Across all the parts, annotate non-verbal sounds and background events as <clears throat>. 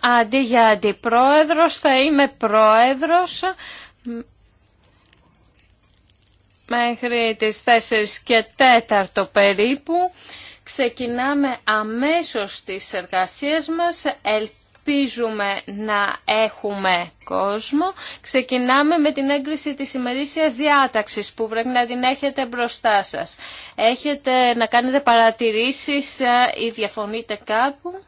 αντί για αντιπρόεδρος θα είμαι πρόεδρος μέχρι τις 4 και 4 περίπου. Ξεκινάμε αμέσως τις εργασίες μας. Ελπίζουμε να έχουμε κόσμο. Ξεκινάμε με την έγκριση της ημερήσιας διάταξης που πρέπει να την έχετε μπροστά σας. Έχετε να κάνετε παρατηρήσεις ε, ή διαφωνείτε κάπου.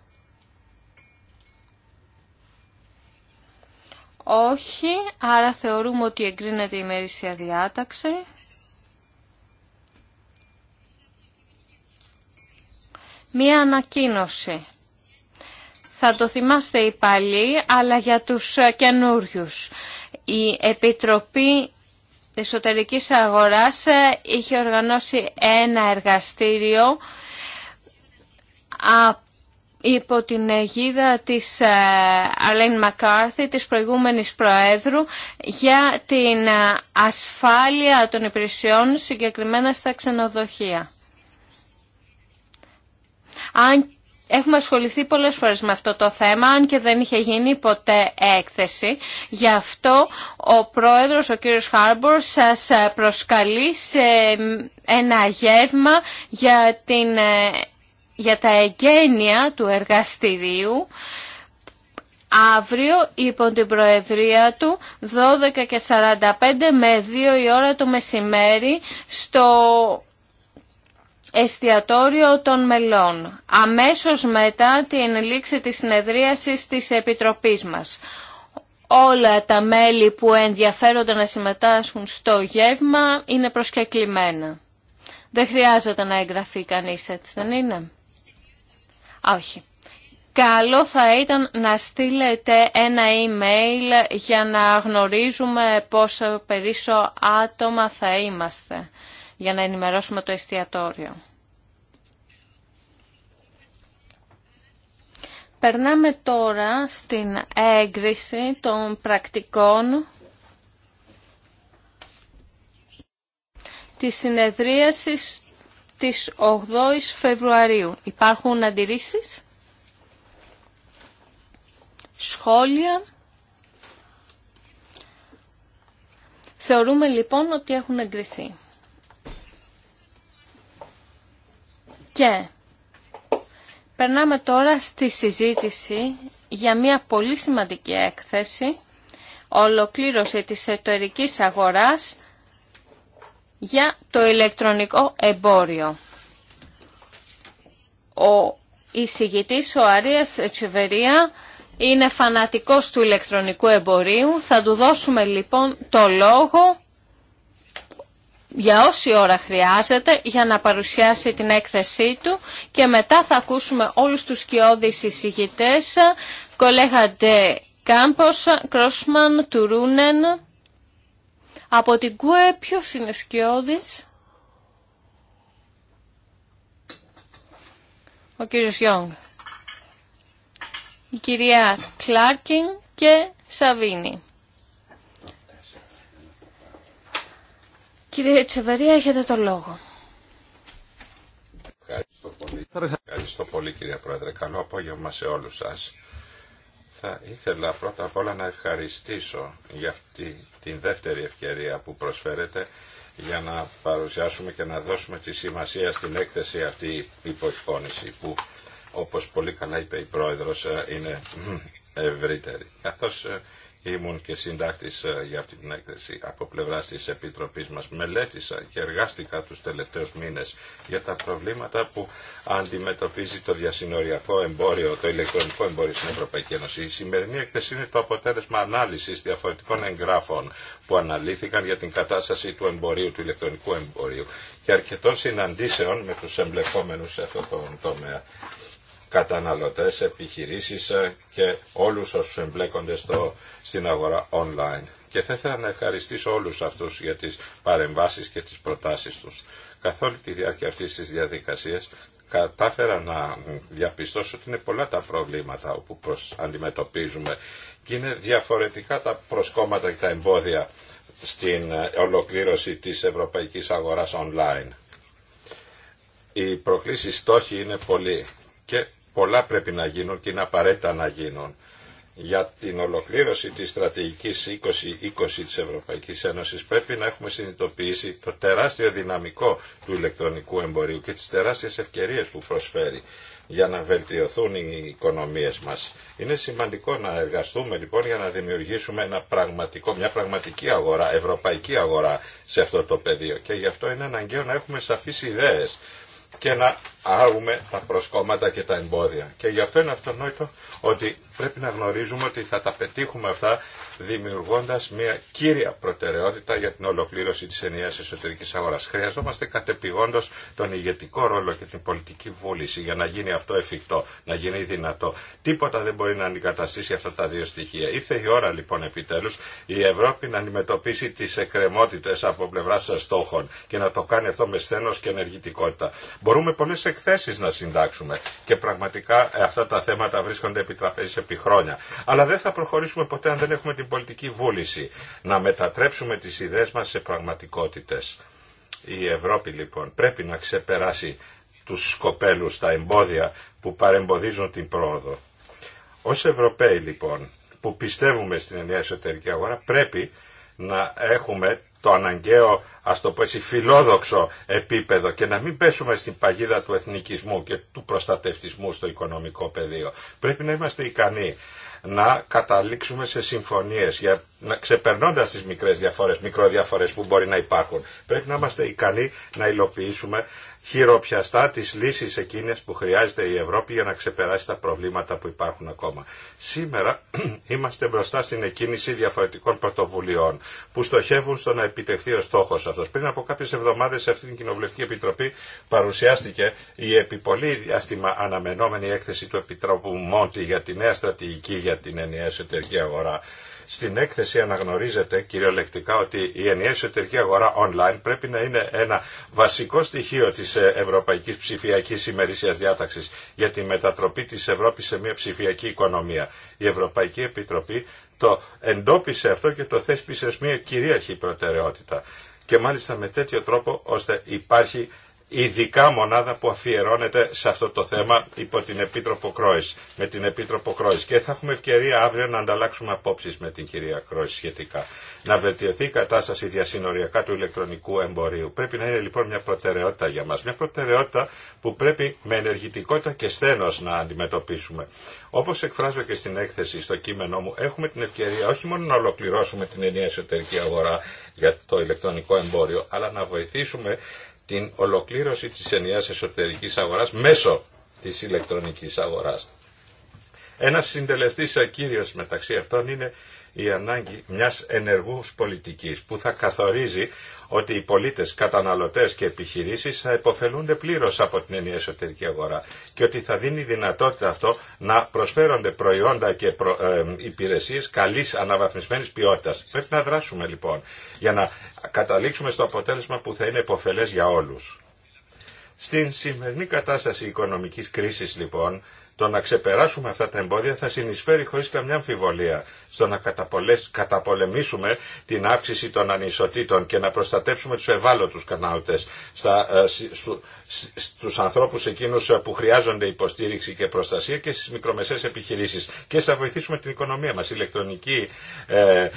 Όχι, άρα θεωρούμε ότι εγκρίνεται η ημερήσια διάταξη. Μία ανακοίνωση. Θα το θυμάστε οι παλιοί, αλλά για τους ε, καινούριου. Η Επιτροπή Εσωτερικής Αγοράς ε, είχε οργανώσει ένα εργαστήριο υπό την αιγίδα της Αλέν ε, Μακάρθη, της προηγούμενης Προέδρου, για την ε, ασφάλεια των υπηρεσιών συγκεκριμένα στα ξενοδοχεία. Αν Έχουμε ασχοληθεί πολλές φορές με αυτό το θέμα, αν και δεν είχε γίνει ποτέ έκθεση. Γι' αυτό ο πρόεδρος, ο κύριος Χάρμπορ, σας ε, προσκαλεί σε ένα γεύμα για την για τα εγκαίνια του εργαστηρίου αύριο υπό την Προεδρία του 12 και 45 με 2 η ώρα το μεσημέρι στο εστιατόριο των μελών, αμέσως μετά την λήξη της συνεδρίασης της Επιτροπής μας. Όλα τα μέλη που ενδιαφέρονται να συμμετάσχουν στο γεύμα είναι προσκεκλημένα. Δεν χρειάζεται να εγγραφεί κανείς έτσι, δεν είναι. Όχι. Καλό θα ήταν να στείλετε ένα email για να γνωρίζουμε πόσο περίσσο άτομα θα είμαστε, για να ενημερώσουμε το εστιατόριο. Περνάμε τώρα στην έγκριση των πρακτικών της συνεδρίασης της 8 Φεβρουαρίου. Υπάρχουν αντιρρήσεις, σχόλια. Θεωρούμε λοιπόν ότι έχουν εγκριθεί. Και περνάμε τώρα στη συζήτηση για μια πολύ σημαντική έκθεση ολοκλήρωση της εταιρικής αγοράς για το ηλεκτρονικό εμπόριο. Ο εισηγητής, ο Αρίας Τσεβερία, είναι φανατικός του ηλεκτρονικού εμπορίου. Θα του δώσουμε λοιπόν το λόγο για όση ώρα χρειάζεται για να παρουσιάσει την έκθεσή του και μετά θα ακούσουμε όλους τους σκιώδεις εισηγητές, κολέγαντε Κάμπος, Κρόσμαν, Τουρούνεν από την ΚΟΕ ποιος είναι σκιώδης. Ο κύριος Γιόγκ. Η κυρία Κλάρκιν και Σαβίνη. Κύριε Τσεβερία, έχετε το λόγο. Ευχαριστώ πολύ. Ευχαριστώ κύριε Πρόεδρε. Καλό απόγευμα σε όλους σας. Θα ήθελα πρώτα απ' όλα να ευχαριστήσω για αυτή την δεύτερη ευκαιρία που προσφέρεται για να παρουσιάσουμε και να δώσουμε τη σημασία στην έκθεση αυτή υποχώνηση που όπως πολύ καλά είπε η Πρόεδρος ε, είναι ε, ευρύτερη. Καθώς ε, ήμουν και συντάκτης ε, για αυτή την έκθεση από πλευρά τη Επιτροπή μα Μελέτησα και εργάστηκα του τελευταίου μήνε για τα προβλήματα που αντιμετωπίζει το διασυνοριακό εμπόριο, το ηλεκτρονικό εμπόριο στην Ευρωπαϊκή Ένωση. Η σημερινή έκθεση είναι το αποτέλεσμα ανάλυση διαφορετικών εγγράφων που αναλύθηκαν για την κατάσταση του εμπορίου, του ηλεκτρονικού εμπορίου και αρκετών συναντήσεων με του εμπλεκόμενου σε αυτό το τομέα καταναλωτές, επιχειρήσεις ε, και όλους όσους εμπλέκονται στο, στην αγορά online. Και θα ήθελα να ευχαριστήσω όλους αυτούς για τις παρεμβάσεις και τις προτάσεις τους. Καθ' όλη τη διάρκεια αυτής της διαδικασίας κατάφερα να διαπιστώσω ότι είναι πολλά τα προβλήματα που αντιμετωπίζουμε και είναι διαφορετικά τα προσκόμματα και τα εμπόδια στην ε, ολοκλήρωση της ευρωπαϊκής αγοράς online. Οι προκλήσεις στόχοι είναι πολλοί και πολλά πρέπει να γίνουν και είναι απαραίτητα να γίνουν για την ολοκλήρωση της στρατηγικής 2020 της Ευρωπαϊκής Ένωσης πρέπει να έχουμε συνειδητοποιήσει το τεράστιο δυναμικό του ηλεκτρονικού εμπορίου και τις τεράστιες ευκαιρίες που προσφέρει για να βελτιωθούν οι οικονομίες μας. Είναι σημαντικό να εργαστούμε λοιπόν για να δημιουργήσουμε ένα πραγματικό, μια πραγματική αγορά, ευρωπαϊκή αγορά σε αυτό το πεδίο και γι' αυτό είναι αναγκαίο να έχουμε σαφείς ιδέες και να άγουμε τα προσκόμματα και τα εμπόδια. Και γι' αυτό είναι αυτονόητο ότι πρέπει να γνωρίζουμε ότι θα τα πετύχουμε αυτά δημιουργώντας μια κύρια προτεραιότητα για την ολοκλήρωση της ενιαίας εσωτερικής αγοράς. Χρειαζόμαστε κατεπηγόντως τον ηγετικό ρόλο και την πολιτική βούληση για να γίνει αυτό εφικτό, να γίνει δυνατό. Τίποτα δεν μπορεί να αντικαταστήσει αυτά τα δύο στοιχεία. Ήρθε η ώρα λοιπόν επιτέλους η Ευρώπη να αντιμετωπίσει τις εκκρεμότητες από πλευρά στόχων και να το κάνει αυτό με σθένος και ενεργητικότητα. Μπορούμε πολλές εκθέσεις να συντάξουμε και πραγματικά ε, αυτά τα θέματα βρίσκονται επί επί χρόνια. Αλλά δεν θα προχωρήσουμε ποτέ αν δεν έχουμε την πολιτική βούληση να μετατρέψουμε τις ιδέες μας σε πραγματικότητες. Η Ευρώπη λοιπόν πρέπει να ξεπεράσει τους σκοπέλους, τα εμπόδια που παρεμποδίζουν την πρόοδο. Ως Ευρωπαίοι λοιπόν που πιστεύουμε στην ενιαία εσωτερική αγορά πρέπει να έχουμε το αναγκαίο, ας το πω έτσι, φιλόδοξο επίπεδο και να μην πέσουμε στην παγίδα του εθνικισμού και του προστατευτισμού στο οικονομικό πεδίο. Πρέπει να είμαστε ικανοί να καταλήξουμε σε συμφωνίες για να ξεπερνώντας τις μικρές διαφορές, μικροδιαφορές που μπορεί να υπάρχουν. Πρέπει να είμαστε ικανοί να υλοποιήσουμε χειροπιαστά τις λύσεις εκείνες που χρειάζεται η Ευρώπη για να ξεπεράσει τα προβλήματα που υπάρχουν ακόμα. Σήμερα <clears throat> είμαστε μπροστά στην εκκίνηση διαφορετικών πρωτοβουλειών που στοχεύουν στο να επιτευχθεί ο στόχος αυτός. Πριν από κάποιες εβδομάδες σε αυτήν την Κοινοβουλευτική Επιτροπή παρουσιάστηκε η επιπολή διάστημα αναμενόμενη έκθεση του Επιτρόπου Μόντι για τη νέα στρατηγική για την ενιαία εσωτερική αγορά. Στην έκθεση αναγνωρίζεται κυριολεκτικά ότι η ενιαία εσωτερική αγορά online πρέπει να είναι ένα βασικό στοιχείο της ε, ευρωπαϊκής ψηφιακής ημερήσιας διάταξης για τη μετατροπή της Ευρώπης σε μια ψηφιακή οικονομία. Η Ευρωπαϊκή Επιτροπή το εντόπισε αυτό και το θέσπισε ως μια κυρίαρχη προτεραιότητα και μάλιστα με τέτοιο τρόπο ώστε υπάρχει ειδικά μονάδα που αφιερώνεται σε αυτό το θέμα υπό την Επίτροπο Κρόης, με την Επίτροπο Κρόης. Και θα έχουμε ευκαιρία αύριο να ανταλλάξουμε απόψεις με την κυρία Κρόης σχετικά. Να βελτιωθεί η κατάσταση διασυνοριακά του ηλεκτρονικού εμπορίου. Πρέπει να είναι λοιπόν μια προτεραιότητα για μας. Μια προτεραιότητα που πρέπει με ενεργητικότητα και σθένος να αντιμετωπίσουμε. Όπως εκφράζω και στην έκθεση, στο κείμενό μου, έχουμε την ευκαιρία όχι μόνο να ολοκληρώσουμε την ενιαία εσωτερική αγορά για το ηλεκτρονικό εμπόριο, αλλά να βοηθήσουμε την ολοκλήρωση της ενιαίας εσωτερικής αγοράς μέσω της ηλεκτρονικής αγοράς. Ένας συντελεστής ε, κύριος μεταξύ αυτών είναι η ανάγκη μιας ενεργούς πολιτικής που θα καθορίζει ότι οι πολίτες, καταναλωτές και επιχειρήσεις θα υποφελούνται πλήρως από την ενιαία εσωτερική αγορά και ότι θα δίνει δυνατότητα αυτό να προσφέρονται προϊόντα και προ, ε, υπηρεσίες καλής αναβαθμισμένης ποιότητας. Πρέπει να δράσουμε λοιπόν για να καταλήξουμε στο αποτέλεσμα που θα είναι υποφελές για όλους. Στην σημερινή κατάσταση οικονομικής κρίσης λοιπόν το να ξεπεράσουμε αυτά τα εμπόδια θα συνεισφέρει χωρίς καμιά αμφιβολία στο να καταπολεμήσουμε την αύξηση των ανισοτήτων και να προστατεύσουμε τους ευάλωτους κανάλτες στα, ε, στους ανθρώπους εκείνους ε, που χρειάζονται υποστήριξη και προστασία και στις μικρομεσαίες επιχειρήσεις και θα βοηθήσουμε την οικονομία μας. Η ηλεκτρονική ε,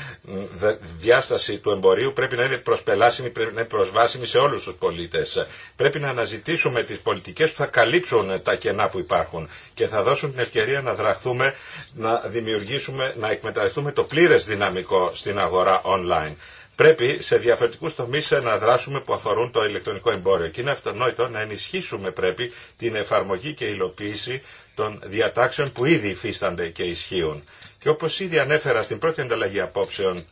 διάσταση του εμπορίου πρέπει να είναι προσπελάσιμη, πρέπει να είναι προσβάσιμη σε όλους τους πολίτες. Πρέπει να αναζητήσουμε τις πολιτικές που θα καλύψουν τα κενά που υπάρχουν και θα δώσουν την ευκαιρία να δραχθούμε, να δημιουργήσουμε, να εκμεταλλευτούμε το πλήρες δυναμικό στην αγορά online. Πρέπει σε διαφορετικού τομεί να δράσουμε που αφορούν το ηλεκτρονικό εμπόριο και είναι αυτονόητο να ενισχύσουμε πρέπει την εφαρμογή και υλοποίηση των διατάξεων που ήδη υφίστανται και ισχύουν. Και όπω ήδη ανέφερα στην πρώτη ανταλλαγή απόψεων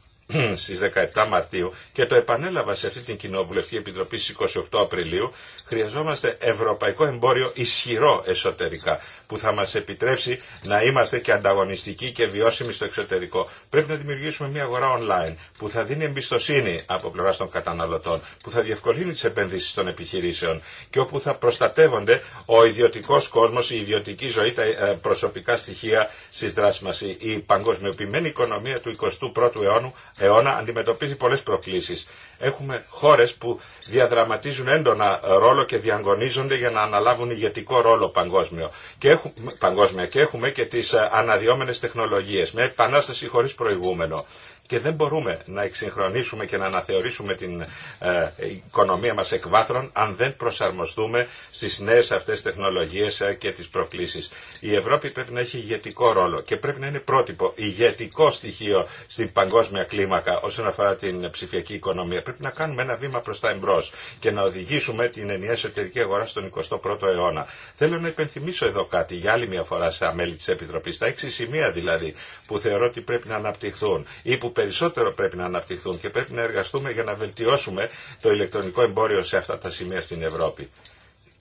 στις 17 Μαρτίου και το επανέλαβα σε αυτή την Κοινοβουλευτική Επιτροπή στις 28 Απριλίου, χρειαζόμαστε ευρωπαϊκό εμπόριο ισχυρό εσωτερικά που θα μας επιτρέψει να είμαστε και ανταγωνιστικοί και βιώσιμοι στο εξωτερικό. Πρέπει να δημιουργήσουμε μια αγορά online που θα δίνει εμπιστοσύνη από πλευρά των καταναλωτών, που θα διευκολύνει τις επενδύσεις των επιχειρήσεων και όπου θα προστατεύονται ο ιδιωτικός κόσμος, η ιδιωτική ζωή, τα ε, προσωπικά στοιχεία στις δράσεις μας. Η παγκοσμιοποιημένη οικονομία του 21ου αιώνα αιώνα αντιμετωπίζει πολλές προκλήσεις. Έχουμε χώρες που διαδραματίζουν έντονα ρόλο και διαγωνίζονται για να αναλάβουν ηγετικό ρόλο παγκόσμιο. Και έχουμε, παγκόσμια και έχουμε και τις ε, αναδυόμενε τεχνολογίες με επανάσταση χωρίς προηγούμενο και δεν μπορούμε να εξυγχρονίσουμε και να αναθεωρήσουμε την ε, οικονομία μας εκ βάθρων αν δεν προσαρμοστούμε στις νέες αυτές τεχνολογίες ε, και τις προκλήσεις. Η Ευρώπη πρέπει να έχει ηγετικό ρόλο και πρέπει να είναι πρότυπο ηγετικό στοιχείο στην παγκόσμια κλίμακα όσον αφορά την ψηφιακή οικονομία. Πρέπει να κάνουμε ένα βήμα προς τα εμπρός και να οδηγήσουμε την ενιαία εσωτερική αγορά στον 21ο αιώνα. Θέλω να υπενθυμίσω εδώ κάτι για άλλη μια φορά σε μέλη της Επιτροπής, τα έξι σημεία δηλαδή που θεωρώ ότι πρέπει να αναπτυχθούν ή που περισσότερο πρέπει να αναπτυχθούν και πρέπει να εργαστούμε για να βελτιώσουμε το ηλεκτρονικό εμπόριο σε αυτά τα σημεία στην Ευρώπη.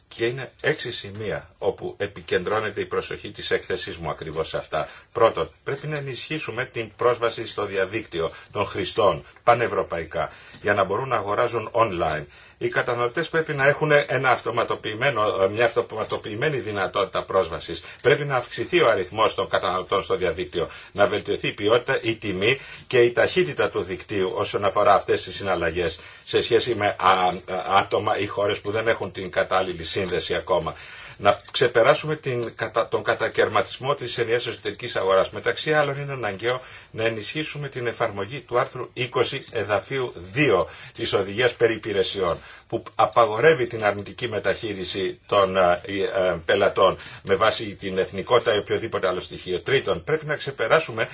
Και είναι έξι σημεία όπου επικεντρώνεται η προσοχή της έκθεσής μου ακριβώς σε αυτά. Πρώτον, πρέπει να ενισχύσουμε την πρόσβαση στο διαδίκτυο των χρηστών πανευρωπαϊκά για να μπορούν να αγοράζουν online οι καταναλωτές πρέπει να έχουν ένα αυτοματοποιημένο, μια αυτοματοποιημένη δυνατότητα πρόσβασης. Πρέπει να αυξηθεί ο αριθμός των καταναλωτών στο διαδίκτυο, να βελτιωθεί η ποιότητα, η τιμή και η ταχύτητα του δικτύου όσον αφορά αυτές τις συναλλαγές σε σχέση με άτομα ή χώρες που δεν έχουν την κατάλληλη σύνδεση ακόμα να ξεπεράσουμε την, τον κατακαιρματισμό της ενιαίας εσωτερικής αγοράς. Μεταξύ άλλων είναι αναγκαίο να ενισχύσουμε την εφαρμογή του άρθρου 20 εδαφίου 2 της Οδηγίας περί που απαγορεύει την αρνητική μεταχείριση των ε, ε, πελατών με βάση την εθνικότητα ή οποιοδήποτε άλλο στοιχείο. Τρίτον, πρέπει να ξεπεράσουμε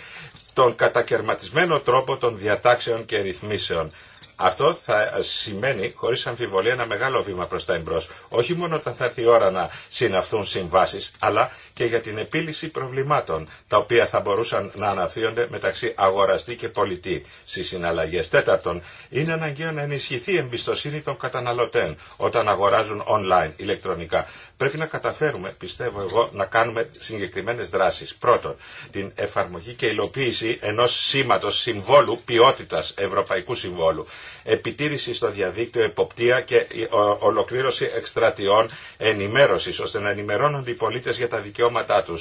τον κατακαιρματισμένο τρόπο των διατάξεων και ρυθμίσεων. Αυτό θα σημαίνει χωρίς αμφιβολία ένα μεγάλο βήμα προς τα εμπρός. Όχι μόνο όταν θα έρθει η ώρα να συναυθούν συμβάσεις, αλλά και για την επίλυση προβλημάτων, τα οποία θα μπορούσαν να αναφύονται μεταξύ αγοραστή και πολιτή στι συναλλαγέ. Τέταρτον, είναι αναγκαίο να ενισχυθεί η εμπιστοσύνη των καταναλωτέ όταν αγοράζουν online ηλεκτρονικά. Πρέπει να καταφέρουμε, πιστεύω εγώ, να κάνουμε συγκεκριμένε δράσει. Πρώτον, την εφαρμογή και υλοποίηση ενό σήματο συμβόλου ποιότητα, ευρωπαϊκού συμβόλου. Επιτήρηση στο διαδίκτυο, εποπτεία και ολοκλήρωση εκστρατιών ενημέρωση, ώστε να ενημερώνονται οι πολίτε για τα δικαιώματά του.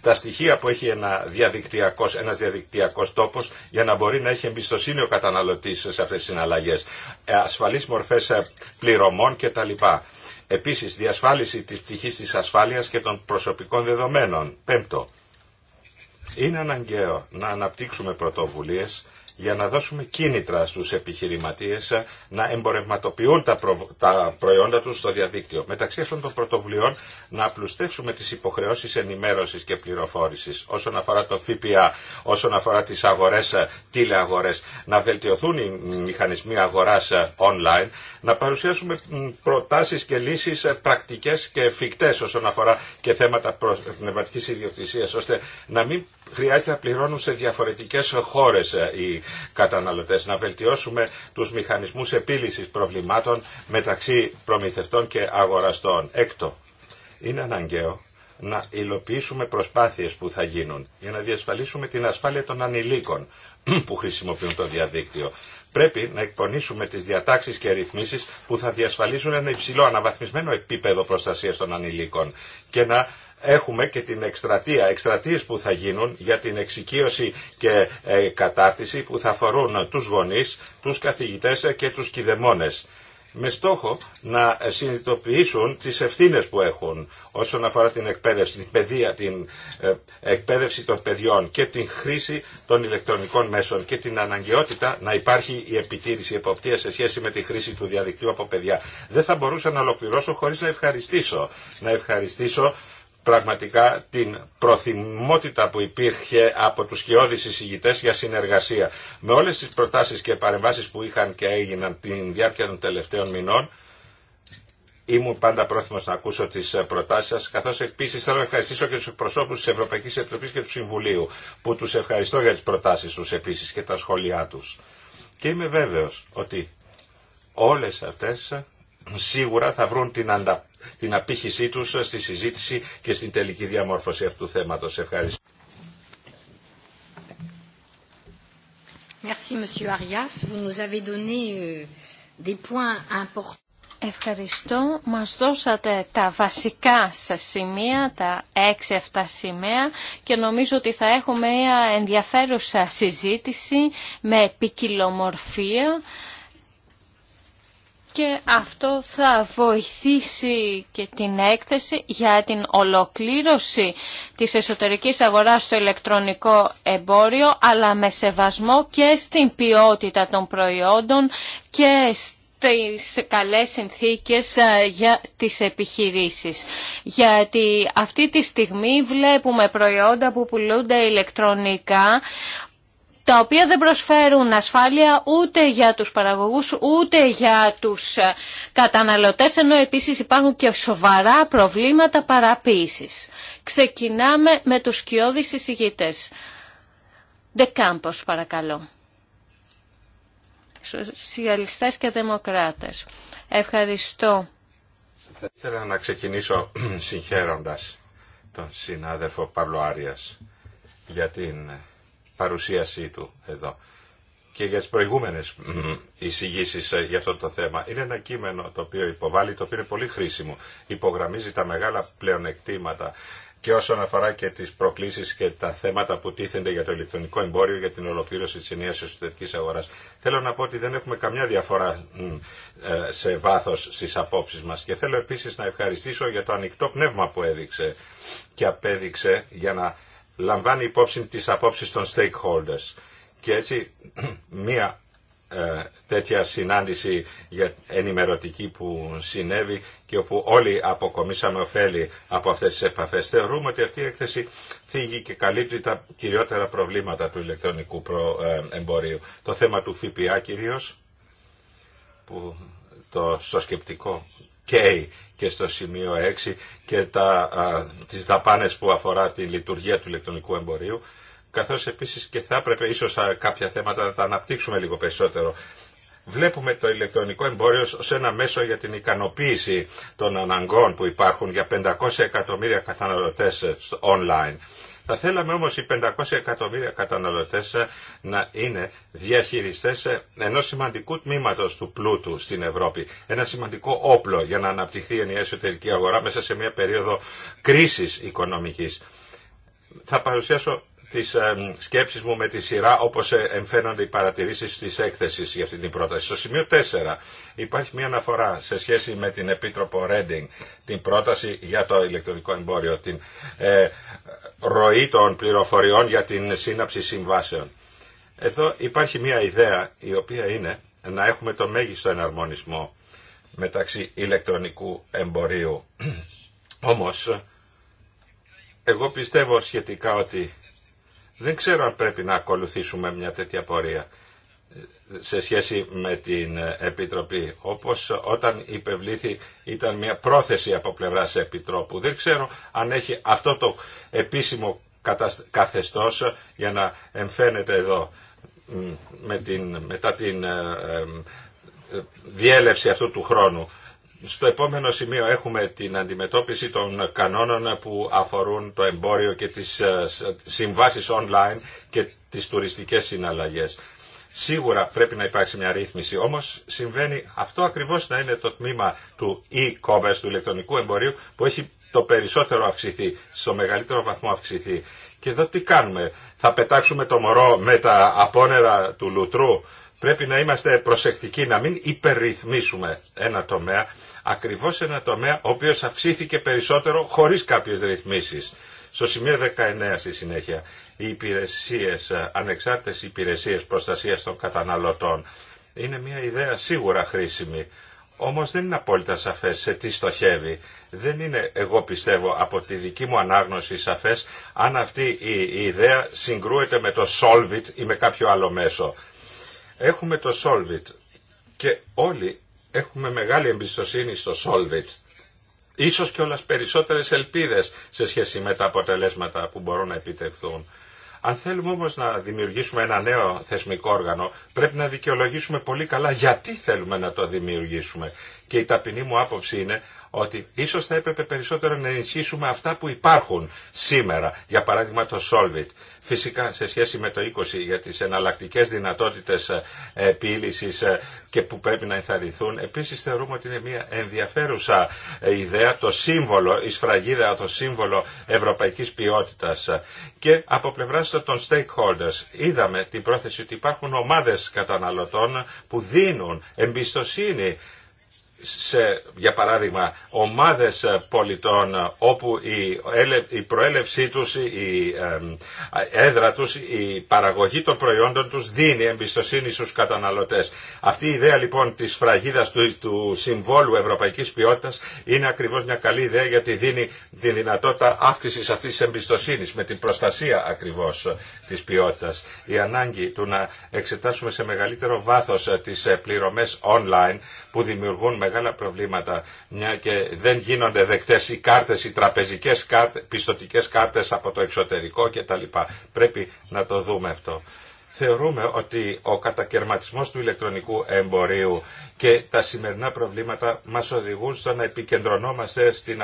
Τα στοιχεία που έχει ένα διαδικτυακό ένας διαδικτυακός τόπος για να μπορεί να έχει εμπιστοσύνη ο καταναλωτής σε αυτές τις συναλλαγές. Ε, ασφαλείς μορφέ ε, πληρωμών κτλ. Επίσης, διασφάλιση της πτυχής της ασφάλειας και των προσωπικών δεδομένων. Πέμπτο, είναι αναγκαίο να αναπτύξουμε πρωτοβουλίες για να δώσουμε κίνητρα στους επιχειρηματίες να εμπορευματοποιούν τα, τα προϊόντα τους στο διαδίκτυο. Μεταξύ αυτών των πρωτοβουλειών να απλουστεύσουμε τις υποχρεώσεις ενημέρωσης και πληροφόρησης όσον αφορά το ΦΠΑ, όσον αφορά τις αγορές, ε, τηλεαγορές, να βελτιωθούν οι μηχανισμοί αγοράς ε, online, να παρουσιάσουμε προτάσεις και λύσεις ε, πρακτικές και εφικτές όσον αφορά και θέματα πνευματικής ιδιοκτησίας, ώστε να μην χρειάζεται να πληρώνουν σε διαφορετικές χώρες ε, οι καταναλωτές. Να βελτιώσουμε τους μηχανισμούς επίλυσης προβλημάτων μεταξύ προμηθευτών και αγοραστών. Έκτο, είναι αναγκαίο να υλοποιήσουμε προσπάθειες που θα γίνουν για να διασφαλίσουμε την ασφάλεια των ανηλίκων που χρησιμοποιούν το διαδίκτυο. Πρέπει να εκπονήσουμε τις διατάξεις και ρυθμίσεις που θα διασφαλίσουν ένα υψηλό αναβαθμισμένο επίπεδο προστασίας των ανηλίκων και να έχουμε και την εκστρατεία, εκστρατείες που θα γίνουν για την εξοικείωση και ε, κατάρτιση που θα αφορούν τους γονείς, τους καθηγητές ε, και τους κηδεμόνες με στόχο να συνειδητοποιήσουν τις ευθύνες που έχουν όσον αφορά την εκπαίδευση, την παιδεία, την ε, εκπαίδευση των παιδιών και την χρήση των ηλεκτρονικών μέσων και την αναγκαιότητα να υπάρχει η επιτήρηση, η εποπτεία σε σχέση με τη χρήση του διαδικτύου από παιδιά. Δεν θα μπορούσα να ολοκληρώσω χωρίς να ευχαριστήσω. Να ευχαριστήσω πραγματικά την προθυμότητα που υπήρχε από τους χειώδεις εισηγητές για συνεργασία. Με όλες τις προτάσεις και παρεμβάσεις που είχαν και έγιναν την διάρκεια των τελευταίων μηνών, Ήμουν πάντα πρόθυμος να ακούσω τις προτάσεις σας, καθώς επίσης θέλω να ευχαριστήσω και τους εκπροσώπους της Ευρωπαϊκής Επιτροπής και του Συμβουλίου, που τους ευχαριστώ για τις προτάσεις τους επίσης και τα σχόλιά τους. Και είμαι βέβαιος ότι όλες αυτές σίγουρα θα βρουν την ανταπόκριση την απήχησή τους ε, στη συζήτηση και στην τελική διαμόρφωση αυτού του θέματος. Ευχαριστώ. Ευχαριστώ. Μας δώσατε τα βασικά σας σημεία, τα εξι 7 σημεία και νομίζω ότι θα έχουμε μια ενδιαφέρουσα συζήτηση με ποικιλομορφία και αυτό θα βοηθήσει και την έκθεση για την ολοκλήρωση της εσωτερικής αγοράς στο ηλεκτρονικό εμπόριο αλλά με σεβασμό και στην ποιότητα των προϊόντων και τις καλές συνθήκες ε, για τις επιχειρήσεις. Γιατί αυτή τη στιγμή βλέπουμε προϊόντα που πουλούνται ηλεκτρονικά τα οποία δεν προσφέρουν ασφάλεια ούτε για τους παραγωγούς ούτε για τους ε, καταναλωτές ενώ επίσης υπάρχουν και σοβαρά προβλήματα παραποίησης. Ξεκινάμε με τους σκιώδεις εισηγητές. Campos, παρακαλώ. Σοσιαλιστές και Δημοκράτες. Ευχαριστώ. Θα ήθελα να ξεκινήσω <clears throat> συγχαίροντας τον συνάδελφο Παύλο Άριας για την παρουσίασή του εδώ και για τις προηγούμενες εισηγήσει ε, για αυτό το θέμα. Είναι ένα κείμενο το οποίο υποβάλλει, το οποίο είναι πολύ χρήσιμο. Υπογραμμίζει τα μεγάλα πλεονεκτήματα και όσον αφορά και τις προκλήσεις και τα θέματα που τίθενται για το ηλεκτρονικό εμπόριο για την ολοκλήρωση της ενιαίας εσωτερικής αγοράς. Θέλω να πω ότι δεν έχουμε καμιά διαφορά ε, σε βάθος στις απόψεις μας και θέλω επίσης να ευχαριστήσω για το ανοιχτό πνεύμα που έδειξε και απέδειξε για να λαμβάνει υπόψη τις απόψεις των stakeholders. Και έτσι <clears throat> μία ε, τέτοια συνάντηση για ενημερωτική που συνέβη και όπου όλοι αποκομίσαμε ωφέλη από αυτές τις επαφές. Θεωρούμε ότι αυτή η έκθεση θίγει και καλύπτει τα κυριότερα προβλήματα του ηλεκτρονικού ε, εμπορίου. Το θέμα του ΦΠΑ κυρίως, που το στο σκεπτικό και στο σημείο 6 και τα, α, τις δαπάνες που αφορά τη λειτουργία του ηλεκτρονικού εμπορίου καθώς επίσης και θα έπρεπε ίσως κάποια θέματα να τα αναπτύξουμε λίγο περισσότερο. Βλέπουμε το ηλεκτρονικό εμπόριο ως ένα μέσο για την ικανοποίηση των αναγκών που υπάρχουν για 500 εκατομμύρια καταναλωτές online. Θα θέλαμε όμως οι 500 εκατομμύρια καταναλωτές ε, να είναι διαχειριστές ε, ενός σημαντικού τμήματος του πλούτου στην Ευρώπη. Ένα σημαντικό όπλο για να αναπτυχθεί η ενιαία εσωτερική αγορά μέσα σε μια περίοδο κρίσης οικονομικής. Θα παρουσιάσω τις ε, σκέψεις μου με τη σειρά όπως ε, εμφαίνονται οι παρατηρήσεις της έκθεσης για αυτή την πρόταση. Στο σημείο 4 υπάρχει μια αναφορά σε σχέση με την Επίτροπο Ρέντινγκ, την πρόταση για το ηλεκτρονικό εμπόριο, την ε, ροή των πληροφοριών για την σύναψη συμβάσεων. Εδώ υπάρχει μια ιδέα η οποία είναι να έχουμε το μέγιστο εναρμονισμό μεταξύ ηλεκτρονικού εμπορίου. Όμως, εγώ πιστεύω σχετικά ότι δεν ξέρω αν πρέπει να ακολουθήσουμε μια τέτοια πορεία ε, σε σχέση με την Επιτροπή. Όπως όταν υπευλήθη ήταν μια πρόθεση από πλευράς Επιτρόπου. Δεν ξέρω αν έχει αυτό το επίσημο καθεστώς για να εμφαίνεται εδώ με την, μετά την ε, ε, διέλευση αυτού του χρόνου. Στο επόμενο σημείο έχουμε την αντιμετώπιση των κανόνων που αφορούν το εμπόριο και τις ε, συμβάσεις online και τις τουριστικές συναλλαγές. Σίγουρα πρέπει να υπάρξει μια ρύθμιση, όμως συμβαίνει αυτό ακριβώς να είναι το τμήμα του e-commerce, του ηλεκτρονικού εμπορίου, που έχει το περισσότερο αυξηθεί, στο μεγαλύτερο βαθμό αυξηθεί. Και εδώ τι κάνουμε, θα πετάξουμε το μωρό με τα απόνερα του λουτρού, πρέπει να είμαστε προσεκτικοί, να μην υπερρυθμίσουμε ένα τομέα, ακριβώς σε ένα τομέα ο οποίος αυξήθηκε περισσότερο χωρίς κάποιες ρυθμίσεις. Στο σημείο 19 στη συνέχεια, οι υπηρεσίες, ε, ανεξάρτητες υπηρεσίες προστασίας των καταναλωτών είναι μια ιδέα σίγουρα χρήσιμη. Όμως δεν είναι απόλυτα σαφές σε τι στοχεύει. Δεν είναι, εγώ πιστεύω, από τη δική μου ανάγνωση σαφές αν αυτή η ιδέα συγκρούεται με το Solvit ή με κάποιο άλλο μέσο. Έχουμε το Solvit και όλοι έχουμε μεγάλη εμπιστοσύνη στο Solvit. Ίσως και όλες περισσότερες ελπίδες σε σχέση με τα αποτελέσματα που μπορούν να επιτευχθούν. Αν θέλουμε όμως να δημιουργήσουμε ένα νέο θεσμικό όργανο, πρέπει να δικαιολογήσουμε πολύ καλά γιατί θέλουμε να το δημιουργήσουμε. Και η ταπεινή μου άποψη είναι ότι ίσως θα έπρεπε περισσότερο να ενισχύσουμε αυτά που υπάρχουν σήμερα, για παράδειγμα το Solvit. Φυσικά σε σχέση με το 20 για τις εναλλακτικές δυνατότητες ε, επίλυσης ε, και που πρέπει να ενθαρρυνθούν. Επίσης θεωρούμε ότι είναι μια ενδιαφέρουσα ε, ιδέα το σύμβολο, η σφραγίδα, το σύμβολο ευρωπαϊκής ποιότητας. Και από πλευρά των stakeholders είδαμε την πρόθεση ότι υπάρχουν ομάδες καταναλωτών που δίνουν εμπιστοσύνη σε, για παράδειγμα, ομάδες πολιτών όπου η, η προέλευσή τους, η έδρα τους, η παραγωγή των προϊόντων τους δίνει εμπιστοσύνη στους καταναλωτές. Αυτή η ιδέα λοιπόν της φραγίδας του, του συμβόλου ευρωπαϊκής ποιότητας είναι ακριβώς μια καλή ιδέα γιατί δίνει τη δυνατότητα αύξησης αυτής της εμπιστοσύνης με την προστασία ακριβώς της ποιότητας. Η ανάγκη του να εξετάσουμε σε μεγαλύτερο βάθος τις ε, πληρωμές online που δημιουργούν μεγάλα προβλήματα, μια και δεν γίνονται δεκτές οι κάρτες, οι τραπεζικές κάρτες, πιστοτικές κάρτες από το εξωτερικό κτλ. Πρέπει να το δούμε αυτό θεωρούμε ότι ο κατακαιρματισμός του ηλεκτρονικού εμπορίου και τα σημερινά προβλήματα μας οδηγούν στο να επικεντρωνόμαστε στην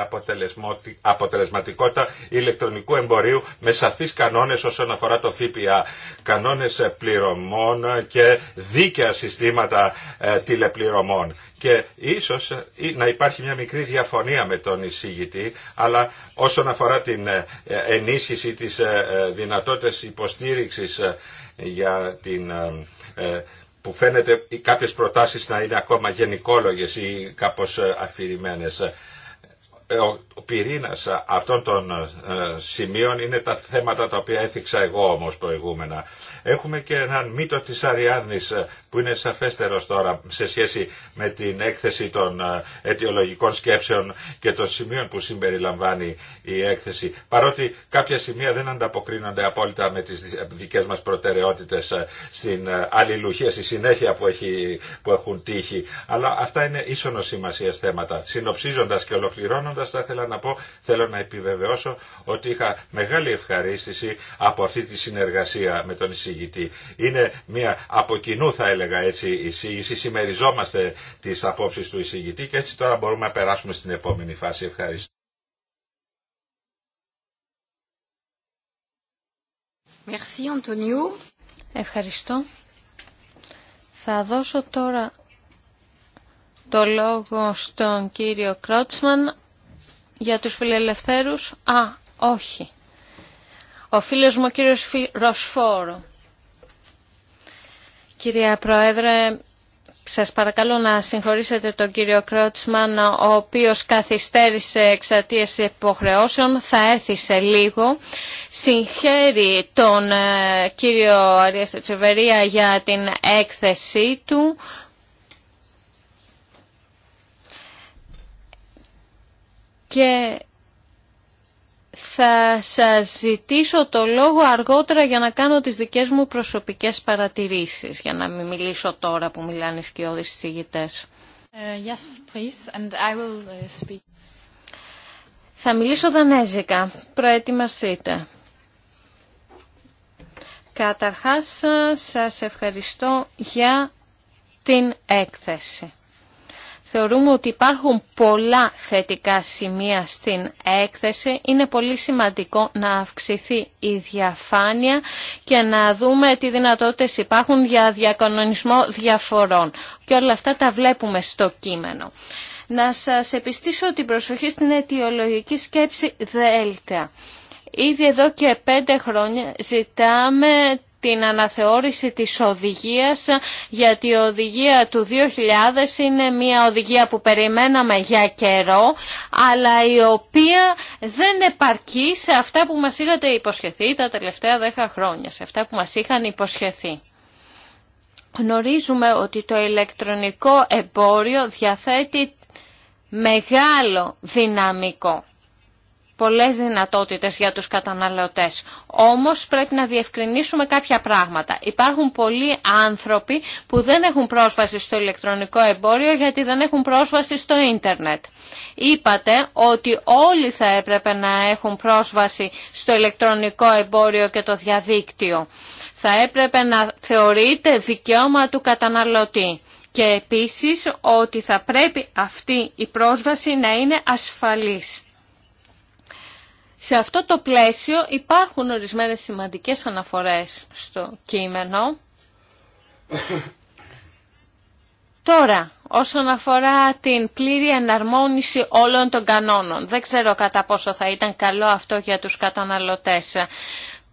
αποτελεσματικότητα ηλεκτρονικού εμπορίου με σαφείς κανόνες όσον αφορά το ΦΠΑ, κανόνες πληρωμών και δίκαια συστήματα ε, τηλεπληρωμών. Και ίσως ε, να υπάρχει μια μικρή διαφωνία με τον εισηγητή, αλλά όσον αφορά την ε, ενίσχυση της δυνατότητας υποστήριξης για την ε, ε, που φαίνεται κάποιες προτάσεις να είναι ακόμα γενικόλογες ή κάπως ε, αφηρημένες. Ε, ο πυρήνας αυτών των ε, σημείων είναι τα θέματα τα οποία έθιξα εγώ όμως προηγούμενα. Έχουμε και έναν μύτο της Αριάννης ε, που είναι σαφέστερος τώρα σε σχέση με την έκθεση των αιτιολογικών σκέψεων και των σημείων που συμπεριλαμβάνει η έκθεση. Παρότι κάποια σημεία δεν ανταποκρίνονται απόλυτα με τις δικές μας προτεραιότητες στην αλληλουχία, στη συνέχεια που, έχει, που έχουν τύχει. Αλλά αυτά είναι ίσονο σημασία θέματα. Συνοψίζοντας και ολοκληρώνοντας θα ήθελα να πω, θέλω να επιβεβαιώσω ότι είχα μεγάλη ευχαρίστηση από αυτή τη συνεργασία με τον εισηγητή. Είναι μια από κοινού θα έλεγα έτσι εισήγηση, συμμεριζόμαστε τις απόψεις του εισηγητή και έτσι τώρα μπορούμε να περάσουμε στην επόμενη φάση. Ευχαριστώ. Merci, Antonio. Ευχαριστώ. Θα δώσω τώρα το λόγο στον κύριο Κρότσμαν για τους φιλελευθέρους. Α, όχι. Ο φίλος μου, ο κύριος Ροσφόρο. Κυρία Πρόεδρε, σας παρακαλώ να συγχωρήσετε τον κύριο Κρότσμαν, ο οποίος καθυστέρησε εξαιτίας υποχρεώσεων, θα έρθει σε λίγο. Συγχαίρει τον ε, κύριο Αρία για την έκθεσή του. και θα σας ζητήσω το λόγο αργότερα για να κάνω τις δικές μου προσωπικές παρατηρήσεις, για να μην μιλήσω τώρα που μιλάνε οι σκιώδεις συζητητές. Ε, yes, and I will ε, speak. Θα μιλήσω δανέζικα. Προετοιμαστείτε. Καταρχάς, σας ευχαριστώ για την έκθεση. Θεωρούμε ότι υπάρχουν πολλά θετικά σημεία στην έκθεση. Είναι πολύ σημαντικό να αυξηθεί η διαφάνεια και να δούμε τι δυνατότητες υπάρχουν για διακανονισμό διαφορών. Και όλα αυτά τα βλέπουμε στο κείμενο. Να σας επιστήσω την προσοχή στην αιτιολογική σκέψη ΔΕΛΤΑ. Ήδη εδώ και πέντε χρόνια ζητάμε την αναθεώρηση της οδηγίας, γιατί η οδηγία του 2000 είναι μια οδηγία που περιμέναμε για καιρό, αλλά η οποία δεν επαρκεί σε αυτά που μας είχατε υποσχεθεί τα τελευταία δέκα χρόνια, σε αυτά που μας είχαν υποσχεθεί. Γνωρίζουμε ότι το ηλεκτρονικό εμπόριο διαθέτει μεγάλο δυναμικό πολλές δυνατότητες για τους καταναλωτές. Όμως πρέπει να διευκρινίσουμε κάποια πράγματα. Υπάρχουν πολλοί άνθρωποι που δεν έχουν πρόσβαση στο ηλεκτρονικό εμπόριο γιατί δεν έχουν πρόσβαση στο ίντερνετ. Είπατε ότι όλοι θα έπρεπε να έχουν πρόσβαση στο ηλεκτρονικό εμπόριο και το διαδίκτυο. Θα έπρεπε να θεωρείται δικαίωμα του καταναλωτή και επίσης ότι θα πρέπει αυτή η πρόσβαση να είναι ασφαλής. Σε αυτό το πλαίσιο υπάρχουν ορισμένες σημαντικές αναφορές στο κείμενο. Τώρα, όσον αφορά την πλήρη εναρμόνιση όλων των κανόνων, δεν ξέρω κατά πόσο θα ήταν καλό αυτό για τους καταναλωτές.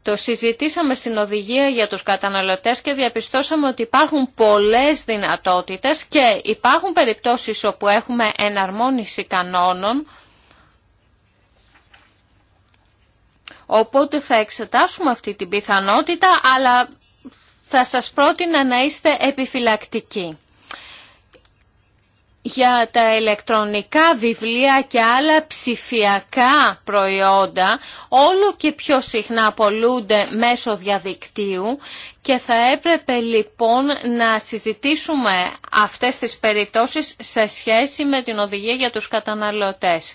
Το συζητήσαμε στην οδηγία για τους καταναλωτές και διαπιστώσαμε ότι υπάρχουν πολλές δυνατότητες και υπάρχουν περιπτώσεις όπου έχουμε εναρμόνιση κανόνων Οπότε θα εξετάσουμε αυτή την πιθανότητα, αλλά θα σας πρότεινα να είστε επιφυλακτικοί. Για τα ηλεκτρονικά βιβλία και άλλα ψηφιακά προϊόντα όλο και πιο συχνά απολούνται μέσω διαδικτύου και θα έπρεπε λοιπόν να συζητήσουμε αυτές τις περιπτώσεις σε σχέση με την οδηγία για τους καταναλωτές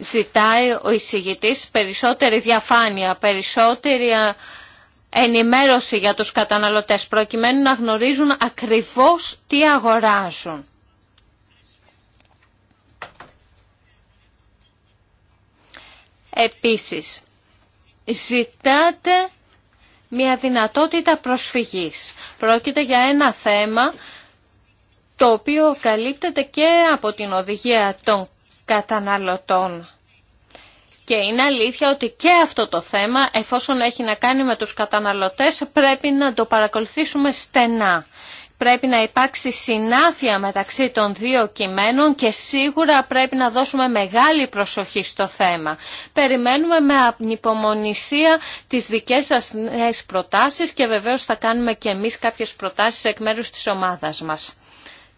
ζητάει ο εισηγητής περισσότερη διαφάνεια, περισσότερη ε, ενημέρωση για τους καταναλωτές προκειμένου να γνωρίζουν ακριβώς τι αγοράζουν. Επίσης, ζητάτε μια δυνατότητα προσφυγής. Πρόκειται για ένα θέμα το οποίο καλύπτεται και από την οδηγία των καταναλωτών. Και είναι αλήθεια ότι και αυτό το θέμα, εφόσον έχει να κάνει με τους καταναλωτές, πρέπει να το παρακολουθήσουμε στενά. Πρέπει να υπάρξει συνάφεια μεταξύ των δύο κειμένων και σίγουρα πρέπει να δώσουμε μεγάλη προσοχή στο θέμα. Περιμένουμε με ανυπομονησία τις δικές σας νέες προτάσεις και βεβαίως θα κάνουμε και εμείς κάποιες προτάσεις εκ μέρους της ομάδας μας.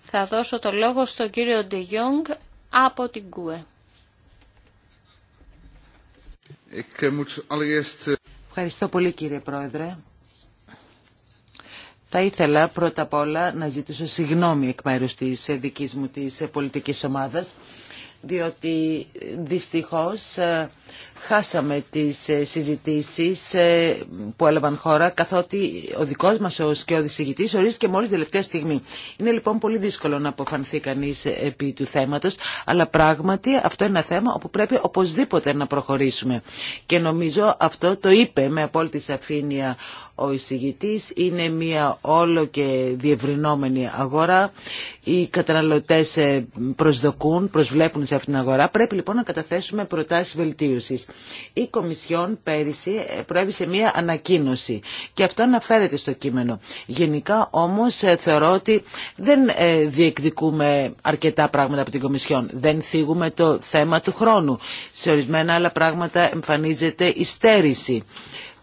Θα δώσω το λόγο στον κύριο Ντιγιόγκ από την ΚΟΕ. Eh, eh, Ευχαριστώ πολύ κύριε Πρόεδρε. Θα ήθελα πρώτα απ' όλα να ζητήσω συγγνώμη εκ μέρους της ε, δικής μου της ε, πολιτικής ομάδας διότι δυστυχώς ε, χάσαμε τις ε, συζητήσεις ε, που έλαβαν χώρα καθότι ο δικός μας ο δυσηγητής ορίστηκε μόλις τελευταία στιγμή. Είναι λοιπόν πολύ δύσκολο να αποφανθεί κανείς επί του θέματος αλλά πράγματι αυτό είναι ένα θέμα όπου πρέπει οπωσδήποτε να προχωρήσουμε και νομίζω αυτό το είπε με απόλυτη σαφήνεια ο εισηγητής. Είναι μια όλο και διευρυνόμενη αγορά. Οι καταναλωτές ε, προσδοκούν, προσβλέπουν σε αυτήν την αγορά. Πρέπει λοιπόν να καταθέσουμε προτάσεις βελτίωσης. Η Κομισιόν πέρυσι ε, προέβησε μια ανακοίνωση και αυτό αναφέρεται στο κείμενο. Γενικά όμως ε, θεωρώ ότι δεν διεκδικούμε αρκετά πράγματα από την Κομισιόν. Δεν θίγουμε το θέμα του χρόνου. Σε ορισμένα άλλα πράγματα εμφανίζεται η στέρηση.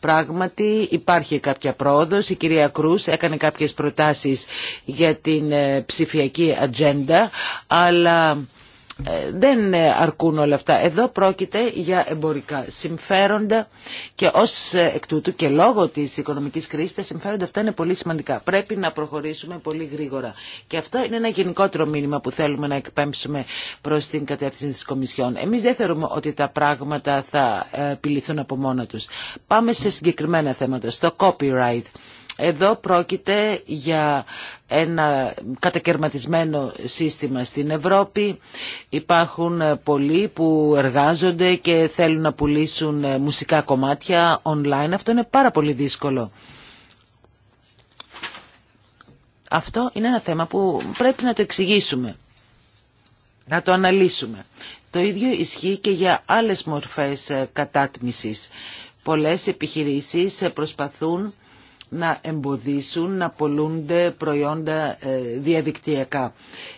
Πράγματι υπάρχει κάποια πρόοδος, η κυρία Κρούς έκανε κάποιες προτάσεις για την ε, ψηφιακή ατζέντα, αλλά ε, δεν ε, αρκούν όλα αυτά. Εδώ πρόκειται για εμπορικά συμφέροντα και ως ε, εκ τούτου και λόγω της οικονομικής κρίσης τα συμφέροντα αυτά είναι πολύ σημαντικά. Πρέπει να προχωρήσουμε πολύ γρήγορα. Και αυτό είναι ένα γενικότερο μήνυμα που θέλουμε να εκπέμψουμε προς την κατεύθυνση της Κομισιόν. Εμείς δεν θεωρούμε ότι τα πράγματα θα επιληθούν από μόνα τους. Πάμε σε συγκεκριμένα θέματα, στο copyright. Εδώ πρόκειται για ένα κατακαιρματισμένο σύστημα στην Ευρώπη. Υπάρχουν πολλοί που εργάζονται και θέλουν να πουλήσουν μουσικά κομμάτια online. Αυτό είναι πάρα πολύ δύσκολο. Αυτό είναι ένα θέμα που πρέπει να το εξηγήσουμε, να το αναλύσουμε. Το ίδιο ισχύει και για άλλες μορφές κατάτμησης. Πολλές επιχειρήσεις προσπαθούν να εμποδίσουν να πολλούνται προϊόντα ε, διαδικτυακά.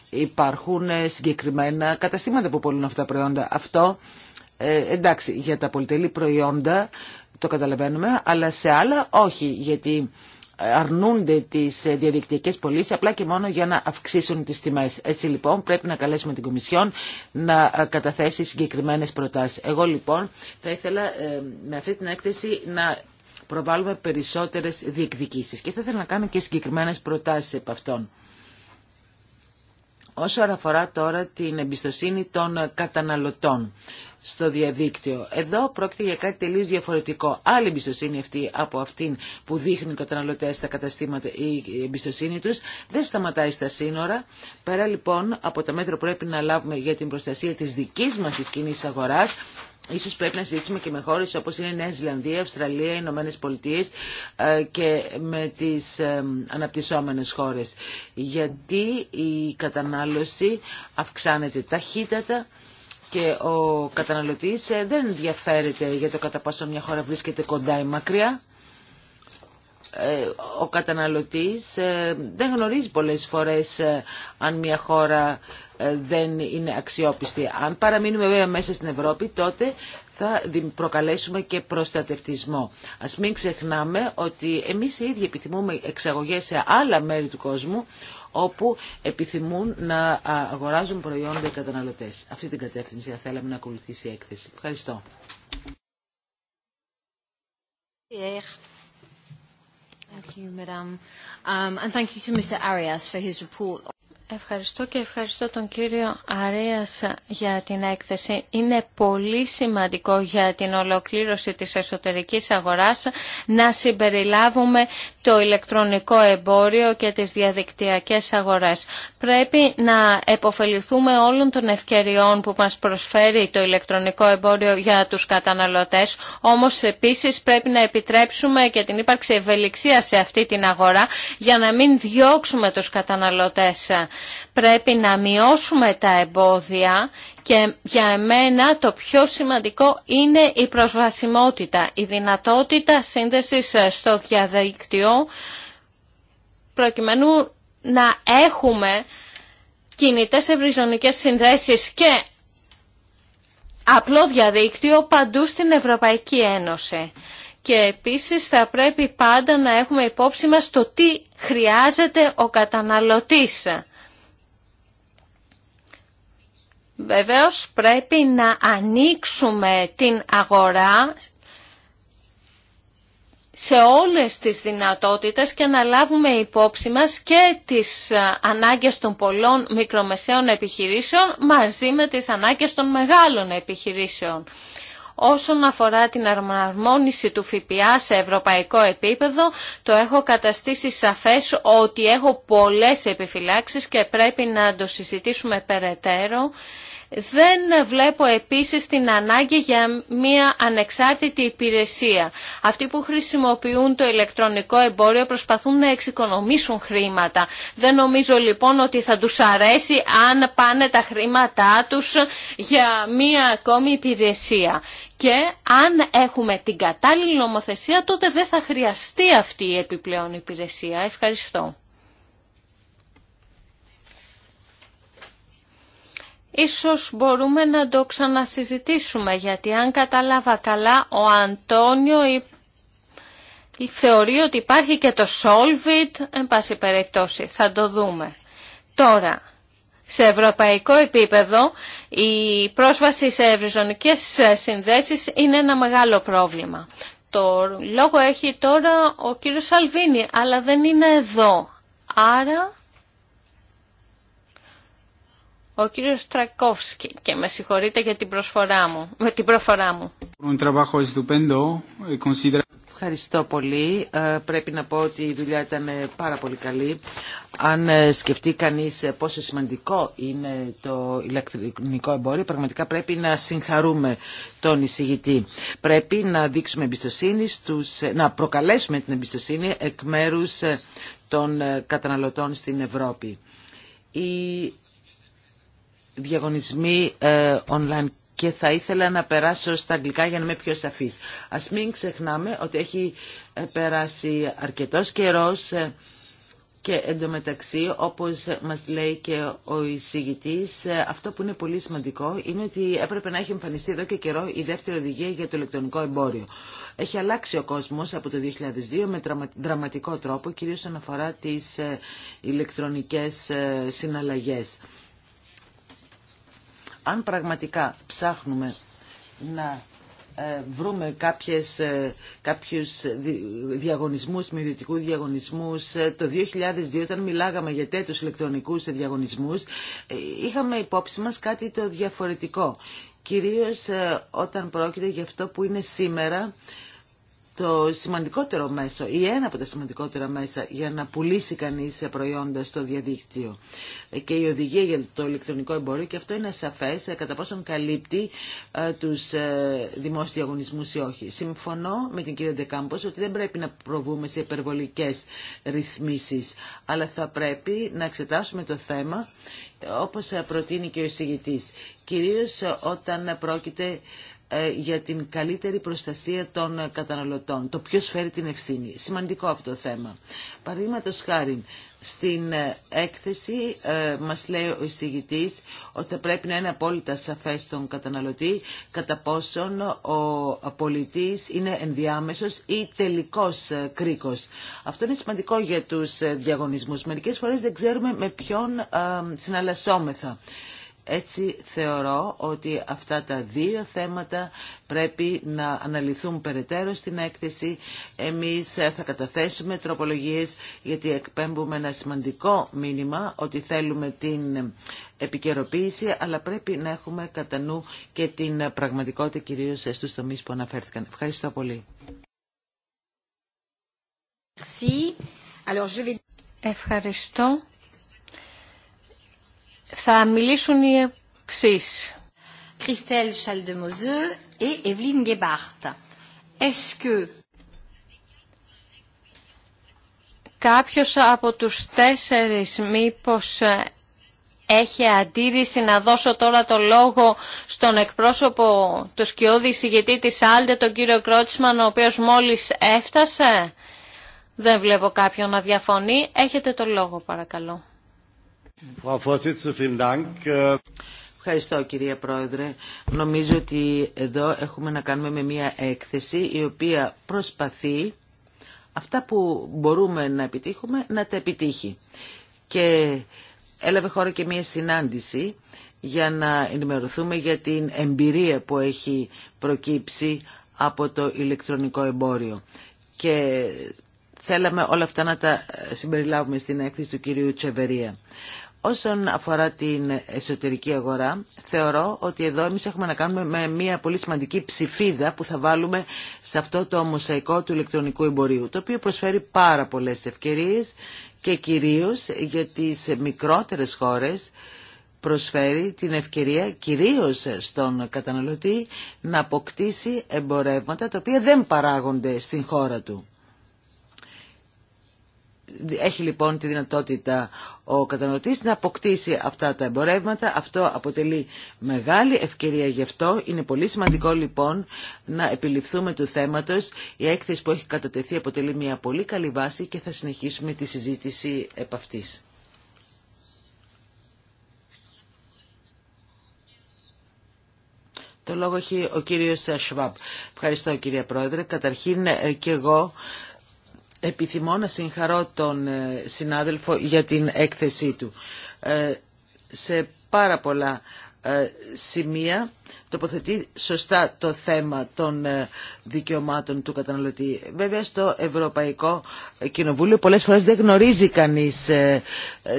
Υπάρχουν ε, συγκεκριμένα καταστήματα που πολλούν αυτά τα προϊόντα. Αυτό ε, εντάξει για τα πολυτελή προϊόντα το καταλαβαίνουμε, αλλά σε άλλα όχι, γιατί αρνούνται τις διαδικτυακές πωλήσει απλά και μόνο για να αυξήσουν τις τιμές. Έτσι λοιπόν πρέπει να καλέσουμε την Κομισιόν να καταθέσει συγκεκριμένες προτάσεις. Εγώ λοιπόν θα ήθελα με αυτή την έκθεση να προβάλλουμε περισσότερες διεκδικήσεις. Και θα ήθελα να κάνω και συγκεκριμένες προτάσεις επ' αυτών. Όσο αφορά τώρα την εμπιστοσύνη των καταναλωτών στο διαδίκτυο. Εδώ πρόκειται για κάτι τελείως διαφορετικό. Άλλη εμπιστοσύνη αυτή από αυτήν που δείχνουν οι καταναλωτέ στα καταστήματα ή η εμπιστοσυνη τους δεν σταματάει στα σύνορα. Πέρα λοιπόν από τα μέτρα που πρέπει να λάβουμε για την προστασία της δικής μας της κοινή αγοράς Ίσως πρέπει να συζητήσουμε και με χώρες όπως είναι η Νέα Ζηλανδία, Αυστραλία, οι Ηνωμένε Πολιτείε ε, και με τις ε, αναπτυσσόμενες χώρες. Γιατί η κατανάλωση αυξάνεται ταχύτατα και ο καταναλωτής ε, δεν ενδιαφέρεται για το κατά πόσο μια χώρα βρίσκεται κοντά ή μακριά. Ε, ο καταναλωτής ε, δεν γνωρίζει πολλές φορές αν μια χώρα δεν είναι αξιόπιστη. Αν παραμείνουμε βέβαια μέσα στην Ευρώπη τότε θα προκαλέσουμε και προστατευτισμό. Ας μην ξεχνάμε ότι εμείς οι ίδιοι επιθυμούμε εξαγωγές σε άλλα μέρη του κόσμου όπου επιθυμούν να αγοράζουν προϊόντα οι καταναλωτές. Αυτή την κατεύθυνση θα θέλαμε να ακολουθήσει η έκθεση. Ευχαριστώ. Thank you, Madam. Um, and thank you to Mr. Arias for his report. Ευχαριστώ και ευχαριστώ τον κύριο Αρέας για την έκθεση. Είναι πολύ σημαντικό για την ολοκλήρωση της εσωτερικής αγοράς να συμπεριλάβουμε το ηλεκτρονικό εμπόριο και τις διαδικτυακές αγορές. Πρέπει να επωφεληθούμε όλων των ευκαιριών που μας προσφέρει το ηλεκτρονικό εμπόριο για τους καταναλωτές, όμως επίσης πρέπει να επιτρέψουμε και την ύπαρξη ευελιξία σε αυτή την αγορά για να μην διώξουμε τους καταναλωτές Πρέπει να μειώσουμε τα εμπόδια και για εμένα το πιο σημαντικό είναι η προσβασιμότητα, η δυνατότητα σύνδεσης ε, στο διαδίκτυο προκειμένου να έχουμε κινητές ευρυζωνικές συνδέσεις και απλό διαδίκτυο παντού στην Ευρωπαϊκή Ένωση. Και επίσης θα πρέπει πάντα να έχουμε υπόψη μας το τι χρειάζεται ο καταναλωτής. Βεβαίως πρέπει να ανοίξουμε την αγορά σε όλες τις δυνατότητες και να λάβουμε υπόψη μας και τις ανάγκες των πολλών μικρομεσαίων επιχειρήσεων μαζί με τις ανάγκες των μεγάλων επιχειρήσεων. Όσον αφορά την αρμόνιση του ΦΠΑ σε ευρωπαϊκό επίπεδο, το έχω καταστήσει σαφές ότι έχω πολλές επιφυλάξεις και πρέπει να το συζητήσουμε περαιτέρω δεν βλέπω επίσης την ανάγκη για μια ανεξάρτητη υπηρεσία. Αυτοί που χρησιμοποιούν το ηλεκτρονικό εμπόριο προσπαθούν να εξοικονομήσουν χρήματα. Δεν νομίζω λοιπόν ότι θα τους αρέσει αν πάνε τα χρήματά τους για μια ακόμη υπηρεσία. Και αν έχουμε την κατάλληλη νομοθεσία τότε δεν θα χρειαστεί αυτή η επιπλέον υπηρεσία. Ευχαριστώ. Ίσως μπορούμε να το ξανασυζητήσουμε, γιατί αν καταλάβα καλά, ο Αντώνιο θεωρεί ότι υπάρχει και το Solvit, εν πάση περιπτώσει, θα το δούμε. Τώρα, σε ευρωπαϊκό επίπεδο, η πρόσβαση σε ευρυζωνικές συνδέσεις είναι ένα μεγάλο πρόβλημα. Το λόγο έχει τώρα ο κύριος Σαλβίνη, αλλά δεν είναι εδώ. Άρα ο κύριος Τρακόφσκι και με συγχωρείτε για την προσφορά μου, με την προφορά μου. Eh, Ευχαριστώ πολύ. Ε, πρέπει να πω ότι η δουλειά ήταν ε, πάρα πολύ καλή. Αν ε, σκεφτεί κανείς πόσο σημαντικό είναι το ηλεκτρονικό εμπόριο, πραγματικά πρέπει να συγχαρούμε τον εισηγητή. Πρέπει να δείξουμε εμπιστοσύνη, στους, να προκαλέσουμε την εμπιστοσύνη εκ μέρους των καταναλωτών στην Ευρώπη. Η διαγωνισμοί ε, online και θα ήθελα να περάσω στα αγγλικά για να είμαι πιο σαφής. Ας μην ξεχνάμε ότι έχει ε, περάσει αρκετός καιρός ε, και εντωμεταξύ, όπως μας λέει και ο εισηγητής, αυτό που είναι πολύ σημαντικό είναι ότι έπρεπε να έχει εμφανιστεί εδώ και καιρό η δεύτερη οδηγία για το ηλεκτρονικό εμπόριο. Έχει αλλάξει ο κόσμος από το 2002 με δραματικό τρόπο, κυρίως όσον αφορά τις ηλεκτρονικές συναλλαγές. Αν πραγματικά ψάχνουμε να ε, βρούμε κάποιες, ε, κάποιους διαγωνισμούς, μηδιωτικού διαγωνισμούς. Ε, το 2002 όταν μιλάγαμε για τέτοιους ηλεκτρονικούς διαγωνισμούς είχαμε υπόψη μας κάτι το διαφορετικό. Κυρίως όταν πρόκειται για αυτό που είναι σήμερα το σημαντικότερο μέσο ή ένα από τα σημαντικότερα μέσα για να πουλήσει κανείς προϊόντα στο διαδίκτυο και η οδηγία για το ηλεκτρονικό εμπόριο και αυτό είναι σαφές ε, κατά πόσον καλύπτει ε, τους ε, δημόσιους διαγωνισμούς ή όχι. Συμφωνώ με την κυρία Ντεκάμπος ότι δεν πρέπει να προβούμε σε υπερβολικές ρυθμίσεις αλλά θα πρέπει να εξετάσουμε το θέμα όπως προτείνει και ο εισηγητής κυρίως όταν πρόκειται ε, για την καλύτερη προστασία των ε, καταναλωτών. Το ποιος φέρει την ευθύνη. Σημαντικό αυτό το θέμα. Παραδείγματο χάρη, στην ε, έκθεση ε, μας λέει ο εισηγητής ότι θα πρέπει να είναι απόλυτα σαφές στον καταναλωτή κατά πόσον ο πολιτής είναι ενδιάμεσος ή τελικός κρίκος. Αυτό είναι σημαντικό για τους διαγωνισμούς. Μερικές φορές δεν ξέρουμε με ποιον ε, έτσι θεωρώ ότι αυτά τα δύο θέματα πρέπει να αναλυθούν περαιτέρω στην έκθεση. Εμείς θα καταθέσουμε τροπολογίες γιατί εκπέμπουμε ένα σημαντικό μήνυμα ότι θέλουμε την επικαιροποίηση αλλά πρέπει να έχουμε κατά νου και την πραγματικότητα κυρίως στους τομείς που αναφέρθηκαν. Ευχαριστώ πολύ. Ευχαριστώ θα μιλήσουν οι εξή. Κριστέλ και κάποιος από τους τέσσερις μήπως ε, έχει αντίρρηση να δώσω τώρα το λόγο στον εκπρόσωπο του σκιώδη ηγετή της Άλτε, τον κύριο Κρότσμαν, ο οποίος μόλις έφτασε. Δεν βλέπω κάποιον να διαφωνεί. Έχετε το λόγο παρακαλώ. Ευχαριστώ κυρία Πρόεδρε. Νομίζω ότι εδώ έχουμε να κάνουμε με μια έκθεση η οποία προσπαθεί αυτά που μπορούμε να επιτύχουμε να τα επιτύχει. Και έλαβε χώρα και μια συνάντηση για να ενημερωθούμε για την εμπειρία που έχει προκύψει από το ηλεκτρονικό εμπόριο. Και θέλαμε όλα αυτά να τα συμπεριλάβουμε στην έκθεση του κυρίου Τσεβερία. Όσον αφορά την εσωτερική αγορά, θεωρώ ότι εδώ εμείς έχουμε να κάνουμε με μια πολύ σημαντική ψηφίδα που θα βάλουμε σε αυτό το μοσαϊκό του ηλεκτρονικού εμπορίου, το οποίο προσφέρει πάρα πολλές ευκαιρίες και κυρίως για τις μικρότερες χώρες προσφέρει την ευκαιρία κυρίως στον καταναλωτή να αποκτήσει εμπορεύματα τα οποία δεν παράγονται στην χώρα του. Έχει λοιπόν τη δυνατότητα ο καταναλωτής να αποκτήσει αυτά τα εμπορεύματα. Αυτό αποτελεί μεγάλη ευκαιρία γι' αυτό. Είναι πολύ σημαντικό λοιπόν να επιληφθούμε του θέματος. Η έκθεση που έχει κατατεθεί αποτελεί μια πολύ καλή βάση και θα συνεχίσουμε τη συζήτηση επ' αυτής. Το λόγο έχει ο κύριος Σβάμπ. Ευχαριστώ κύριε Πρόεδρε. Καταρχήν ε, και εγώ Επιθυμώ να συγχαρώ τον ε, συνάδελφο για την έκθεσή του. Ε, σε πάρα πολλά ε, σημεία τοποθετεί σωστά το θέμα των δικαιωμάτων του καταναλωτή. Βέβαια στο Ευρωπαϊκό Κοινοβούλιο πολλές φορές δεν γνωρίζει κανείς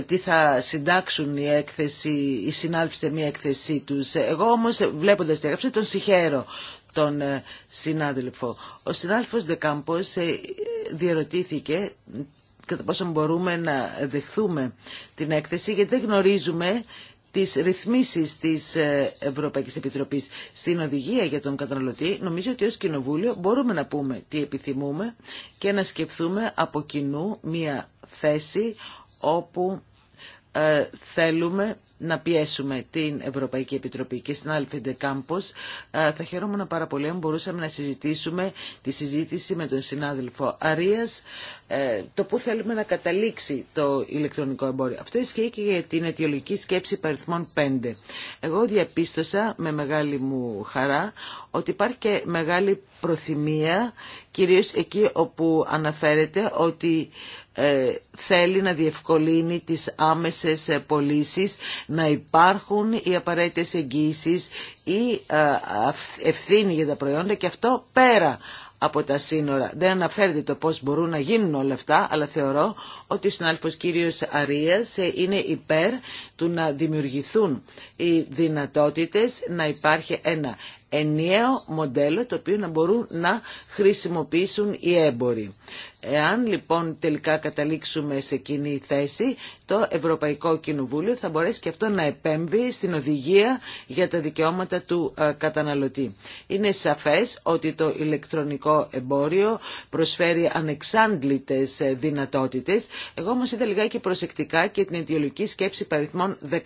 τι θα συντάξουν οι, έκθεση, συνάδελφοι σε μια έκθεσή τους. Εγώ όμως βλέποντας τη έγραψη τον συγχαίρω τον συνάδελφο. Ο συνάδελφος Δεκάμπος διερωτήθηκε κατά πόσο μπορούμε να δεχθούμε την έκθεση γιατί δεν γνωρίζουμε τις ρυθμίσεις της ε, Ευρωπαϊκής Επιτροπής στην οδηγία για τον καταναλωτή, νομίζω ότι ως Κοινοβούλιο μπορούμε να πούμε τι επιθυμούμε και να σκεφτούμε από κοινού μία θέση όπου ε, θέλουμε να πιέσουμε την Ευρωπαϊκή Επιτροπή και στην Αλφιντε Κάμπος. Ε, θα χαιρόμουν πάρα πολύ αν μπορούσαμε να συζητήσουμε τη συζήτηση με τον συνάδελφο Αρίας ε, το που θέλουμε να καταλήξει το ηλεκτρονικό εμπόριο. Αυτό ισχύει και για την αιτιολογική σκέψη παριθμών 5. Εγώ διαπίστωσα με μεγάλη μου χαρά ότι υπάρχει και μεγάλη προθυμία κυρίως εκεί όπου αναφέρεται ότι ε, θέλει να διευκολύνει τις άμεσες πωλήσει να υπάρχουν οι απαραίτητες εγγύησεις ή ε, ευθύνη για τα προϊόντα και αυτό πέρα από τα σύνορα. Δεν αναφέρεται το πώς μπορούν να γίνουν όλα αυτά, αλλά θεωρώ ότι ο συνάλφος κύριος Αρίας ε, είναι υπέρ του να δημιουργηθούν οι δυνατότητες να υπάρχει ένα ενιαίο μοντέλο το οποίο να μπορούν να χρησιμοποιήσουν οι έμποροι. Εάν λοιπόν τελικά καταλήξουμε σε κοινή θέση, το Ευρωπαϊκό Κοινοβούλιο θα μπορέσει και αυτό να επέμβει στην οδηγία για τα δικαιώματα του ε, καταναλωτή. Είναι σαφές ότι το ηλεκτρονικό εμπόριο προσφέρει ανεξάντλητες ε, δυνατότητες. Εγώ όμως είδα λιγάκι προσεκτικά και την αιτιολογική σκέψη παριθμών 14.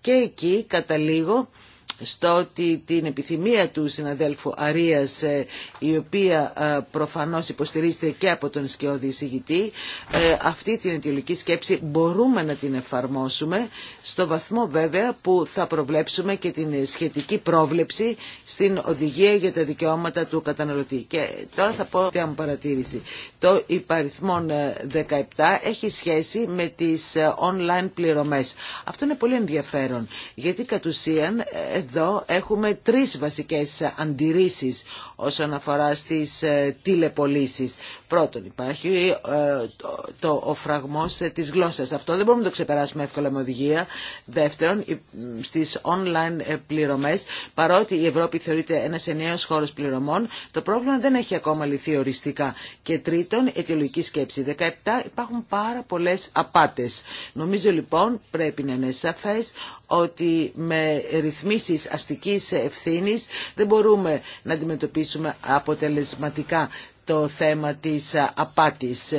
Και εκεί καταλήγω στο ότι την επιθυμία του συναδέλφου Αρίας ε, η οποία ε, προφανώς υποστηρίζεται και από τον σκιώδη εισηγητή ε, αυτή την αιτιολογική σκέψη μπορούμε να την εφαρμόσουμε στο βαθμό βέβαια που θα προβλέψουμε και την σχετική πρόβλεψη στην οδηγία για τα δικαιώματα του καταναλωτή. Και τώρα θα πω μια μου παρατήρηση. Το υπαριθμόν 17 έχει σχέση με τις online πληρωμές. Αυτό είναι πολύ ενδιαφέρον γιατί κατ' ουσίαν εδώ έχουμε τρεις βασικές αντιρρήσεις όσον αφορά στις ε, τηλεπολίσεις Πρώτον υπάρχει ε, το, το ο φραγμός ε, της γλώσσας. Αυτό δεν μπορούμε να το ξεπεράσουμε εύκολα με οδηγία. Δεύτερον, στις online ε, πληρωμές, παρότι η Ευρώπη θεωρείται ένας ενιαίος χώρος πληρωμών, το πρόβλημα δεν έχει ακόμα λυθεί οριστικά. Και τρίτον, αιτιολογική σκέψη. 17 υπάρχουν πάρα πολλές απάτες. Νομίζω λοιπόν πρέπει να είναι σαφές ότι με ρυθμίσεις αστικής ευθύνης δεν μπορούμε να αντιμετωπίσουμε αποτελεσματικά το θέμα της απάτης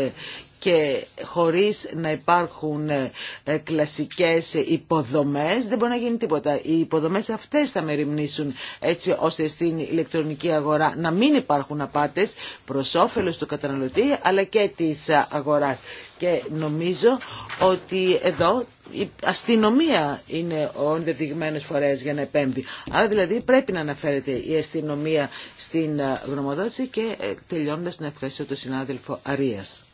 και χωρίς να υπάρχουν ε, ε, κλασικές υποδομές δεν μπορεί να γίνει τίποτα. Οι υποδομές αυτές θα μεριμνήσουν έτσι ώστε στην ηλεκτρονική αγορά να μην υπάρχουν απάτες προς όφελος του καταναλωτή αλλά και της ε, αγοράς. Και νομίζω ότι εδώ η αστυνομία είναι ο ενδεδειγμένος φορέας για να επέμβει. Άρα δηλαδή πρέπει να αναφέρεται η αστυνομία στην γνωμοδότηση και τελειώνοντας να ευχαριστώ τον συνάδελφο Αρίας.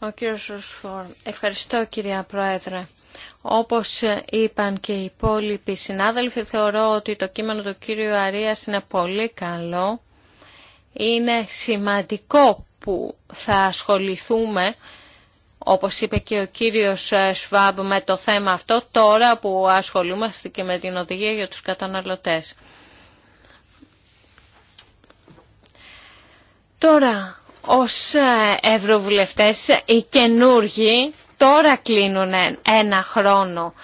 Ο κύριος Ευχαριστώ κυρία Πρόεδρε. Όπως είπαν και οι υπόλοιποι συνάδελφοι, θεωρώ ότι το κείμενο του κύριου Αρίας είναι πολύ καλό. Είναι σημαντικό που θα ασχοληθούμε, όπως είπε και ο κύριος Σβάμπ, με το θέμα αυτό, τώρα που ασχολούμαστε και με την οδηγία για τους καταναλωτές. Τώρα, ως ε, ευρωβουλευτές οι καινούργοι τώρα κλείνουν ένα χρόνο.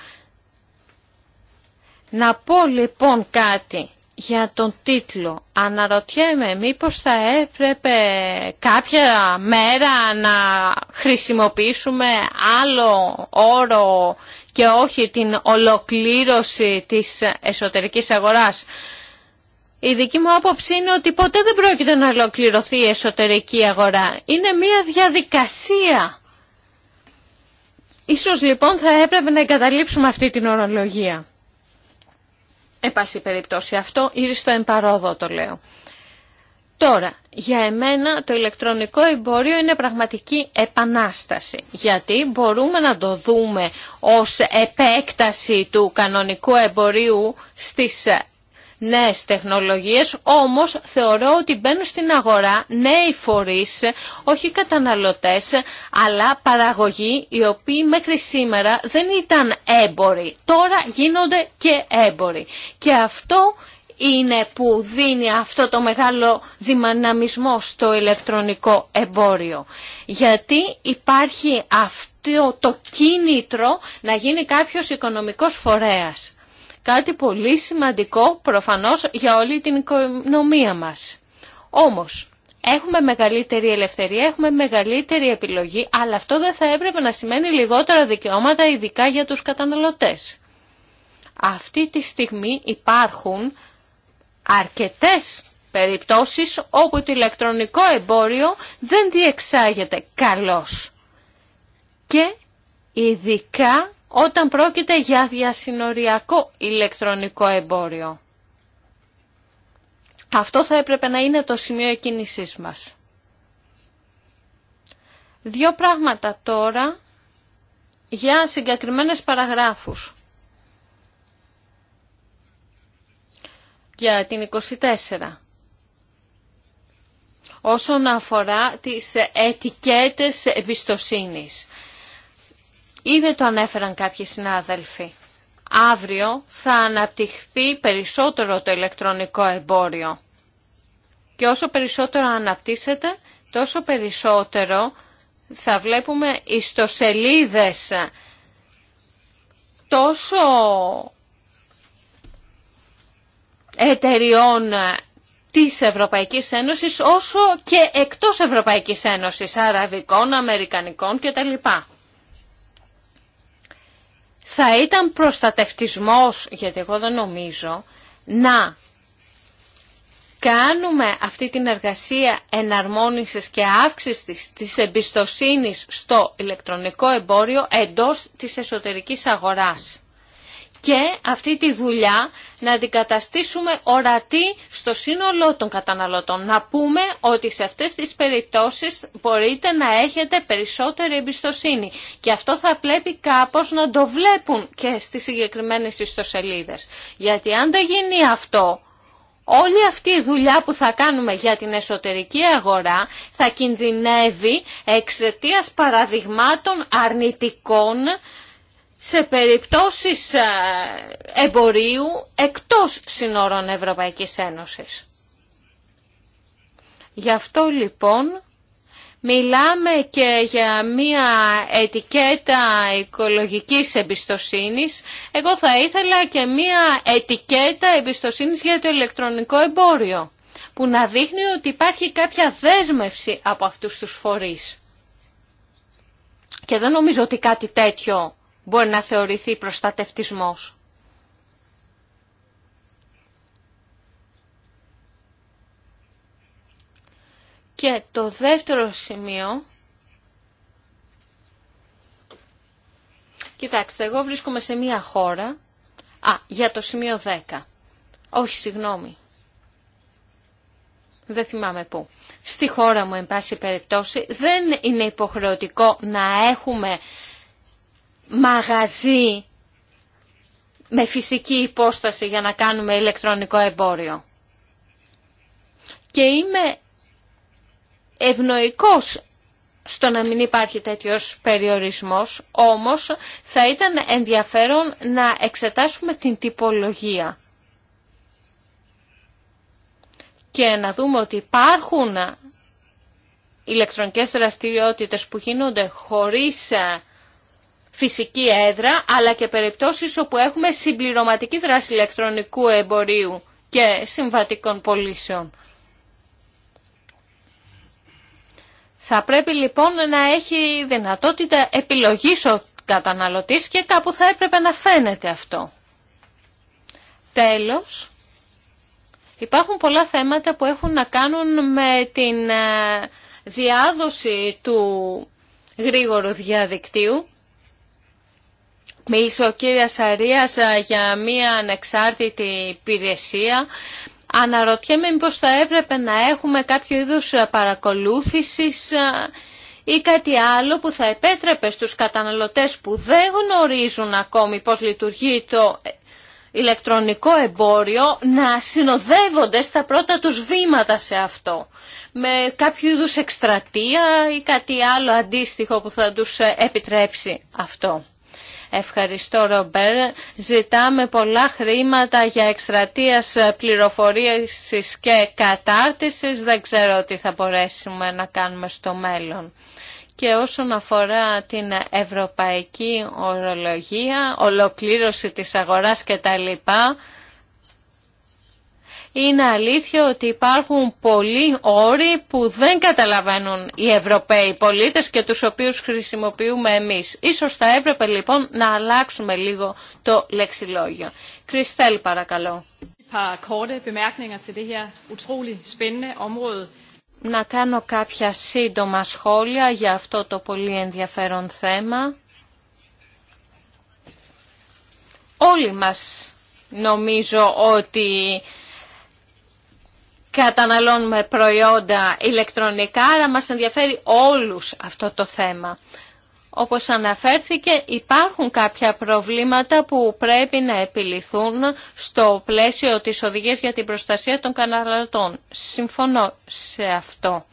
Να πω λοιπόν κάτι για τον τίτλο. Αναρωτιέμαι μήπως θα έπρεπε κάποια μέρα να χρησιμοποιήσουμε άλλο όρο και όχι την ολοκλήρωση της εσωτερικής αγοράς. Η δική μου άποψη είναι ότι ποτέ δεν πρόκειται να ολοκληρωθεί η εσωτερική αγορά. Είναι μια διαδικασία. Ίσως λοιπόν θα έπρεπε να εγκαταλείψουμε αυτή την ορολογία. Εν πάση περιπτώσει αυτό, ήρθε στο εμπαρόδο το λέω. Τώρα, για εμένα το ηλεκτρονικό εμπόριο είναι πραγματική επανάσταση, γιατί μπορούμε να το δούμε ως επέκταση του κανονικού εμπορίου στις νέες τεχνολογίες, όμως θεωρώ ότι μπαίνουν στην αγορά νέοι φορείς, όχι καταναλωτές, αλλά παραγωγοί οι οποίοι μέχρι σήμερα δεν ήταν έμποροι. Τώρα γίνονται και έμποροι. Και αυτό είναι που δίνει αυτό το μεγάλο δυναμισμό στο ηλεκτρονικό εμπόριο. Γιατί υπάρχει αυτό το κίνητρο να γίνει κάποιος οικονομικός φορέας. Κάτι πολύ σημαντικό προφανώς για όλη την οικονομία μας. Όμως, έχουμε μεγαλύτερη ελευθερία, έχουμε μεγαλύτερη επιλογή, αλλά αυτό δεν θα έπρεπε να σημαίνει λιγότερα δικαιώματα, ειδικά για τους καταναλωτές. Αυτή τη στιγμή υπάρχουν αρκετές περιπτώσεις όπου το ηλεκτρονικό εμπόριο δεν διεξάγεται καλώς. Και ειδικά όταν πρόκειται για διασυνοριακό ηλεκτρονικό εμπόριο. Αυτό θα έπρεπε να είναι το σημείο εκκίνησής μας. Δύο πράγματα τώρα για συγκεκριμένες παραγράφους. Για την 24. Όσον αφορά τις ετικέτες εμπιστοσύνης. Ήδη το ανέφεραν κάποιοι συνάδελφοι. Αύριο θα αναπτυχθεί περισσότερο το ηλεκτρονικό εμπόριο. Και όσο περισσότερο αναπτύσσεται, τόσο περισσότερο θα βλέπουμε ιστοσελίδες τόσο εταιριών της Ευρωπαϊκής Ένωσης όσο και εκτός Ευρωπαϊκής Ένωσης, αραβικών, αμερικανικών κτλ θα ήταν προστατευτισμός, γιατί εγώ δεν νομίζω, να κάνουμε αυτή την εργασία εναρμόνισης και αύξησης της εμπιστοσύνης στο ηλεκτρονικό εμπόριο εντός της εσωτερικής αγοράς. Και αυτή τη δουλειά να την καταστήσουμε ορατή στο σύνολό των καταναλωτών. Να πούμε ότι σε αυτές τις περιπτώσεις μπορείτε να έχετε περισσότερη εμπιστοσύνη. Και αυτό θα πρέπει κάπως να το βλέπουν και στις συγκεκριμένες ιστοσελίδες. Γιατί αν δεν γίνει αυτό, όλη αυτή η δουλειά που θα κάνουμε για την εσωτερική αγορά θα κινδυνεύει εξαιτίας παραδειγμάτων αρνητικών σε περιπτώσεις ε, εμπορίου εκτός συνόρων Ευρωπαϊκής Ένωσης. Γι' αυτό λοιπόν μιλάμε και για μια ετικέτα οικολογικής εμπιστοσύνης. Εγώ θα ήθελα και μια ετικέτα εμπιστοσύνης για το ηλεκτρονικό εμπόριο που να δείχνει ότι υπάρχει κάποια δέσμευση από αυτούς τους φορείς. Και δεν νομίζω ότι κάτι τέτοιο μπορεί να θεωρηθεί προστατευτισμός. Και το δεύτερο σημείο, κοιτάξτε, εγώ βρίσκομαι σε μία χώρα, α, για το σημείο 10, όχι συγγνώμη, δεν θυμάμαι πού. Στη χώρα μου, εν πάση περιπτώσει, δεν είναι υποχρεωτικό να έχουμε μαγαζί με φυσική υπόσταση για να κάνουμε ηλεκτρονικό εμπόριο. Και είμαι ευνοϊκός στο να μην υπάρχει τέτοιος περιορισμός, όμως θα ήταν ενδιαφέρον να εξετάσουμε την τυπολογία. Και να δούμε ότι υπάρχουν ηλεκτρονικές δραστηριότητες που γίνονται χωρίς φυσική έδρα, αλλά και περιπτώσεις όπου έχουμε συμπληρωματική δράση ηλεκτρονικού εμπορίου και συμβατικών πωλήσεων. Θα πρέπει λοιπόν να έχει δυνατότητα επιλογής ο καταναλωτής και κάπου θα έπρεπε να φαίνεται αυτό. Τέλος, υπάρχουν πολλά θέματα που έχουν να κάνουν με την ε, διάδοση του γρήγορου διαδικτύου Μίλησε ο κύριος Αρίας για μία ανεξάρτητη υπηρεσία. Αναρωτιέμαι μήπως θα έπρεπε να έχουμε κάποιο είδους παρακολούθησης ή κάτι άλλο που θα επέτρεπε στους καταναλωτές που δεν γνωρίζουν ακόμη πώς λειτουργεί το ε, ηλεκτρονικό εμπόριο να συνοδεύονται στα πρώτα τους βήματα σε αυτό με κάποιο είδου εκστρατεία ή κάτι άλλο αντίστοιχο που θα τους ε, επιτρέψει αυτό. Ευχαριστώ Ρομπέρ. Ζητάμε πολλά χρήματα για εκστρατείας πληροφορίας και κατάρτισης. Δεν ξέρω τι θα μπορέσουμε να κάνουμε στο μέλλον. Και όσον αφορά την ευρωπαϊκή ορολογία, ολοκλήρωση της αγοράς κτλ είναι αλήθεια ότι υπάρχουν πολλοί όροι που δεν καταλαβαίνουν οι Ευρωπαίοι πολίτες και τους οποίους χρησιμοποιούμε εμείς. Ίσως θα έπρεπε λοιπόν να αλλάξουμε λίγο το λεξιλόγιο. Κριστέλ παρακαλώ. Να κάνω κάποια σύντομα σχόλια για αυτό το πολύ ενδιαφέρον θέμα. Όλοι μας νομίζω ότι καταναλώνουμε προϊόντα ηλεκτρονικά, άρα μας ενδιαφέρει όλους αυτό το θέμα. Όπως αναφέρθηκε, υπάρχουν κάποια προβλήματα που πρέπει να επιληθούν στο πλαίσιο της οδηγίας για την προστασία των καταναλωτών. Συμφωνώ σε αυτό.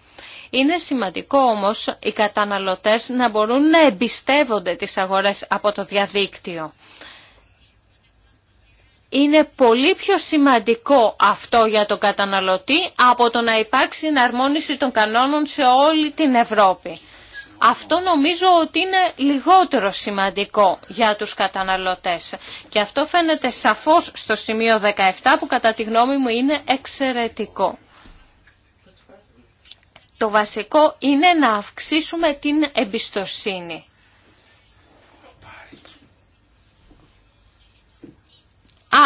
Είναι σημαντικό όμως οι καταναλωτές να μπορούν να εμπιστεύονται τις αγορές από το διαδίκτυο είναι πολύ πιο σημαντικό αυτό για τον καταναλωτή από το να υπάρξει εναρμόνιση των κανόνων σε όλη την Ευρώπη. Αυτό νομίζω ότι είναι λιγότερο σημαντικό για τους καταναλωτές. Και αυτό φαίνεται σαφώς στο σημείο 17 που κατά τη γνώμη μου είναι εξαιρετικό. Το βασικό είναι να αυξήσουμε την εμπιστοσύνη.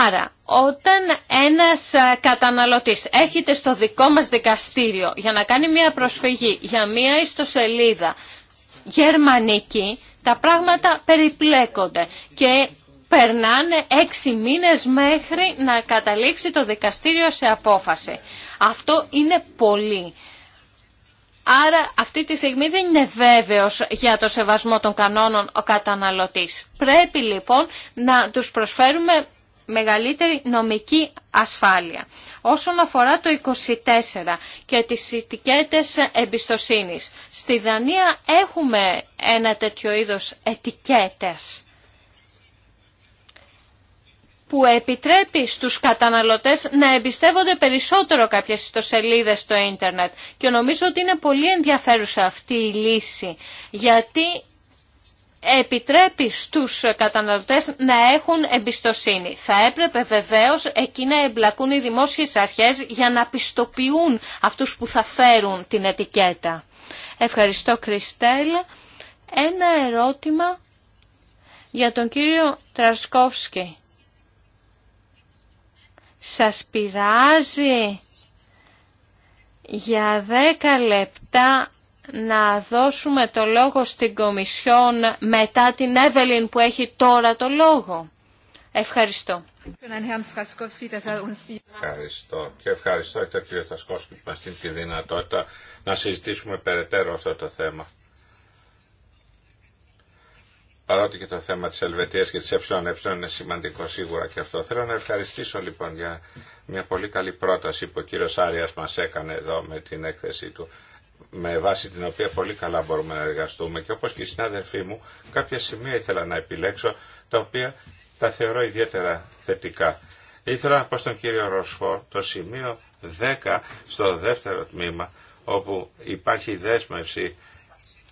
Άρα, όταν ένας ε, καταναλωτής έχετε στο δικό μας δικαστήριο για να κάνει μια προσφυγή για μια ιστοσελίδα γερμανική, τα πράγματα περιπλέκονται και περνάνε έξι μήνες μέχρι να καταλήξει το δικαστήριο σε απόφαση. Αυτό είναι πολύ. Άρα αυτή τη στιγμή δεν είναι βέβαιος για το σεβασμό των κανόνων ο καταναλωτής. Πρέπει λοιπόν να τους προσφέρουμε μεγαλύτερη νομική ασφάλεια. Όσον αφορά το 24 και τις ετικέτες εμπιστοσύνης, στη Δανία έχουμε ένα τέτοιο είδος ετικέτες που επιτρέπει στους καταναλωτές να εμπιστεύονται περισσότερο κάποιες ιστοσελίδες στο ίντερνετ. Και νομίζω ότι είναι πολύ ενδιαφέρουσα αυτή η λύση, γιατί επιτρέπει στους καταναλωτές να έχουν εμπιστοσύνη. Θα έπρεπε βεβαίως εκεί να εμπλακούν οι δημόσιες αρχές για να πιστοποιούν αυτούς που θα φέρουν την ετικέτα. Ευχαριστώ Κριστέλ. Ένα ερώτημα για τον κύριο Τρασκόφσκι. Σας πειράζει για 10 λεπτά να δώσουμε το λόγο στην Κομισιόν μετά την Εύελιν που έχει τώρα το λόγο. Ευχαριστώ. Ευχαριστώ και ευχαριστώ και τον κύριο Στασκόσκη που μας δίνει τη δυνατότητα να συζητήσουμε περαιτέρω αυτό το θέμα. Παρότι και το θέμα της Ελβετίας και της ΕΕ είναι σημαντικό σίγουρα και αυτό. Θέλω να ευχαριστήσω λοιπόν για μια πολύ καλή πρόταση που ο κύριος Άριας μας έκανε εδώ με την έκθεσή του με βάση την οποία πολύ καλά μπορούμε να εργαστούμε και όπως και οι συνάδελφοί μου κάποια σημεία ήθελα να επιλέξω τα οποία τα θεωρώ ιδιαίτερα θετικά. Ήθελα να πω στον κύριο Ροσφό το σημείο 10 στο δεύτερο τμήμα όπου υπάρχει η δέσμευση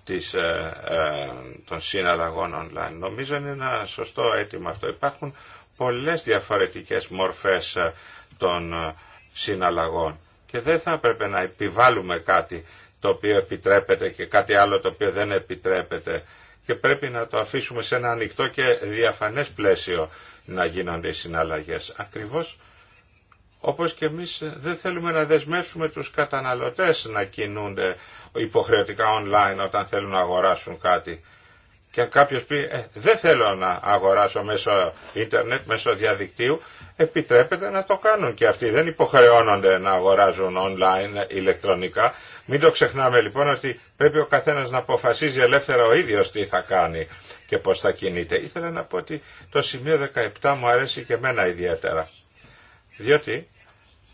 της, ε, ε, των συναλλαγών online. Νομίζω είναι ένα σωστό αίτημα αυτό. Υπάρχουν πολλές διαφορετικές μορφές ε, των συναλλαγών και δεν θα έπρεπε να επιβάλλουμε κάτι το οποίο επιτρέπεται και κάτι άλλο το οποίο δεν επιτρέπεται και πρέπει να το αφήσουμε σε ένα ανοιχτό και διαφανές πλαίσιο να γίνονται οι συναλλαγές. Ακριβώς όπως και εμείς δεν θέλουμε να δεσμεύσουμε τους καταναλωτές να κινούνται υποχρεωτικά online όταν θέλουν να αγοράσουν κάτι. Και αν κάποιος πει «Ε, δεν θέλω να αγοράσω μέσω ίντερνετ, μέσω διαδικτύου, επιτρέπεται να το κάνουν και αυτοί δεν υποχρεώνονται να αγοράζουν online ηλεκτρονικά. Μην το ξεχνάμε λοιπόν ότι πρέπει ο καθένας να αποφασίζει ελεύθερα ο ίδιος τι θα κάνει και πώς θα κινείται. Ήθελα να πω ότι το σημείο 17 μου αρέσει και εμένα ιδιαίτερα. Διότι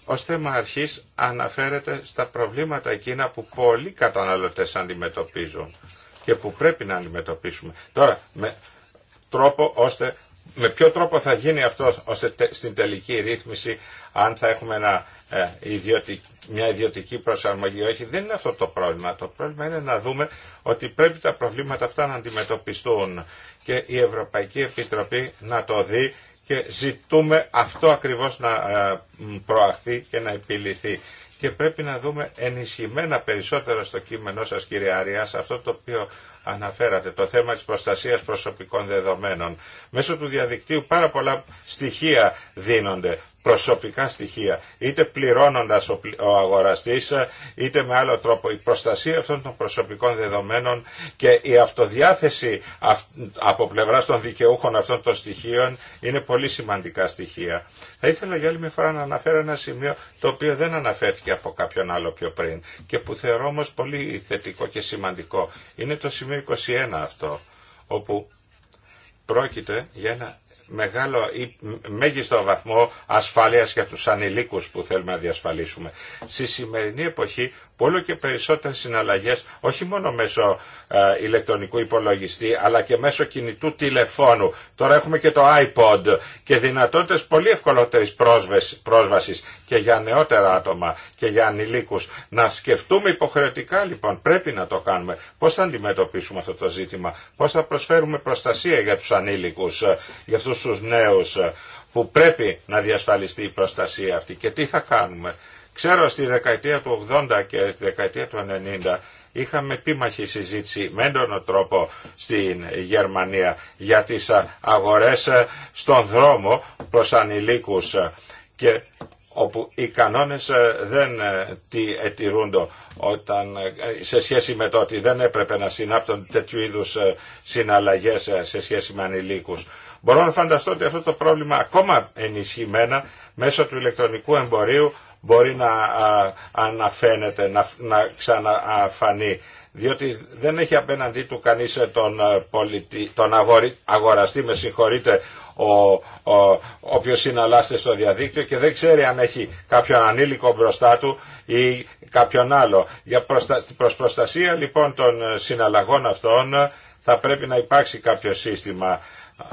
ως θέμα αρχής αναφέρεται στα προβλήματα εκείνα που πολλοί καταναλωτές αντιμετωπίζουν και που πρέπει να αντιμετωπίσουμε. Τώρα, με τρόπο ώστε με ποιο τρόπο θα γίνει αυτό ώστε στην τελική ρύθμιση αν θα έχουμε ε, μια ιδιωτική προσαρμογή όχι δεν είναι αυτό το πρόβλημα το πρόβλημα είναι να δούμε ότι πρέπει τα προβλήματα αυτά να αντιμετωπιστούν και η Ευρωπαϊκή Επιτροπή να το δει και ζητούμε αυτό ακριβώς να ε, προαχθεί και να επιληθεί και πρέπει να δούμε ενισχυμένα περισσότερο στο κείμενό σας κύριε Άρια, αυτό το οποίο αναφέρατε, το θέμα της προστασίας προσωπικών δεδομένων. Μέσω του διαδικτύου πάρα πολλά στοιχεία δίνονται, προσωπικά στοιχεία, είτε πληρώνοντας ο αγοραστής, είτε με άλλο τρόπο. Η προστασία αυτών των προσωπικών δεδομένων και η αυτοδιάθεση από πλευράς των δικαιούχων αυτών των στοιχείων είναι πολύ σημαντικά στοιχεία. Θα ήθελα για άλλη μια φορά να αναφέρω ένα σημείο το οποίο δεν αναφέρθηκε από κάποιον άλλο πιο πριν και που θεωρώ όμως πολύ θετικό και σημαντικό. Είναι το είναι 21 αυτό, όπου πρόκειται για ένα μεγάλο ή μέγιστο βαθμό ασφάλειας για τους ανηλίκους που θέλουμε να διασφαλίσουμε. Στη σημερινή εποχή που όλο και περισσότερες συναλλαγές όχι μόνο μέσω ε, ηλεκτρονικού υπολογιστή αλλά και μέσω κινητού τηλεφώνου. Τώρα έχουμε και το iPod και δυνατότητες πολύ ευκολότερης πρόσβασης και για νεότερα άτομα και για ανηλίκους. Να σκεφτούμε υποχρεωτικά λοιπόν, πρέπει να το κάνουμε, πώς θα αντιμετωπίσουμε αυτό το ζήτημα, πώς θα προσφέρουμε προστασία για τους ανήλικους, ε, για αυτούς τους νέους ε, που πρέπει να διασφαλιστεί η προστασία αυτή και τι θα κάνουμε. Ξέρω στη δεκαετία του 80 και στη δεκαετία του 90 είχαμε επίμαχη συζήτηση με έντονο τρόπο στην Γερμανία για τις αγορές στον δρόμο προς ανηλίκους και όπου οι κανόνες δεν τι ετηρούνται όταν, σε σχέση με το ότι δεν έπρεπε να συνάπτουν τέτοιου είδους συναλλαγές σε σχέση με ανηλίκους. Μπορώ να φανταστώ ότι αυτό το πρόβλημα ακόμα ενισχυμένα μέσω του ηλεκτρονικού εμπορίου μπορεί να αναφαίνεται, να, να ξαναφανεί διότι δεν έχει απέναντί του κανείς ε, τον, ε, πολιτι... τον αγοραστή, με συγχωρείτε, ο, ο, όποιος συναλλάσσεται στο διαδίκτυο και δεν ξέρει αν έχει κάποιον ανήλικο μπροστά του ή κάποιον άλλο. Για προστα... προστασία λοιπόν των ε, συναλλαγών αυτών θα πρέπει να υπάρξει κάποιο σύστημα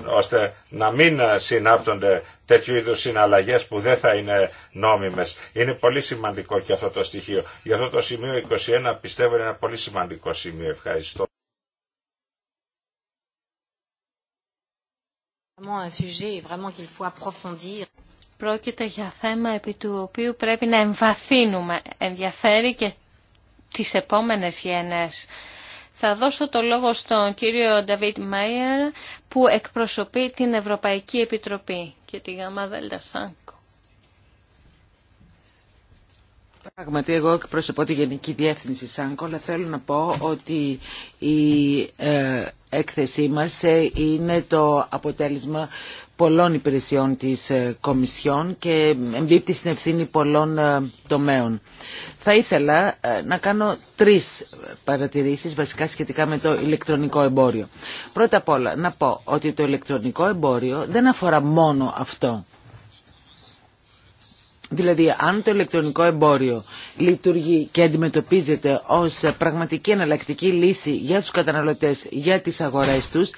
ώστε να μην συνάπτονται τέτοιου είδους συναλλαγές που δεν θα είναι νόμιμες. Είναι πολύ σημαντικό και αυτό το στοιχείο. Γι' αυτό το σημείο 21 πιστεύω είναι ένα πολύ σημαντικό σημείο. Ευχαριστώ. Πρόκειται για θέμα επί του οποίου πρέπει να εμβαθύνουμε. Ενδιαφέρει και τις επόμενες γενές. Θα δώσω το λόγο στον κύριο Νταβίτ Μάιερ που εκπροσωπεί την Ευρωπαϊκή Επιτροπή και τη ΓΑΜΑ ΣΑΝΚΟ. Πράγματι, εγώ εκπροσωπώ τη Γενική Διεύθυνση ΣΑΝΚΟ, αλλά θέλω να πω ότι η ε, έκθεσή μας ε, είναι το αποτέλεσμα πολλών υπηρεσιών της ε, Κομισιόν και εμπίπτει στην ευθύνη πολλών ε, τομέων. Θα ήθελα ε, να κάνω τρεις παρατηρήσεις βασικά σχετικά με το ηλεκτρονικό εμπόριο. Πρώτα απ' όλα να πω ότι το ηλεκτρονικό εμπόριο δεν αφορά μόνο αυτό. Δηλαδή, αν το ηλεκτρονικό εμπόριο λειτουργεί και αντιμετωπίζεται ως πραγματική εναλλακτική λύση για τους καταναλωτές, για τις αγορές τους,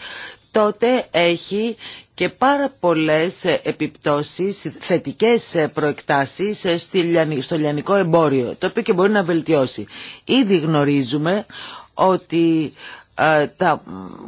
τότε έχει και πάρα πολλές επιπτώσεις, θετικές προεκτάσεις στο λιανικό εμπόριο, το οποίο και μπορεί να βελτιώσει. Ήδη γνωρίζουμε ότι ε, τα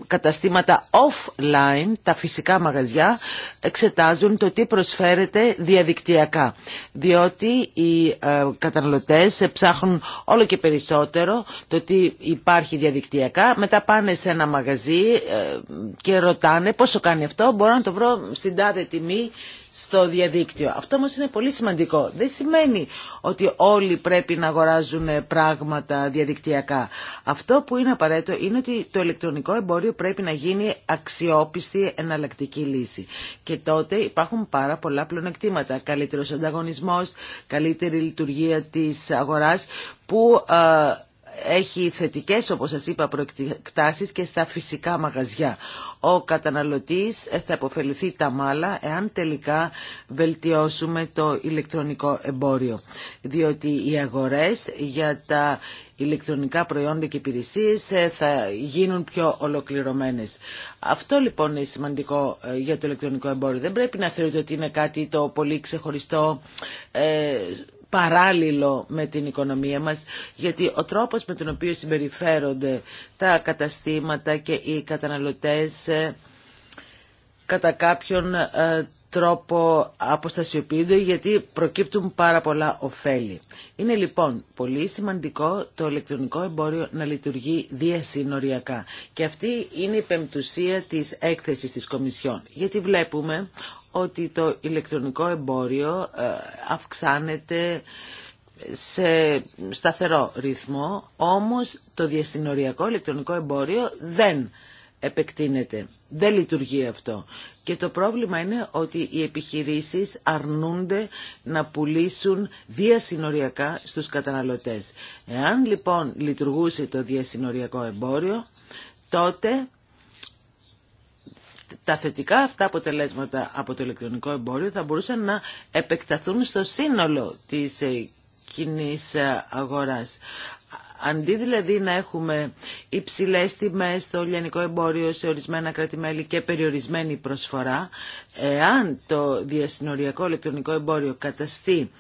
καταστήματα offline, τα φυσικά μαγαζιά, εξετάζουν το τι προσφέρεται διαδικτυακά. Διότι οι ε, καταναλωτές ψάχνουν όλο και περισσότερο το τι υπάρχει διαδικτυακά. Μετά πάνε σε ένα μαγαζί ε, και ρωτάνε πόσο κάνει αυτό, μπορώ να το βρω στην τάδε τιμή στο διαδίκτυο. Αυτό μας είναι πολύ σημαντικό. Δεν σημαίνει ότι όλοι πρέπει να αγοράζουν ε, πράγματα διαδικτυακά. Αυτό που είναι απαραίτητο είναι ότι το ηλεκτρονικό εμπόριο πρέπει να γίνει αξιόπιστη εναλλακτική λύση. Και τότε υπάρχουν πάρα πολλά πλονεκτήματα. Καλύτερος ανταγωνισμός, καλύτερη λειτουργία της αγοράς που ε, έχει θετικές, όπως σας είπα, προεκτάσεις και στα φυσικά μαγαζιά. Ο καταναλωτής θα αποφεληθεί τα μάλα εάν τελικά βελτιώσουμε το ηλεκτρονικό εμπόριο. Διότι οι αγορές για τα ηλεκτρονικά προϊόντα και υπηρεσίες ε, θα γίνουν πιο ολοκληρωμένες. Αυτό λοιπόν είναι σημαντικό ε, για το ηλεκτρονικό εμπόριο. Δεν πρέπει να θεωρείτε ότι είναι κάτι το πολύ ξεχωριστό ε, παράλληλο με την οικονομία μας, γιατί ο τρόπος με τον οποίο συμπεριφέρονται τα καταστήματα και οι καταναλωτές ε, κατά κάποιον ε, τρόπο αποστασιοποιούνται γιατί προκύπτουν πάρα πολλά ωφέλη. Είναι λοιπόν πολύ σημαντικό το ηλεκτρονικό εμπόριο να λειτουργεί διασυνοριακά και αυτή είναι η πεμπτουσία της έκθεσης της Κομισιόν γιατί βλέπουμε ότι το ηλεκτρονικό εμπόριο ε, αυξάνεται σε σταθερό ρυθμό, όμως το διασυνοριακό ηλεκτρονικό εμπόριο δεν επεκτείνεται. Δεν λειτουργεί αυτό. Και το πρόβλημα είναι ότι οι επιχειρήσεις αρνούνται να πουλήσουν διασυνοριακά στους καταναλωτές. Εάν λοιπόν λειτουργούσε το διασυνοριακό εμπόριο, τότε τα θετικά αυτά αποτελέσματα από το ηλεκτρονικό εμπόριο θα μπορούσαν να επεκταθούν στο σύνολο της ε, κοινή ε, αγοράς. Αντί δηλαδή να έχουμε υψηλές τιμές στο λιανικό εμπόριο σε ορισμένα κρατημέλη και περιορισμένη προσφορά, Εάν το διασυνοριακό ηλεκτρονικό εμπόριο καταστεί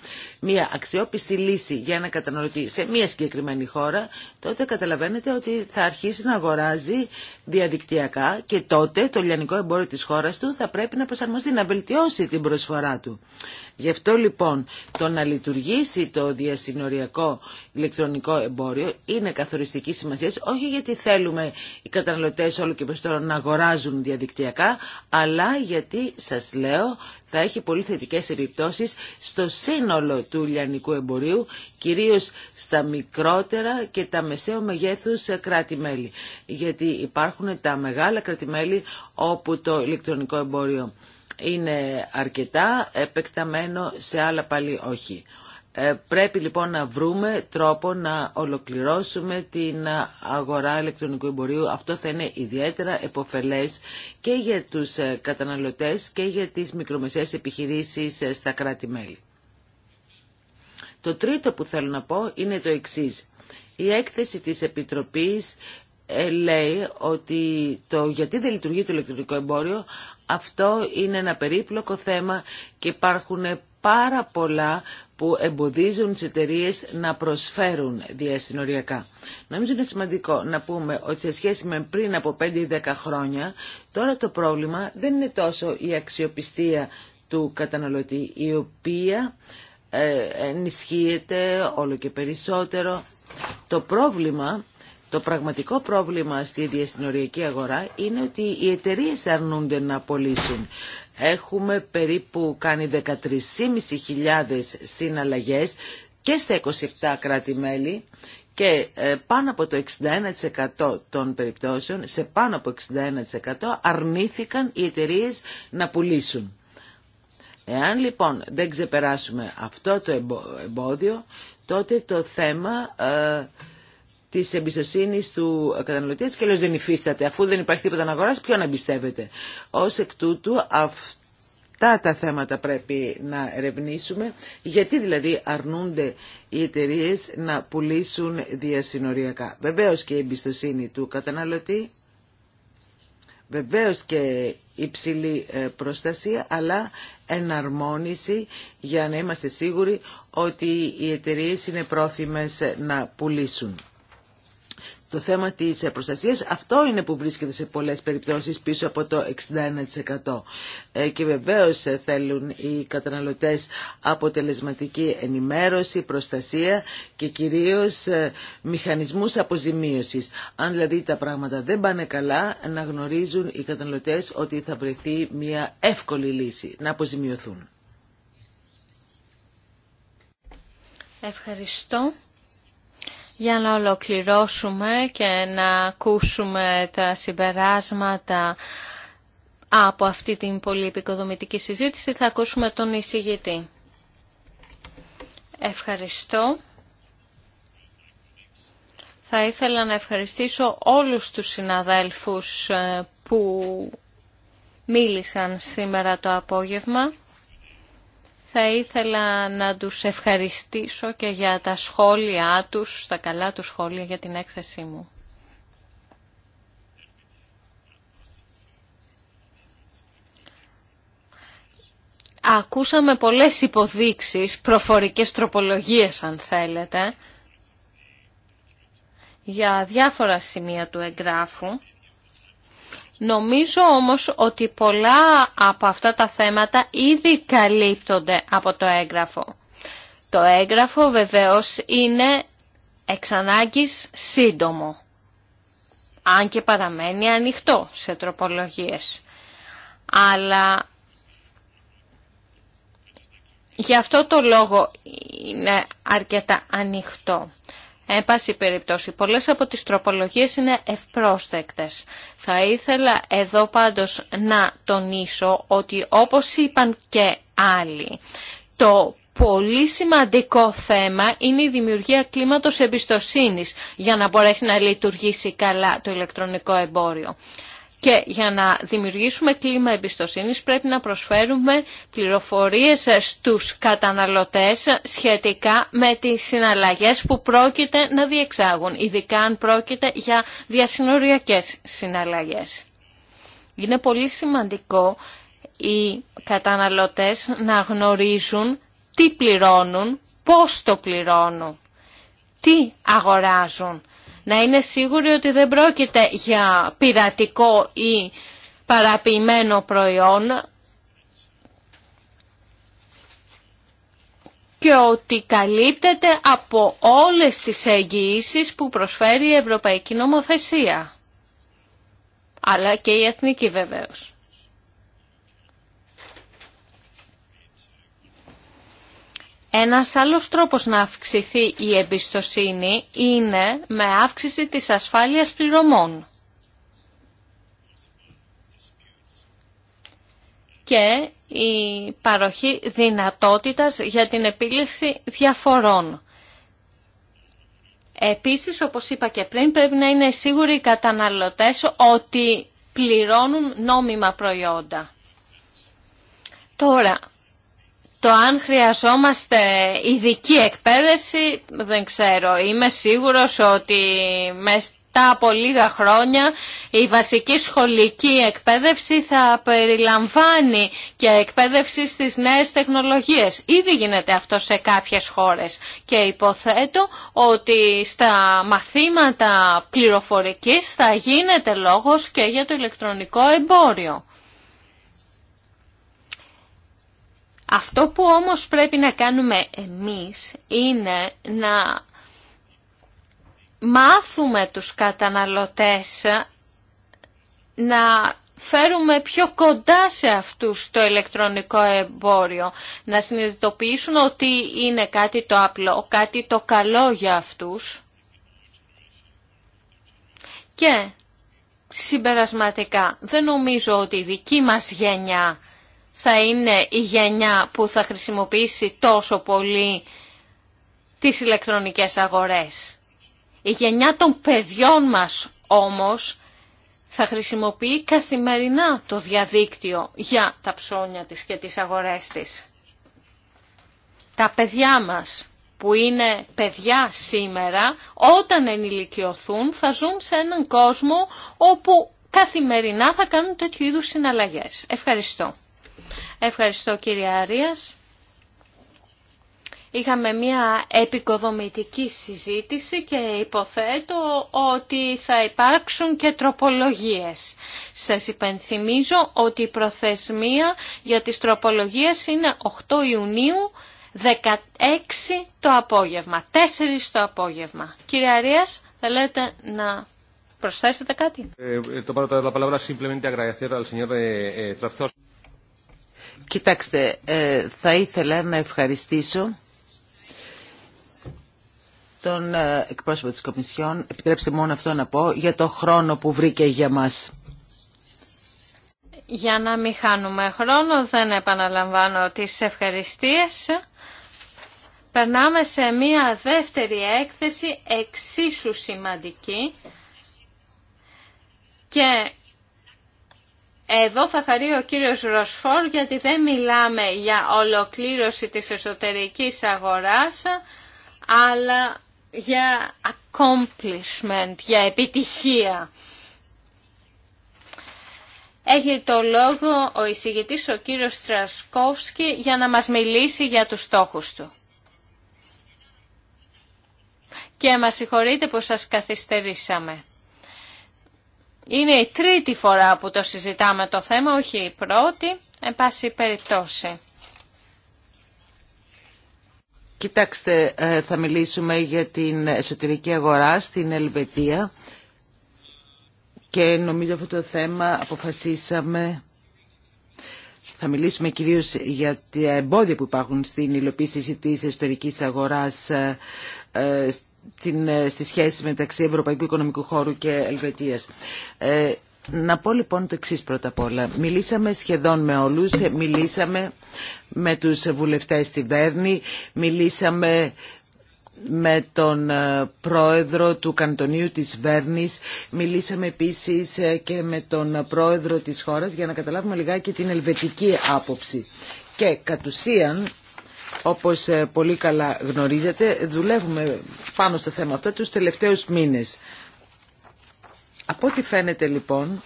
μια αξιόπιστη λύση για ένα καταναλωτή σε μια συγκεκριμένη χώρα, τότε καταλαβαίνετε ότι θα αρχίσει να αγοράζει διαδικτυακά και τότε το λιανικό εμπόριο της χώρας του θα πρέπει να προσαρμοστεί, να βελτιώσει την προσφορά του. Γι' αυτό λοιπόν το να λειτουργήσει το διασυνοριακό ηλεκτρονικό εμπόριο είναι καθοριστική σημασία, όχι γιατί θέλουμε οι καταναλωτές όλο και περισσότερο να αγοράζουν διαδικτυακά, αλλά γιατί σας λέω θα έχει πολύ θετικές επιπτώσεις στο σύνολο του λιανικού εμπορίου, κυρίως στα μικρότερα και τα μεσαίου μεγέθους κράτη-μέλη. Γιατί υπάρχουν τα μεγάλα κράτη-μέλη όπου το ηλεκτρονικό εμπόριο είναι αρκετά επεκταμένο, σε άλλα πάλι όχι. Ε, πρέπει λοιπόν να βρούμε τρόπο να ολοκληρώσουμε την αγορά ηλεκτρονικού εμπορίου. Αυτό θα είναι ιδιαίτερα επωφελές και για τους ε, καταναλωτές και για τις μικρομεσαίες επιχειρήσεις ε, στα κράτη-μέλη. Το τρίτο που θέλω να πω είναι το εξής. Η έκθεση της Επιτροπής λέει ότι το γιατί δεν λειτουργεί το ηλεκτρονικό εμπόριο αυτό είναι ένα περίπλοκο θέμα και υπάρχουν πάρα πολλά που εμποδίζουν τι εταιρείε να προσφέρουν διασυνοριακά. Νομίζω είναι σημαντικό να πούμε ότι σε σχέση με πριν από 5 ή 10 χρόνια, τώρα το πρόβλημα δεν είναι τόσο η αξιοπιστία του καταναλωτή, η οποία ε, ενισχύεται όλο και περισσότερο. Το πρόβλημα, το πραγματικό πρόβλημα στη διασυνοριακή αγορά είναι ότι οι εταιρείε αρνούνται να απολύσουν. Έχουμε περίπου κάνει 13.500 συναλλαγές και στα 27 κράτη-μέλη και ε, πάνω από το 61% των περιπτώσεων, σε πάνω από 61% αρνήθηκαν οι εταιρείε να πουλήσουν. Εάν λοιπόν δεν ξεπεράσουμε αυτό το εμπόδιο, τότε το θέμα ε, τη εμπιστοσύνη του καταναλωτή και λέω δεν υφίσταται. Αφού δεν υπάρχει τίποτα να αγοράσει, ποιο να εμπιστεύεται. Ω εκ τούτου, αυτά τα θέματα πρέπει να ερευνήσουμε. Γιατί δηλαδή αρνούνται οι εταιρείε να πουλήσουν διασυνοριακά. Βεβαίω και η εμπιστοσύνη του καταναλωτή. βεβαίω και υψηλή ε, προστασία, αλλά εναρμόνιση για να είμαστε σίγουροι ότι οι εταιρείε είναι πρόθυμες να πουλήσουν το θέμα της προστασίας, αυτό είναι που βρίσκεται σε πολλές περιπτώσεις πίσω από το 61%. Ε, και βεβαίως ε, θέλουν οι καταναλωτές αποτελεσματική ενημέρωση, προστασία και κυρίως ε, μηχανισμούς αποζημίωσης. Αν δηλαδή τα πράγματα δεν πάνε καλά, να γνωρίζουν οι καταναλωτές ότι θα βρεθεί μια εύκολη λύση να αποζημιωθούν. Ευχαριστώ. Για να ολοκληρώσουμε και να ακούσουμε τα συμπεράσματα από αυτή την πολύ επικοδομητική συζήτηση, θα ακούσουμε τον εισηγητή. Ευχαριστώ. Θα ήθελα να ευχαριστήσω όλους τους συναδέλφους ε, που μίλησαν σήμερα το απόγευμα. Θα ήθελα να τους ευχαριστήσω και για τα σχόλια τους, τα καλά τους σχόλια για την έκθεσή μου. Ακούσαμε πολλές υποδείξεις, προφορικές τροπολογίες αν θέλετε, για διάφορα σημεία του εγγράφου. Νομίζω όμως ότι πολλά από αυτά τα θέματα ήδη καλύπτονται από το έγγραφο. Το έγγραφο βεβαίως είναι εξ ανάγκης σύντομο, αν και παραμένει ανοιχτό σε τροπολογίες. Αλλά γι' αυτό το λόγο είναι αρκετά ανοιχτό. Εν πάση περιπτώσει, πολλές από τις τροπολογίες είναι ευπρόσθεκτες. Θα ήθελα εδώ πάντως να τονίσω ότι όπως είπαν και άλλοι, το πολύ σημαντικό θέμα είναι η δημιουργία κλίματος εμπιστοσύνης για να μπορέσει να λειτουργήσει καλά το ηλεκτρονικό εμπόριο. Και για να δημιουργήσουμε κλίμα εμπιστοσύνης πρέπει να προσφέρουμε πληροφορίες στους καταναλωτές σχετικά με τις συναλλαγές που πρόκειται να διεξάγουν, ειδικά αν πρόκειται για διασυνοριακές συναλλαγές. Είναι πολύ σημαντικό οι καταναλωτές να γνωρίζουν τι πληρώνουν, πώς το πληρώνουν, τι αγοράζουν να είναι σίγουροι ότι δεν πρόκειται για πειρατικό ή παραποιημένο προϊόν και ότι καλύπτεται από όλες τις εγγυήσεις που προσφέρει η Ευρωπαϊκή Νομοθεσία. Αλλά και η Εθνική βεβαίως. Ένας άλλος τρόπος να αυξηθεί η εμπιστοσύνη είναι με αύξηση της ασφάλειας πληρωμών. Και η παροχή δυνατότητας για την επίλυση διαφορών. Επίσης, όπως είπα και πριν, πρέπει να είναι σίγουροι οι καταναλωτές ότι πληρώνουν νόμιμα προϊόντα. Τώρα, το αν χρειαζόμαστε ειδική εκπαίδευση δεν ξέρω. Είμαι σίγουρος ότι μετά από λίγα χρόνια η βασική σχολική εκπαίδευση θα περιλαμβάνει και εκπαίδευση στις νέες τεχνολογίες. Ήδη γίνεται αυτό σε κάποιες χώρες και υποθέτω ότι στα μαθήματα πληροφορικής θα γίνεται λόγος και για το ηλεκτρονικό εμπόριο. Αυτό που όμως πρέπει να κάνουμε εμείς είναι να μάθουμε τους καταναλωτές να φέρουμε πιο κοντά σε αυτούς το ηλεκτρονικό εμπόριο, να συνειδητοποιήσουν ότι είναι κάτι το απλό, κάτι το καλό για αυτούς. Και συμπερασματικά, δεν νομίζω ότι η δική μας γενιά θα είναι η γενιά που θα χρησιμοποιήσει τόσο πολύ τις ηλεκτρονικές αγορές. Η γενιά των παιδιών μας όμως θα χρησιμοποιεί καθημερινά το διαδίκτυο για τα ψώνια της και τις αγορές της. Τα παιδιά μας που είναι παιδιά σήμερα, όταν ενηλικιωθούν θα ζουν σε έναν κόσμο όπου καθημερινά θα κάνουν τέτοιου είδους συναλλαγές. Ευχαριστώ. Ευχαριστώ κύριε Άριας. Είχαμε μια επικοδομητική συζήτηση και υποθέτω ότι θα υπάρξουν και τροπολογίες. Σας υπενθυμίζω ότι η προθεσμία για τις τροπολογίες είναι 8 Ιουνίου 16 το απόγευμα, 4 το απόγευμα. Κύριε Αρίας, θέλετε να προσθέσετε κάτι. Ε, το Κοιτάξτε, ε, θα ήθελα να ευχαριστήσω τον ε, εκπρόσωπο της Κομισιόν, επιτρέψτε μόνο αυτό να πω, για το χρόνο που βρήκε για μας. Για να μην χάνουμε χρόνο, δεν επαναλαμβάνω τις ευχαριστίες. Περνάμε σε μία δεύτερη έκθεση εξίσου σημαντική και εδώ θα χαρεί ο κύριος Ροσφόρ γιατί δεν μιλάμε για ολοκλήρωση της εσωτερικής αγοράς, αλλά για accomplishment, για επιτυχία. Έχει το λόγο ο εισηγητής ο κύριος Τρασκόφσκι για να μας μιλήσει για τους στόχους του. Και μας συγχωρείτε που σας καθυστερήσαμε. Είναι η τρίτη φορά που το συζητάμε το θέμα, όχι η πρώτη, εν πάση περιπτώσει. Κοιτάξτε, ε, θα μιλήσουμε για την εσωτερική αγορά στην Ελβετία και νομίζω αυτό το θέμα αποφασίσαμε θα μιλήσουμε κυρίως για τα εμπόδια που υπάρχουν στην υλοποίηση της εσωτερικής αγοράς ε, ε, την, ε, στη σχέση μεταξύ Ευρωπαϊκού Οικονομικού Χώρου και Ελβετίας. Ε, να πω λοιπόν το εξή πρώτα απ' όλα. Μιλήσαμε σχεδόν με όλους, ε, μιλήσαμε με τους βουλευτές στη Βέρνη, μιλήσαμε με τον ε, πρόεδρο του καντονίου της Βέρνης. Μιλήσαμε επίσης και με τον πρόεδρο της χώρας για να καταλάβουμε λιγάκι την ελβετική άποψη. Και κατ' ουσίαν όπως ε, πολύ καλά γνωρίζετε, δουλεύουμε πάνω στο θέμα αυτό τους τελευταίους μήνες. Από ό,τι φαίνεται λοιπόν,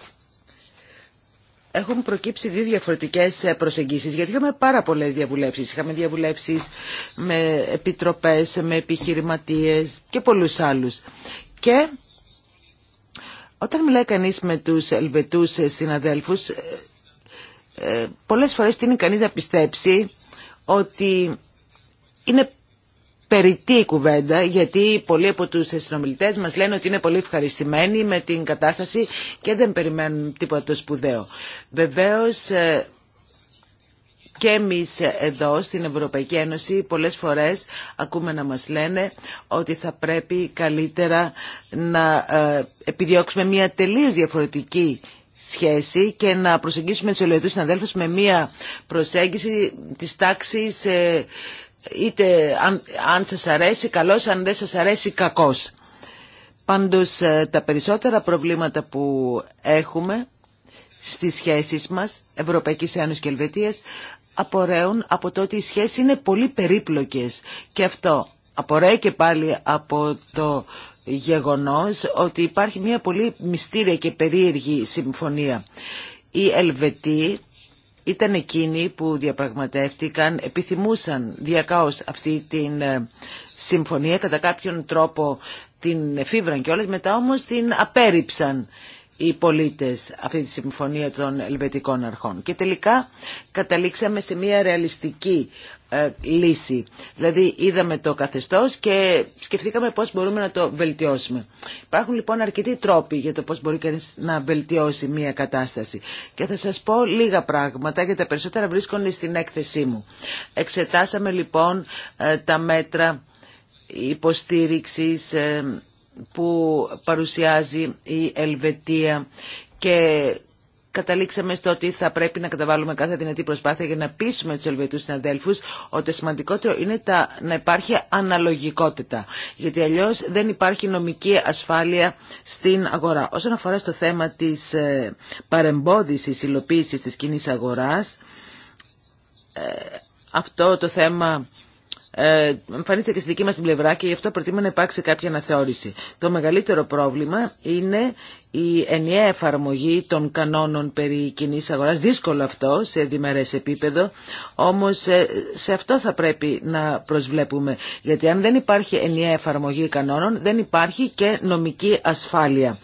έχουν προκύψει δύο διαφορετικές ε, προσεγγίσεις, γιατί είχαμε πάρα πολλές διαβουλεύσεις. Είχαμε διαβουλεύσεις με επιτροπές, με επιχειρηματίες και πολλούς άλλους. Και όταν μιλάει κανείς με τους Ελβετούς ε, συναδέλφους, πολλές φορές την κανείς να πιστέψει ότι είναι περιττή η κουβέντα, γιατί πολλοί από τους συνομιλητές μας λένε ότι είναι πολύ ευχαριστημένοι με την κατάσταση και δεν περιμένουν τίποτα το σπουδαίο. Βεβαίως, ε, και εμείς εδώ στην Ευρωπαϊκή Ένωση πολλές φορές ακούμε να μας λένε ότι θα πρέπει καλύτερα να ε, επιδιώξουμε μια τελείως διαφορετική σχέση και να προσεγγίσουμε τους ελευθερούς συναδέλφους με μία προσέγγιση της τάξης ε, είτε αν, αν σας αρέσει καλός, αν δεν σας αρέσει κακός. Πάντως ε, τα περισσότερα προβλήματα που έχουμε στις σχέσεις μας Ευρωπαϊκής Ένωσης και Ελβετίας απορρέουν από το ότι οι σχέσεις είναι πολύ περίπλοκες και αυτό απορρέει και πάλι από το γεγονός ότι υπάρχει μια πολύ μυστήρια και περίεργη συμφωνία. Η Ελβετοί ήταν εκείνοι που διαπραγματεύτηκαν, επιθυμούσαν διακάως αυτή την ε, συμφωνία, κατά κάποιον τρόπο την εφήβραν και όλες, μετά όμως την απέρριψαν οι πολίτες αυτή τη συμφωνία των ελβετικών αρχών. Και τελικά καταλήξαμε σε μια ρεαλιστική ε, λύση. Δηλαδή είδαμε το καθεστώς και σκεφτήκαμε πώς μπορούμε να το βελτιώσουμε. Υπάρχουν λοιπόν αρκετοί τρόποι για το πώς μπορεί να βελτιώσει μια κατάσταση. Και θα σας πω λίγα πράγματα γιατί τα περισσότερα βρίσκονται στην έκθεσή μου. Εξετάσαμε λοιπόν ε, τα μέτρα υποστήριξης ε, που παρουσιάζει η Ελβετία και καταλήξαμε στο ότι θα πρέπει να καταβάλουμε κάθε δυνατή προσπάθεια για να πείσουμε τους Ελβετού συναδέλφου, ότι σημαντικότερο είναι τα, να υπάρχει αναλογικότητα. Γιατί αλλιώ δεν υπάρχει νομική ασφάλεια στην αγορά. Όσον αφορά στο θέμα της ε, παρεμπόδιση υλοποίησης της κοινή αγοράς, ε, αυτό το θέμα ε, εμφανίστηκε και στη δική μας την πλευρά και γι' αυτό προτείνουμε να υπάρξει κάποια αναθεώρηση. Το μεγαλύτερο πρόβλημα είναι η ενιαία εφαρμογή των κανόνων περί κοινή αγοράς. Δύσκολο αυτό σε διμερές επίπεδο, όμως ε, σε αυτό θα πρέπει να προσβλέπουμε. Γιατί αν δεν υπάρχει ενιαία εφαρμογή κανόνων, δεν υπάρχει και νομική ασφάλεια.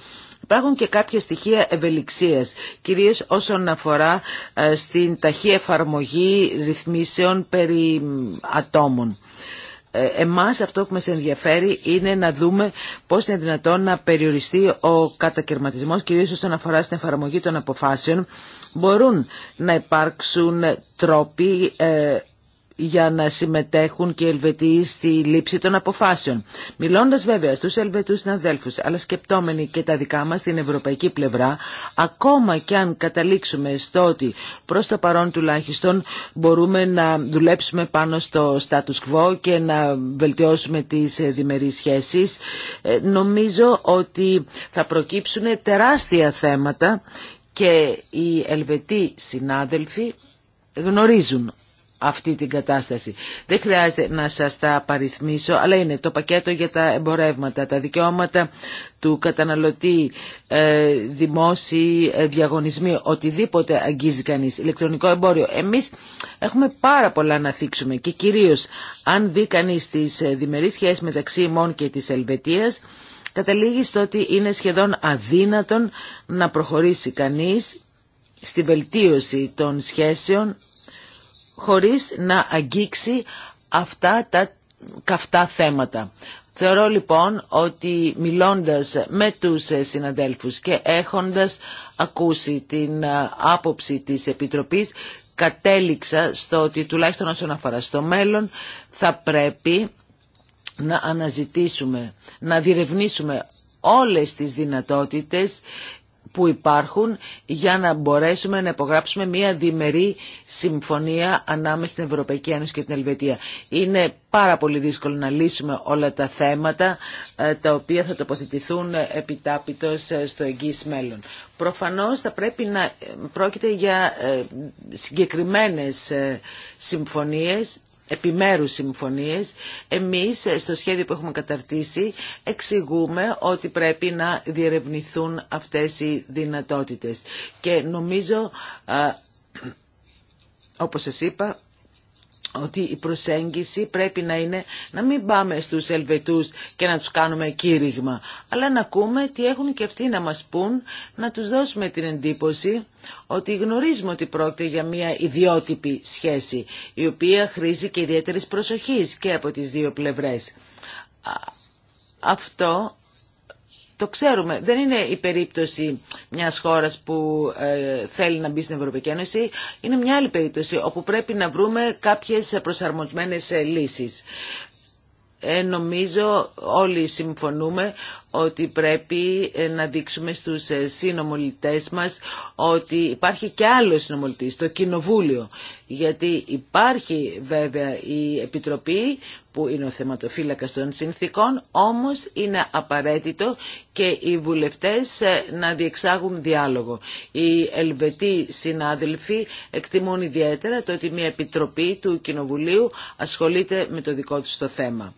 Υπάρχουν και κάποια στοιχεία ευελιξίας, κυρίως όσον αφορά ε, στην ταχύ εφαρμογή ρυθμίσεων περί ατόμων. Ε, εμάς αυτό που μας ενδιαφέρει είναι να δούμε πώς είναι δυνατόν να περιοριστεί ο κατακαιρματισμός, κυρίως όσον αφορά στην εφαρμογή των αποφάσεων. Μπορούν να υπάρξουν τρόποι ε, για να συμμετέχουν και οι Ελβετοί στη λήψη των αποφάσεων. Μιλώντας βέβαια στους Ελβετούς συναδέλφου, αλλά σκεπτόμενοι και τα δικά μας στην ευρωπαϊκή πλευρά, ακόμα και αν καταλήξουμε στο ότι προς το παρόν τουλάχιστον μπορούμε να δουλέψουμε πάνω στο status quo και να βελτιώσουμε τις ε, διμερείς σχέσεις, ε, νομίζω ότι θα προκύψουν τεράστια θέματα και οι Ελβετοί συνάδελφοι γνωρίζουν αυτή την κατάσταση. Δεν χρειάζεται να σας τα παριθμίσω, αλλά είναι το πακέτο για τα εμπορεύματα, τα δικαιώματα του καταναλωτή, ε, δημόσιοι ε, διαγωνισμοί, οτιδήποτε αγγίζει κανείς, ηλεκτρονικό εμπόριο. Εμείς έχουμε πάρα πολλά να θίξουμε και κυρίως αν δει κανείς τις ε, διμερείς σχέσεις μεταξύ ημών και της Ελβετίας, καταλήγει στο ότι είναι σχεδόν αδύνατον να προχωρήσει κανείς στη βελτίωση των σχέσεων χωρίς να αγγίξει αυτά τα καυτά θέματα. Θεωρώ λοιπόν ότι μιλώντας με τους συναδέλφους και έχοντας ακούσει την ε, άποψη της Επιτροπής κατέληξα στο ότι τουλάχιστον όσον αφορά στο μέλλον θα πρέπει να αναζητήσουμε, να διερευνήσουμε όλες τις δυνατότητες που υπάρχουν για να μπορέσουμε να υπογράψουμε μια διμερή συμφωνία ανάμεσα στην Ευρωπαϊκή Ένωση και την Ελβετία. Είναι πάρα πολύ δύσκολο να λύσουμε όλα τα θέματα ε, τα οποία θα τοποθετηθούν επιτάπητος ε, στο εγγύς μέλλον. Προφανώς θα πρέπει να ε, πρόκειται για συγκεκριμένες συμφωνίες επιμέρους συμφωνίες, εμείς ε, στο σχέδιο που έχουμε καταρτήσει εξηγούμε ότι πρέπει να διερευνηθούν αυτές οι δυνατότητες. Και νομίζω, <clears throat> όπως σας είπα, ότι η προσέγγιση πρέπει να είναι να μην πάμε στους Ελβετούς και να τους κάνουμε κήρυγμα, αλλά να ακούμε τι έχουν και αυτοί να μας πούν, να τους δώσουμε την εντύπωση ότι γνωρίζουμε ότι πρόκειται για μια ιδιότυπη σχέση, η οποία χρήζει και ιδιαίτερης προσοχής και από τις δύο πλευρές. Αυτό το ξέρουμε. Δεν είναι η περίπτωση μιας χώρας που ε, θέλει να μπει στην Ευρωπαϊκή Ένωση. Είναι μια άλλη περίπτωση όπου πρέπει να βρούμε κάποιες προσαρμοσμένε ε, λύσεις. Ε, νομίζω όλοι συμφωνούμε ότι πρέπει ε, να δείξουμε στους συνομολητές μας ότι υπάρχει και άλλο συνομολητής, το Κοινοβούλιο γιατί υπάρχει βέβαια η Επιτροπή που είναι ο θεματοφύλακας των συνθήκων, όμως είναι απαραίτητο και οι βουλευτές ε, να διεξάγουν διάλογο. Οι Ελβετοί συνάδελφοι εκτιμούν ιδιαίτερα το ότι μια Επιτροπή του Κοινοβουλίου ασχολείται με το δικό τους το θέμα.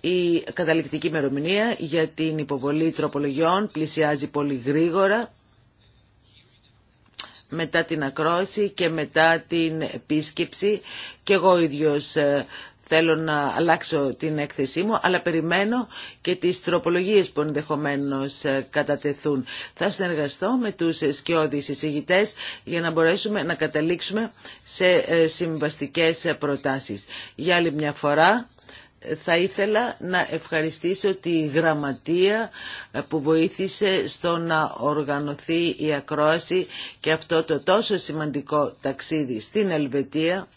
Η καταληκτική μερομηνία για την υποβολή τροπολογιών πλησιάζει πολύ γρήγορα μετά την ακρόαση και μετά την επίσκεψη και εγώ ίδιος ε, θέλω να αλλάξω την έκθεσή μου, αλλά περιμένω και τις τροπολογίες που ενδεχομένω ε, κατατεθούν. Θα συνεργαστώ με τους σκιώδεις εισηγητές για να μπορέσουμε να καταλήξουμε σε ε, συμβαστικές προτάσεις. Για άλλη μια φορά θα ήθελα να ευχαριστήσω τη γραμματεία που βοήθησε στο να οργανωθεί η ακρόαση και αυτό το τόσο σημαντικό ταξίδι στην Ελβετία.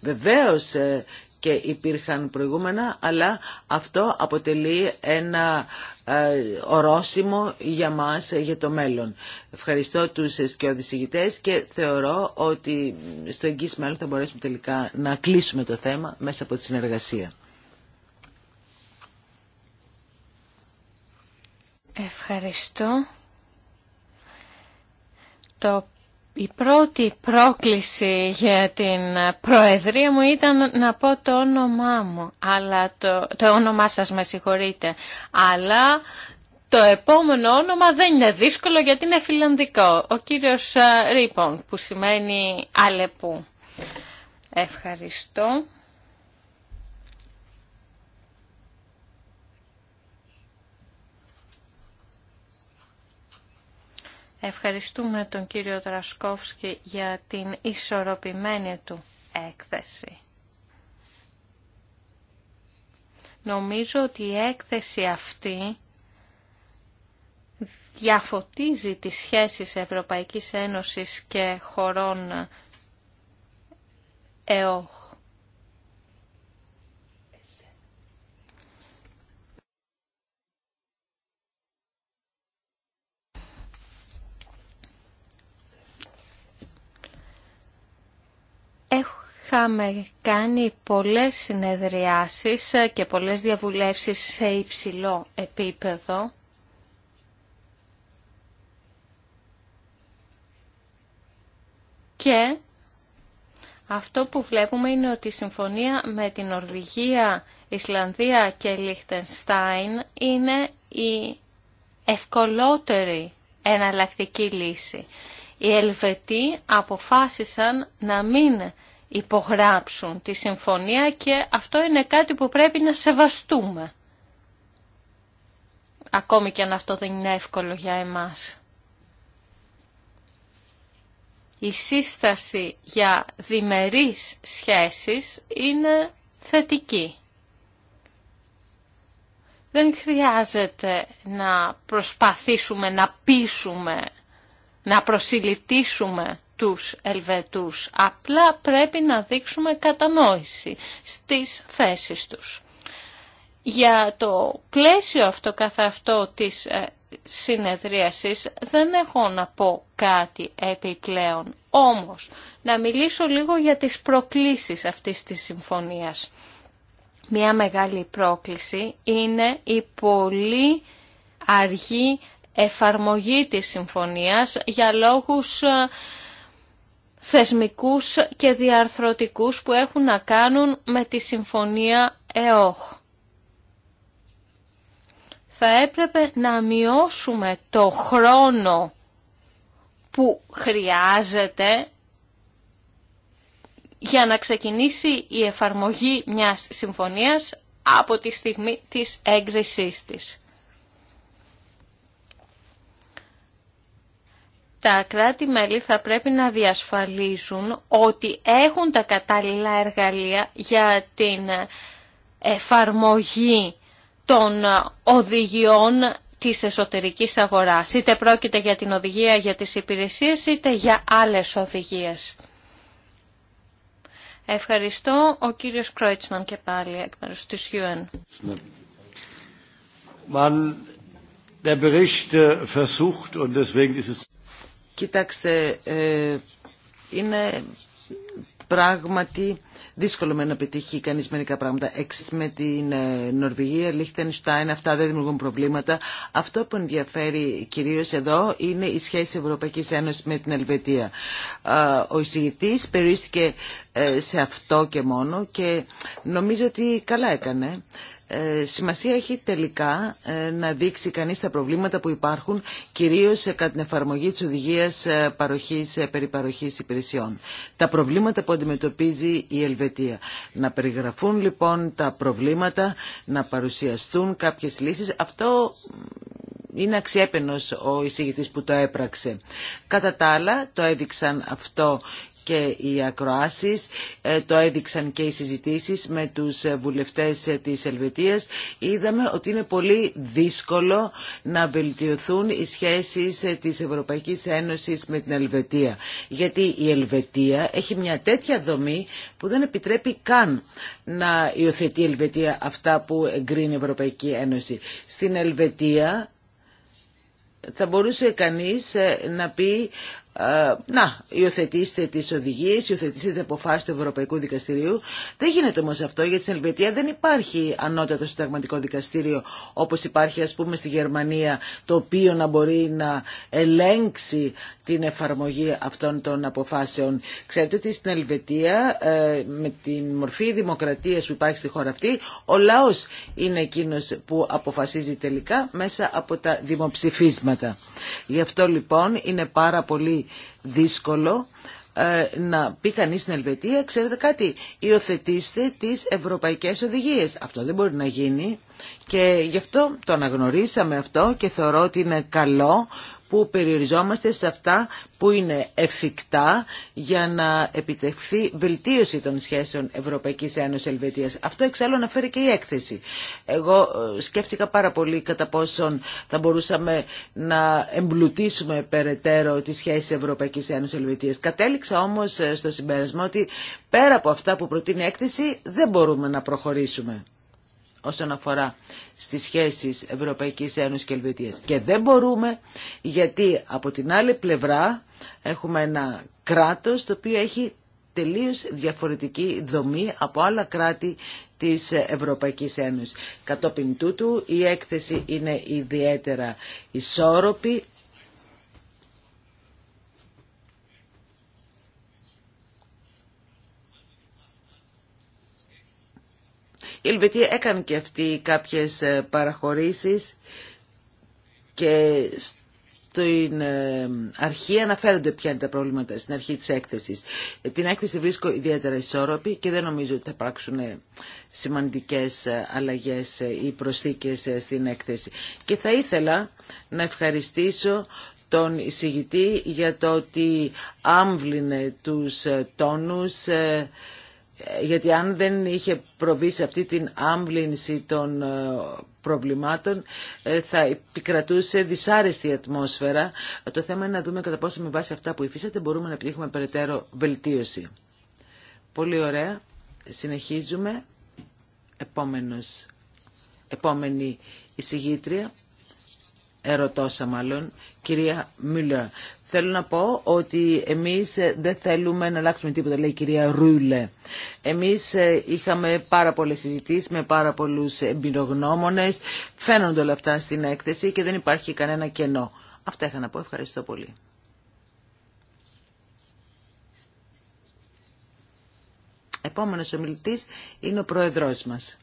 Βεβαίως ε, και υπήρχαν προηγούμενα, αλλά αυτό αποτελεί ένα ε, ορόσημο για μας ε, για το μέλλον. Ευχαριστώ τους ηγητές και θεωρώ ότι στο εγγύς μέλλον θα μπορέσουμε τελικά να κλείσουμε το θέμα μέσα από τη συνεργασία. Ευχαριστώ. Το η πρώτη πρόκληση για την Προεδρία μου ήταν να πω το όνομά μου, αλλά το, το όνομά σας με συγχωρείτε, αλλά το επόμενο όνομα δεν είναι δύσκολο γιατί είναι φιλανδικό, ο κύριος ε, Ρίπον που σημαίνει αλεπού. Ευχαριστώ. Ευχαριστούμε τον κύριο Τρασκόφσκι για την ισορροπημένη του έκθεση. Νομίζω ότι η έκθεση αυτή διαφωτίζει τις σχέσεις Ευρωπαϊκής Ένωσης και χωρών ΕΟΧ. Ε, Έχαμε κάνει πολλές συνεδριάσεις και πολλές διαβουλεύσεις σε υψηλό επίπεδο. Και αυτό που βλέπουμε είναι ότι η συμφωνία με την Ορβηγία, Ισλανδία και Λίχτενστάιν είναι η ευκολότερη εναλλακτική λύση οι Ελβετοί αποφάσισαν να μην υπογράψουν τη συμφωνία και αυτό είναι κάτι που πρέπει να σεβαστούμε. Ακόμη και αν αυτό δεν είναι εύκολο για εμάς. Η σύσταση για διμερείς σχέσεις είναι θετική. Δεν χρειάζεται να προσπαθήσουμε να πείσουμε να προσιλητήσουμε τους Ελβετούς. Απλά πρέπει να δείξουμε κατανόηση στις θέσεις τους. Για το πλαίσιο αυτό καθ' αυτό της ε, συνεδρίασης δεν έχω να πω κάτι επιπλέον. Όμως, να μιλήσω λίγο για τις προκλήσεις αυτής της συμφωνίας. Μια μεγάλη πρόκληση είναι η πολύ αργή εφαρμογή της συμφωνίας για λόγους ε, θεσμικούς και διαρθρωτικούς που έχουν να κάνουν με τη συμφωνία ΕΟΧ. Θα έπρεπε να μειώσουμε το χρόνο που χρειάζεται για να ξεκινήσει η εφαρμογή μιας συμφωνίας από τη στιγμή της έγκρισής της. τα κράτη-μέλη θα πρέπει να διασφαλίσουν ότι έχουν τα κατάλληλα εργαλεία για την εφαρμογή των οδηγιών της εσωτερικής αγοράς. Είτε πρόκειται για την οδηγία για τις υπηρεσίες, είτε για άλλες οδηγίες. Ευχαριστώ. Ο κύριος Κρόιτσμαν και πάλι εκ μέρους της UN. Man, der Bericht äh, Κοιτάξτε, ε, είναι πράγματι δύσκολο με να πετύχει κανεί μερικά πράγματα. Έξι με την ε, Νορβηγία, Λίχτενστάιν, αυτά δεν δημιουργούν προβλήματα. Αυτό που ενδιαφέρει κυρίω εδώ είναι η σχέση Ευρωπαϊκή Ένωση με την Ελβετία. Ο εισηγητή περιορίστηκε ε, σε αυτό και μόνο και νομίζω ότι καλά έκανε. Ε, σημασία έχει τελικά ε, να δείξει κανείς τα προβλήματα που υπάρχουν κυρίως κατά την εφαρμογή της οδηγίας ε, παροχής, περιπαροχής υπηρεσιών. Τα προβλήματα που αντιμετωπίζει η Ελβετία. Να περιγραφούν λοιπόν τα προβλήματα, να παρουσιαστούν κάποιες λύσεις. Αυτό είναι αξιέπαινος ο εισηγητής που το έπραξε. Κατά τα άλλα το έδειξαν αυτό και οι ακροάσεις, ε, το έδειξαν και οι συζητήσεις με τους ε, βουλευτές ε, της Ελβετίας. Είδαμε ότι είναι πολύ δύσκολο να βελτιωθούν οι σχέσεις της Ευρωπαϊκής Ένωσης με την Ελβετία. Γιατί η Ελβετία έχει μια τέτοια δομή που δεν επιτρέπει καν να υιοθετεί η Ελβετία αυτά που εγκρίνει η Ευρωπαϊκή Ένωση. Στην Ελβετία θα μπορούσε κανείς να πει ε, να, υιοθετήστε τι οδηγίε, υιοθετήστε τι αποφάσει του Ευρωπαϊκού Δικαστηρίου. Δεν γίνεται όμω αυτό γιατί στην Ελβετία δεν υπάρχει ανώτατο συνταγματικό δικαστήριο όπω υπάρχει α πούμε στη Γερμανία το οποίο να μπορεί να ελέγξει την εφαρμογή αυτών των αποφάσεων. Ξέρετε ότι στην Ελβετία ε, με την μορφή δημοκρατία που υπάρχει στη χώρα αυτή ο λαό είναι εκείνο που αποφασίζει τελικά μέσα από τα δημοψηφίσματα. Γι' αυτό λοιπόν είναι πάρα πολύ δύσκολο ε, να πει κανεί στην Ελβετία, ξέρετε κάτι, υιοθετήστε τις ευρωπαϊκές οδηγίες. Αυτό δεν μπορεί να γίνει και γι' αυτό το αναγνωρίσαμε αυτό και θεωρώ ότι είναι καλό που περιοριζόμαστε σε αυτά που είναι εφικτά για να επιτευχθεί βελτίωση των σχέσεων Ευρωπαϊκής Ένωσης Ελβετίας. Αυτό εξάλλου αναφέρει και η έκθεση. Εγώ ε, σκέφτηκα πάρα πολύ κατά πόσον θα μπορούσαμε να εμπλουτίσουμε περαιτέρω τη σχεση Ευρωπαϊκής Ένωσης Ελβετίας. Κατέληξα όμως ε, στο συμπέρασμα ότι πέρα από αυτά που προτείνει η έκθεση δεν μπορούμε να προχωρήσουμε όσον αφορά στις σχέσεις Ευρωπαϊκής Ένωσης και Ελβετίας. Και δεν μπορούμε γιατί από την άλλη πλευρά έχουμε ένα κράτος το οποίο έχει τελείως διαφορετική δομή από άλλα κράτη της Ευρωπαϊκής Ένωσης. Κατόπιν τούτου η έκθεση είναι ιδιαίτερα ισόρροπη, Η Ελβετία έκανε και αυτή κάποιες ε, παραχωρήσεις και στην ε, αρχή αναφέρονται ποια είναι τα προβλήματα στην αρχή της έκθεσης. Ε, την έκθεση βρίσκω ιδιαίτερα ισόρροπη και δεν νομίζω ότι θα υπάρξουν σημαντικές αλλαγές ή προσθήκες στην έκθεση. Και θα ήθελα να ευχαριστήσω τον εισηγητή για το ότι άμβλυνε τους τόνους γιατί αν δεν είχε προβεί σε αυτή την άμβλυνση των ε, προβλημάτων ε, θα επικρατούσε δυσάρεστη ατμόσφαιρα. Το θέμα είναι να δούμε κατά πόσο με βάση αυτά που υφίσατε μπορούμε να επιτύχουμε περαιτέρω βελτίωση. Πολύ ωραία. Συνεχίζουμε. Επόμενος, επόμενη εισηγήτρια ερωτώσα μάλλον, κυρία Μιλλέρ. Θέλω να πω ότι εμείς ε, δεν θέλουμε να αλλάξουμε τίποτα, λέει η κυρία Ρούλε. Εμείς ε, είχαμε πάρα πολλές συζητήσεις με πάρα πολλούς εμπειρογνώμονες. Φαίνονται όλα αυτά στην έκθεση και δεν υπάρχει κανένα κενό. Αυτά είχα να πω. Ευχαριστώ πολύ. Επόμενος ομιλητής είναι ο πρόεδρός μας.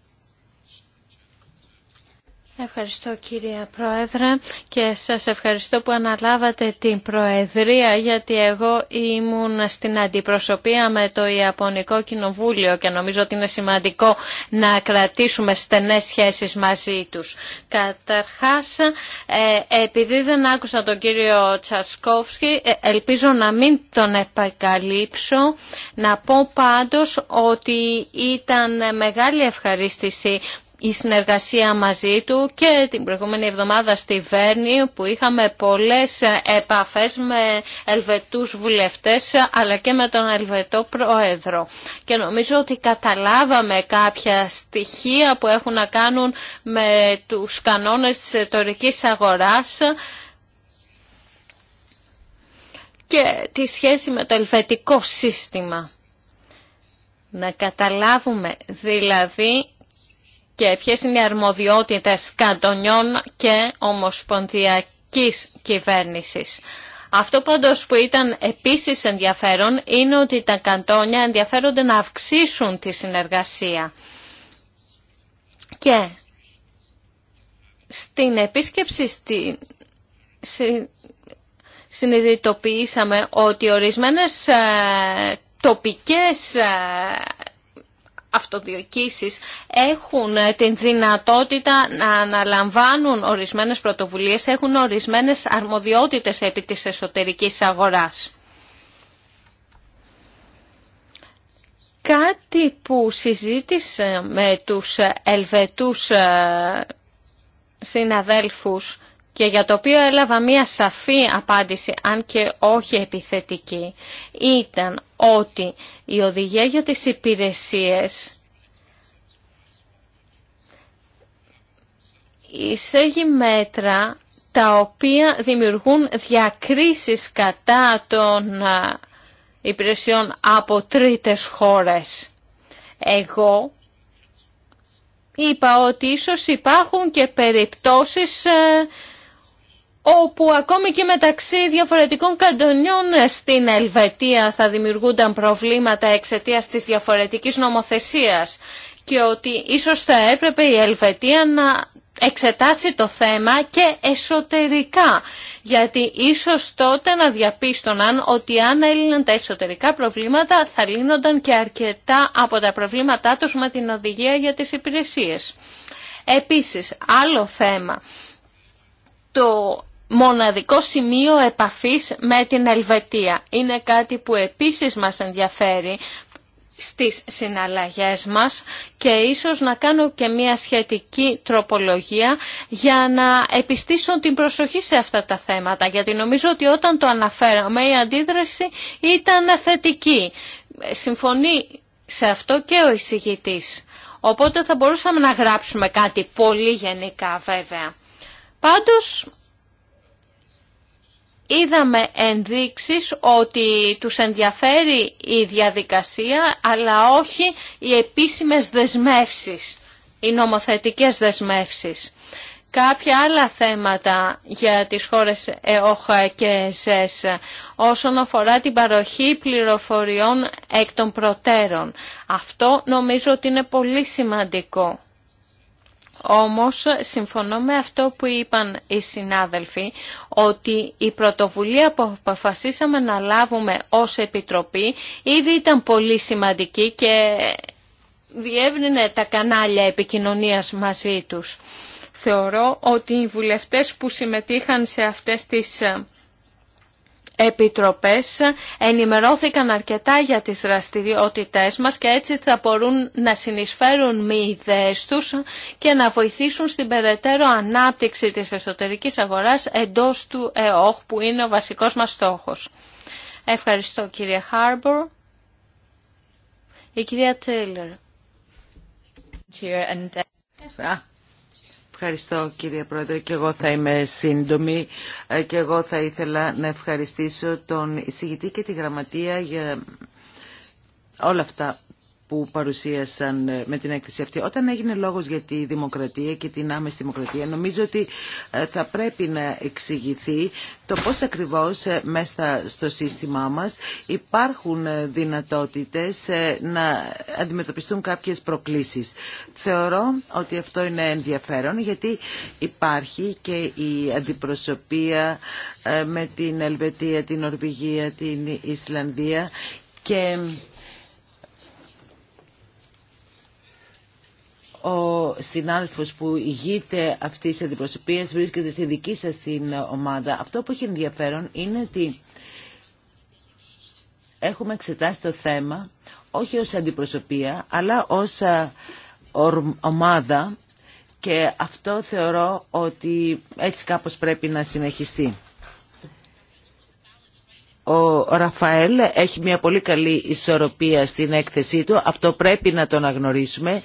Ευχαριστώ κύριε Πρόεδρε και σας ευχαριστώ που αναλάβατε την Προεδρία γιατί εγώ ήμουν στην αντιπροσωπεία με το Ιαπωνικό Κοινοβούλιο και νομίζω ότι είναι σημαντικό να κρατήσουμε στενές σχέσεις μαζί τους. Καταρχάς, ε, επειδή δεν άκουσα τον κύριο Τσασκόφσκι, ε, ελπίζω να μην τον επακαλύψω, να πω πάντως ότι ήταν μεγάλη ευχαρίστηση η συνεργασία μαζί του και την προηγούμενη εβδομάδα στη Βέρνη που είχαμε πολλές επαφές με Ελβετούς βουλευτές αλλά και με τον Ελβετό Πρόεδρο. Και νομίζω ότι καταλάβαμε κάποια στοιχεία που έχουν να κάνουν με τους κανόνες της εταιρικής αγοράς και τη σχέση με το ελβετικό σύστημα. Να καταλάβουμε δηλαδή και ποιες είναι οι αρμοδιότητες καντονιών και ομοσπονδιακής κυβέρνησης. Αυτό πάντως που ήταν επίσης ενδιαφέρον είναι ότι τα καντόνια ενδιαφέρονται να αυξήσουν τη συνεργασία. Και στην επίσκεψη στη... συνειδητοποιήσαμε ότι ορισμένες ε, τοπικές ε, αυτοδιοκήσεις, έχουν ε, την δυνατότητα να αναλαμβάνουν ορισμένες πρωτοβουλίες, έχουν ορισμένες αρμοδιότητες επί της εσωτερικής αγοράς. Κάτι που συζήτησε με τους Ελβετούς ε, συναδέλφους και για το οποίο έλαβα μία σαφή απάντηση, αν και όχι επιθετική, ήταν ότι η οδηγία για τις υπηρεσίες εισέγει μέτρα τα οποία δημιουργούν διακρίσεις κατά των υπηρεσιών από τρίτες χώρες. Εγώ είπα ότι ίσως υπάρχουν και περιπτώσεις όπου ακόμη και μεταξύ διαφορετικών καντονιών στην Ελβετία θα δημιουργούνταν προβλήματα εξαιτίας της διαφορετικής νομοθεσίας και ότι ίσως θα έπρεπε η Ελβετία να εξετάσει το θέμα και εσωτερικά. Γιατί ίσως τότε να διαπίστωναν ότι αν έλυναν τα εσωτερικά προβλήματα θα λύνονταν και αρκετά από τα προβλήματά τους με την οδηγία για τις υπηρεσίες. Επίσης, άλλο θέμα. Το μοναδικό σημείο επαφής με την Ελβετία. Είναι κάτι που επίσης μας ενδιαφέρει στις συναλλαγές μας και ίσως να κάνω και μια σχετική τροπολογία για να επιστήσω την προσοχή σε αυτά τα θέματα γιατί νομίζω ότι όταν το αναφέραμε η αντίδραση ήταν θετική. Συμφωνεί σε αυτό και ο εισηγητής. Οπότε θα μπορούσαμε να γράψουμε κάτι πολύ γενικά βέβαια. Πάντως είδαμε ενδείξεις ότι τους ενδιαφέρει η διαδικασία, αλλά όχι οι επίσημες δεσμεύσεις, οι νομοθετικές δεσμεύσεις. Κάποια άλλα θέματα για τις χώρες ΕΟΧΑ και ΕΣΕΣ όσον αφορά την παροχή πληροφοριών εκ των προτέρων. Αυτό νομίζω ότι είναι πολύ σημαντικό. Όμως συμφωνώ με αυτό που είπαν οι συνάδελφοι ότι η πρωτοβουλία που αποφασίσαμε να λάβουμε ως Επιτροπή ήδη ήταν πολύ σημαντική και διεύρυνε τα κανάλια επικοινωνίας μαζί τους. Θεωρώ ότι οι βουλευτές που συμμετείχαν σε αυτές τις ε, επιτροπές ενημερώθηκαν αρκετά για τις δραστηριότητές μας και έτσι θα μπορούν να συνεισφέρουν με ιδέες τους και να βοηθήσουν στην περαιτέρω ανάπτυξη της εσωτερικής αγοράς εντός του ΕΟΧ που είναι ο βασικός μας στόχος. Ευχαριστώ κύριε Χάρμπορ. Η κυρία Τέιλερ. Ευχαριστώ κύριε Πρόεδρε και εγώ θα είμαι σύντομη ε, και εγώ θα ήθελα να ευχαριστήσω τον εισηγητή και τη γραμματεία για όλα αυτά που παρουσίασαν ε, με την έκθεση αυτή. Όταν έγινε λόγος για τη δημοκρατία και την άμεση δημοκρατία, νομίζω ότι ε, θα πρέπει να εξηγηθεί το πώς ακριβώς ε, μέσα στο σύστημά μας υπάρχουν δυνατότητες να αντιμετωπιστούν κάποιες προκλήσεις. Θεωρώ ότι αυτό είναι ενδιαφέρον γιατί υπάρχει και η αντιπροσωπεία με την Ελβετία, την Ορβηγία, την Ισλανδία και Ο συνάδελφος που ηγείται αυτής της αντιπροσωπείας βρίσκεται στη δική σας την ομάδα. Αυτό που έχει ενδιαφέρον είναι ότι έχουμε εξετάσει το θέμα όχι ως αντιπροσωπεία αλλά ως ε, ομάδα και αυτό θεωρώ ότι έτσι κάπως πρέπει να συνεχιστεί. Ο Ραφαέλ έχει μια πολύ καλή ισορροπία στην έκθεσή του. Αυτό πρέπει να τον αγνωρίσουμε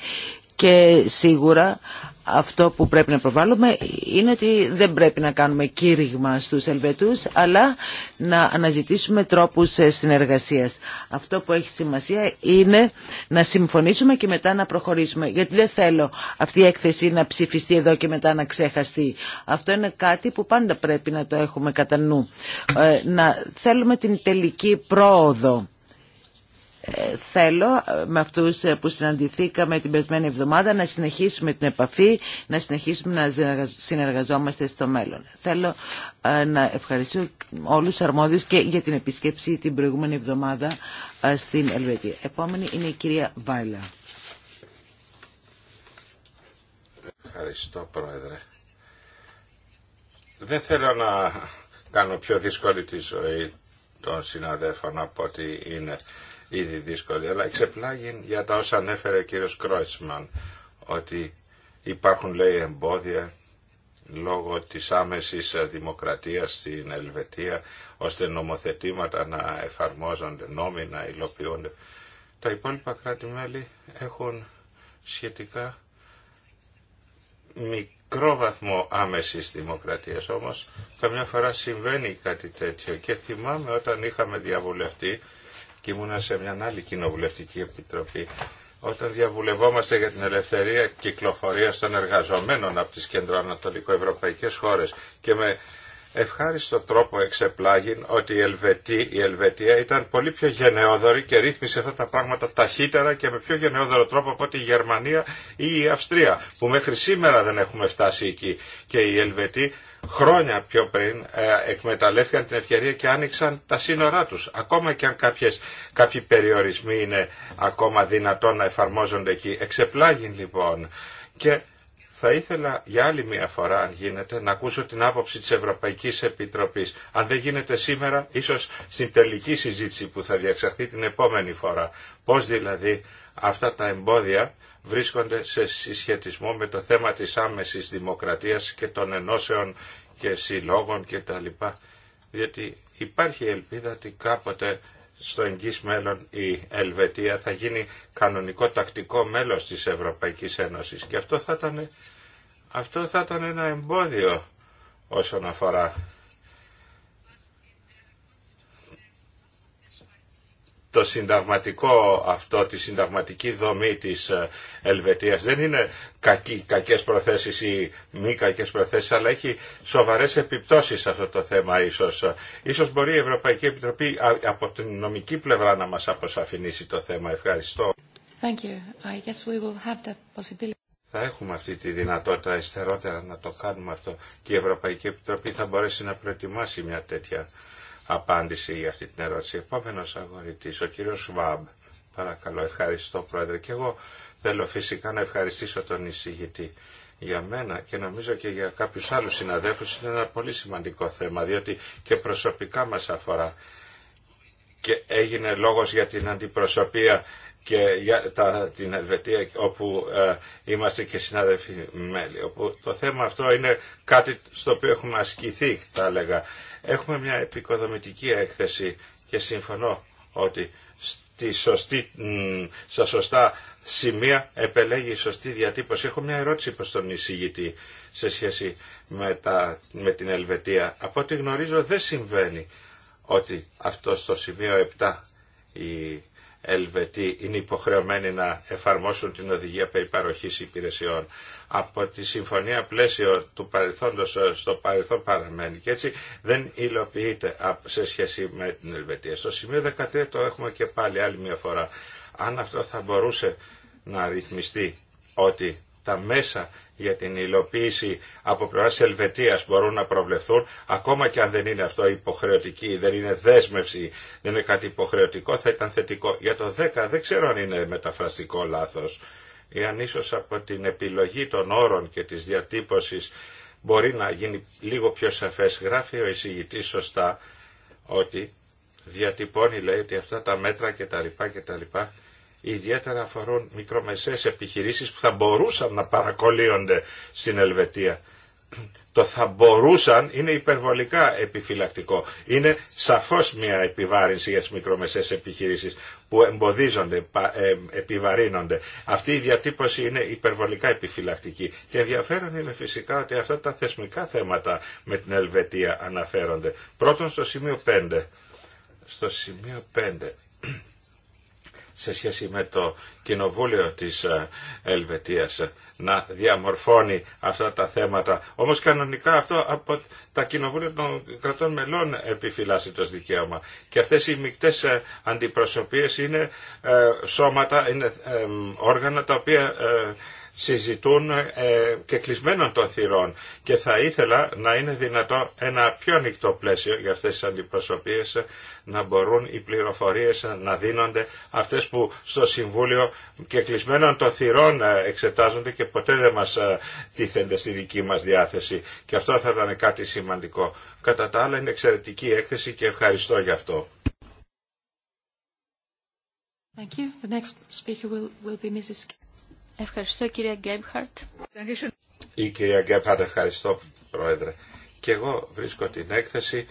και σίγουρα αυτό που πρέπει να προβάλλουμε είναι ότι δεν πρέπει να κάνουμε κήρυγμα στους Ελβετούς αλλά να αναζητήσουμε τρόπους ε, συνεργασίας. Αυτό που έχει σημασία είναι να συμφωνήσουμε και μετά να προχωρήσουμε γιατί δεν θέλω αυτή η έκθεση να ψηφιστεί εδώ και μετά να ξεχαστεί. Αυτό είναι κάτι που πάντα πρέπει να το έχουμε κατά νου. Ε, να θέλουμε την τελική πρόοδο θέλω ε, με αυτούς ε, που συναντηθήκαμε την περισμένη εβδομάδα να συνεχίσουμε την επαφή, να συνεχίσουμε να συνεργαζόμαστε στο μέλλον. Θέλω ε, να ευχαριστήσω όλους τους αρμόδιους και για την επισκέψη την προηγούμενη εβδομάδα στην Ελβετία. Επόμενη είναι η κυρία Βάιλα. Ευχαριστώ Πρόεδρε. Δεν θέλω να κάνω πιο δύσκολη τη ζωή των συναδέφων από ότι είναι ήδη δύσκολη, αλλά εξεπλάγει για τα όσα ανέφερε ο κύριος Κρόιτσμαν, ότι υπάρχουν λέει εμπόδια λόγω της άμεσης δημοκρατίας στην Ελβετία, ώστε νομοθετήματα να εφαρμόζονται, νόμοι να υλοποιούνται. Τα υπόλοιπα κράτη-μέλη έχουν σχετικά μικρό βαθμό άμεσης δημοκρατίας όμως καμιά φορά συμβαίνει κάτι τέτοιο και θυμάμαι όταν είχαμε διαβουλευτεί και ήμουνα σε μια άλλη κοινοβουλευτική επιτροπή όταν διαβουλευόμαστε για την ελευθερία κυκλοφορίας των εργαζομένων από τις κεντροανατολικοευρωπαϊκές χώρες και με ευχάριστο τρόπο εξεπλάγει ότι η, Ελβετή, η Ελβετία ήταν πολύ πιο γενναιόδορη και ρύθμισε αυτά τα πράγματα ταχύτερα και με πιο γενναιόδορο τρόπο από ότι η Γερμανία ή η Αυστρία που μέχρι σήμερα δεν έχουμε φτάσει εκεί και η Ελβετή χρόνια πιο πριν ε, εκμεταλλεύτηκαν την ευκαιρία και άνοιξαν τα σύνορά τους. Ακόμα και αν κάποιες, κάποιοι περιορισμοί είναι ακόμα δυνατόν να εφαρμόζονται εκεί. Εξεπλάγει λοιπόν. Και θα ήθελα για άλλη μια φορά, αν γίνεται, να ακούσω την άποψη της Ευρωπαϊκής Επιτροπής. Αν δεν γίνεται σήμερα, ίσως στην τελική συζήτηση που θα διαξαχθεί την επόμενη φορά. Πώς δηλαδή αυτά τα εμπόδια βρίσκονται σε συσχετισμό με το θέμα της άμεσης δημοκρατίας και των ενώσεων και συλλόγων κτλ. Διότι υπάρχει ελπίδα ότι κάποτε στο εγγύς μέλλον η Ελβετία θα γίνει κανονικό τακτικό μέλος της Ευρωπαϊκής Ένωσης και αυτό θα ήταν, αυτό θα ήταν ένα εμπόδιο όσον αφορά το συνταγματικό αυτό, τη συνταγματική δομή της ε, Ελβετίας. Δεν είναι κακή, κακές προθέσεις ή μη κακές προθέσεις, αλλά έχει σοβαρές επιπτώσεις σε αυτό το θέμα ίσως. Ίσως μπορεί η Ευρωπαϊκή επιπτωσεις αυτο το θεμα ισως από την νομική πλευρά να μας αποσαφηνίσει το θέμα. Ευχαριστώ. Thank you. I guess we will have the possibility. Θα έχουμε αυτή τη δυνατότητα εστερότερα να το κάνουμε αυτό και η Ευρωπαϊκή Επιτροπή θα μπορέσει να προετοιμάσει μια τέτοια απάντηση για αυτή την ερώτηση. Επόμενο αγορητής, ο κύριο Σουάμπ. Παρακαλώ, ευχαριστώ Πρόεδρε. Και εγώ θέλω φυσικά να ευχαριστήσω τον εισηγητή. Για μένα και νομίζω και για κάποιους άλλους συναδέλφους είναι ένα πολύ σημαντικό θέμα, διότι και προσωπικά μας αφορά. Και έγινε λόγος για την αντιπροσωπεία και για την Ελβετία όπου ε, είμαστε και συνάδελφοι μέλη. το θέμα αυτό είναι κάτι στο οποίο έχουμε ασκηθεί, θα έλεγα. Έχουμε μια επικοδομητική έκθεση και συμφωνώ ότι στη σωστή, στα σωστά σημεία επελέγει η σωστή διατύπωση. Έχω μια ερώτηση προς τον εισηγητή σε σχέση με, τα, με την Ελβετία. Από ό,τι γνωρίζω δεν συμβαίνει ότι αυτό στο σημείο 7 η Ελβετοί είναι υποχρεωμένοι να εφαρμόσουν την οδηγία περί παροχής υπηρεσιών. Από τη συμφωνία πλαίσιο του παρελθόντος ε, στο παρελθόν παραμένει και έτσι δεν υλοποιείται σε σχέση με την Ελβετία. Στο σημείο 13 το έχουμε και πάλι άλλη μια φορά. Αν αυτό θα μπορούσε να ρυθμιστεί ότι τα μέσα για την υλοποίηση από πλευρά Ελβετία μπορούν να προβλεφθούν, ακόμα και αν δεν είναι αυτό υποχρεωτική, δεν είναι δέσμευση, δεν είναι κάτι υποχρεωτικό, θα ήταν θετικό. Για το 10 δεν ξέρω αν είναι μεταφραστικό λάθο ή αν ίσω από την επιλογή των όρων και τη διατύπωση μπορεί να γίνει λίγο πιο σαφέ. Γράφει ο εισηγητή σωστά ότι διατυπώνει λέει ότι αυτά τα μέτρα κτλ. κτλ ιδιαίτερα αφορούν μικρομεσαίες επιχειρήσεις που θα μπορούσαν να παρακολύονται στην Ελβετία. Το θα μπορούσαν είναι υπερβολικά επιφυλακτικό. Είναι σαφώς μια επιβάρυνση για τις μικρομεσαίες επιχειρήσεις που εμποδίζονται, ε, επιβαρύνονται. Αυτή η διατύπωση είναι υπερβολικά επιφυλακτική. Και ενδιαφέρον είναι φυσικά ότι αυτά τα θεσμικά θέματα με την Ελβετία αναφέρονται. Πρώτον στο σημείο 5. Στο σημείο 5 σε σχέση με το Κοινοβούλιο της ε, Ελβετίας να διαμορφώνει αυτά τα θέματα. Όμως κανονικά αυτό από τα κοινοβούλια των κρατών μελών επιφυλάσσει το δικαίωμα. Και αυτές οι μεικτές ε, αντιπροσωπείες είναι ε, σώματα, είναι όργανα τα οποία συζητούν ε, και κλεισμένων των θυρών και θα ήθελα να είναι δυνατό ένα πιο ανοιχτό πλαίσιο για αυτές τις αντιπροσωπείες ε, να μπορούν οι πληροφορίες ε, να δίνονται αυτές που στο Συμβούλιο και κλεισμένων των θυρών εξετάζονται και ποτέ δεν μας τίθενται στη δική μας διάθεση και αυτό θα ήταν κάτι σημαντικό. Κατά τα άλλα είναι εξαιρετική έκθεση και ευχαριστώ γι' αυτό. Thank Ευχαριστώ κυρία Γκέμπχαρτ. Η κυρία Γκέμπχαρτ ευχαριστώ πρόεδρε. Και εγώ βρίσκω την έκθεση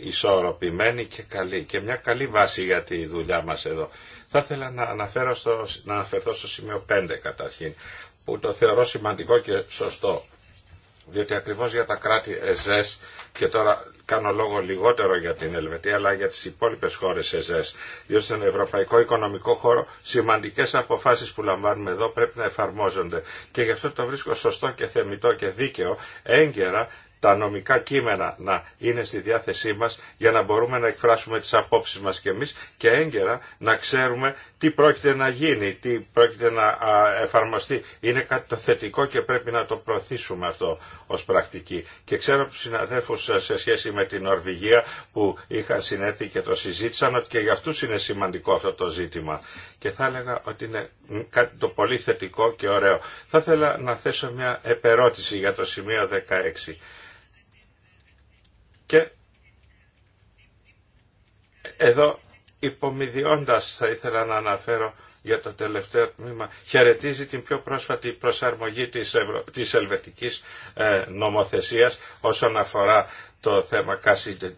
ισορροπημένη και καλή και μια καλή βάση για τη δουλειά μας εδώ. Θα ήθελα να, αναφέρω στο, να αναφερθώ στο σημείο 5 καταρχήν που το θεωρώ σημαντικό και σωστό διότι ακριβώς για τα κράτη ΕΖΕΣ και τώρα κάνω λόγο λιγότερο για την Ελβετία αλλά για τις υπόλοιπες χώρες ΕΖΕΣ. Διότι στον ευρωπαϊκό οικονομικό χώρο σημαντικές αποφάσεις που λαμβάνουμε εδώ πρέπει να εφαρμόζονται. Και γι' αυτό το βρίσκω σωστό και θεμητό και δίκαιο έγκαιρα τα νομικά κείμενα να είναι στη διάθεσή μας για να μπορούμε να εκφράσουμε τις απόψεις μας και εμείς και έγκαιρα να ξέρουμε τι πρόκειται να γίνει, τι πρόκειται να εφαρμοστεί. Είναι κάτι το θετικό και πρέπει να το προωθήσουμε αυτό ως πρακτική. Και ξέρω από τους συναδέλφους σε σχέση με την Ορβηγία που είχαν συνέρθει και το συζήτησαν ότι και για αυτούς είναι σημαντικό αυτό το ζήτημα. Και θα έλεγα ότι είναι κάτι το πολύ θετικό και ωραίο. Θα ήθελα να θέσω μια επερώτηση για το σημείο 16 και εδώ υπομειδιώντας θα ήθελα να αναφέρω για το τελευταίο τμήμα χαιρετίζει την πιο πρόσφατη προσαρμογή της, της ελβετικής ε, νομοθεσίας όσον αφορά το θέμα Κασίτε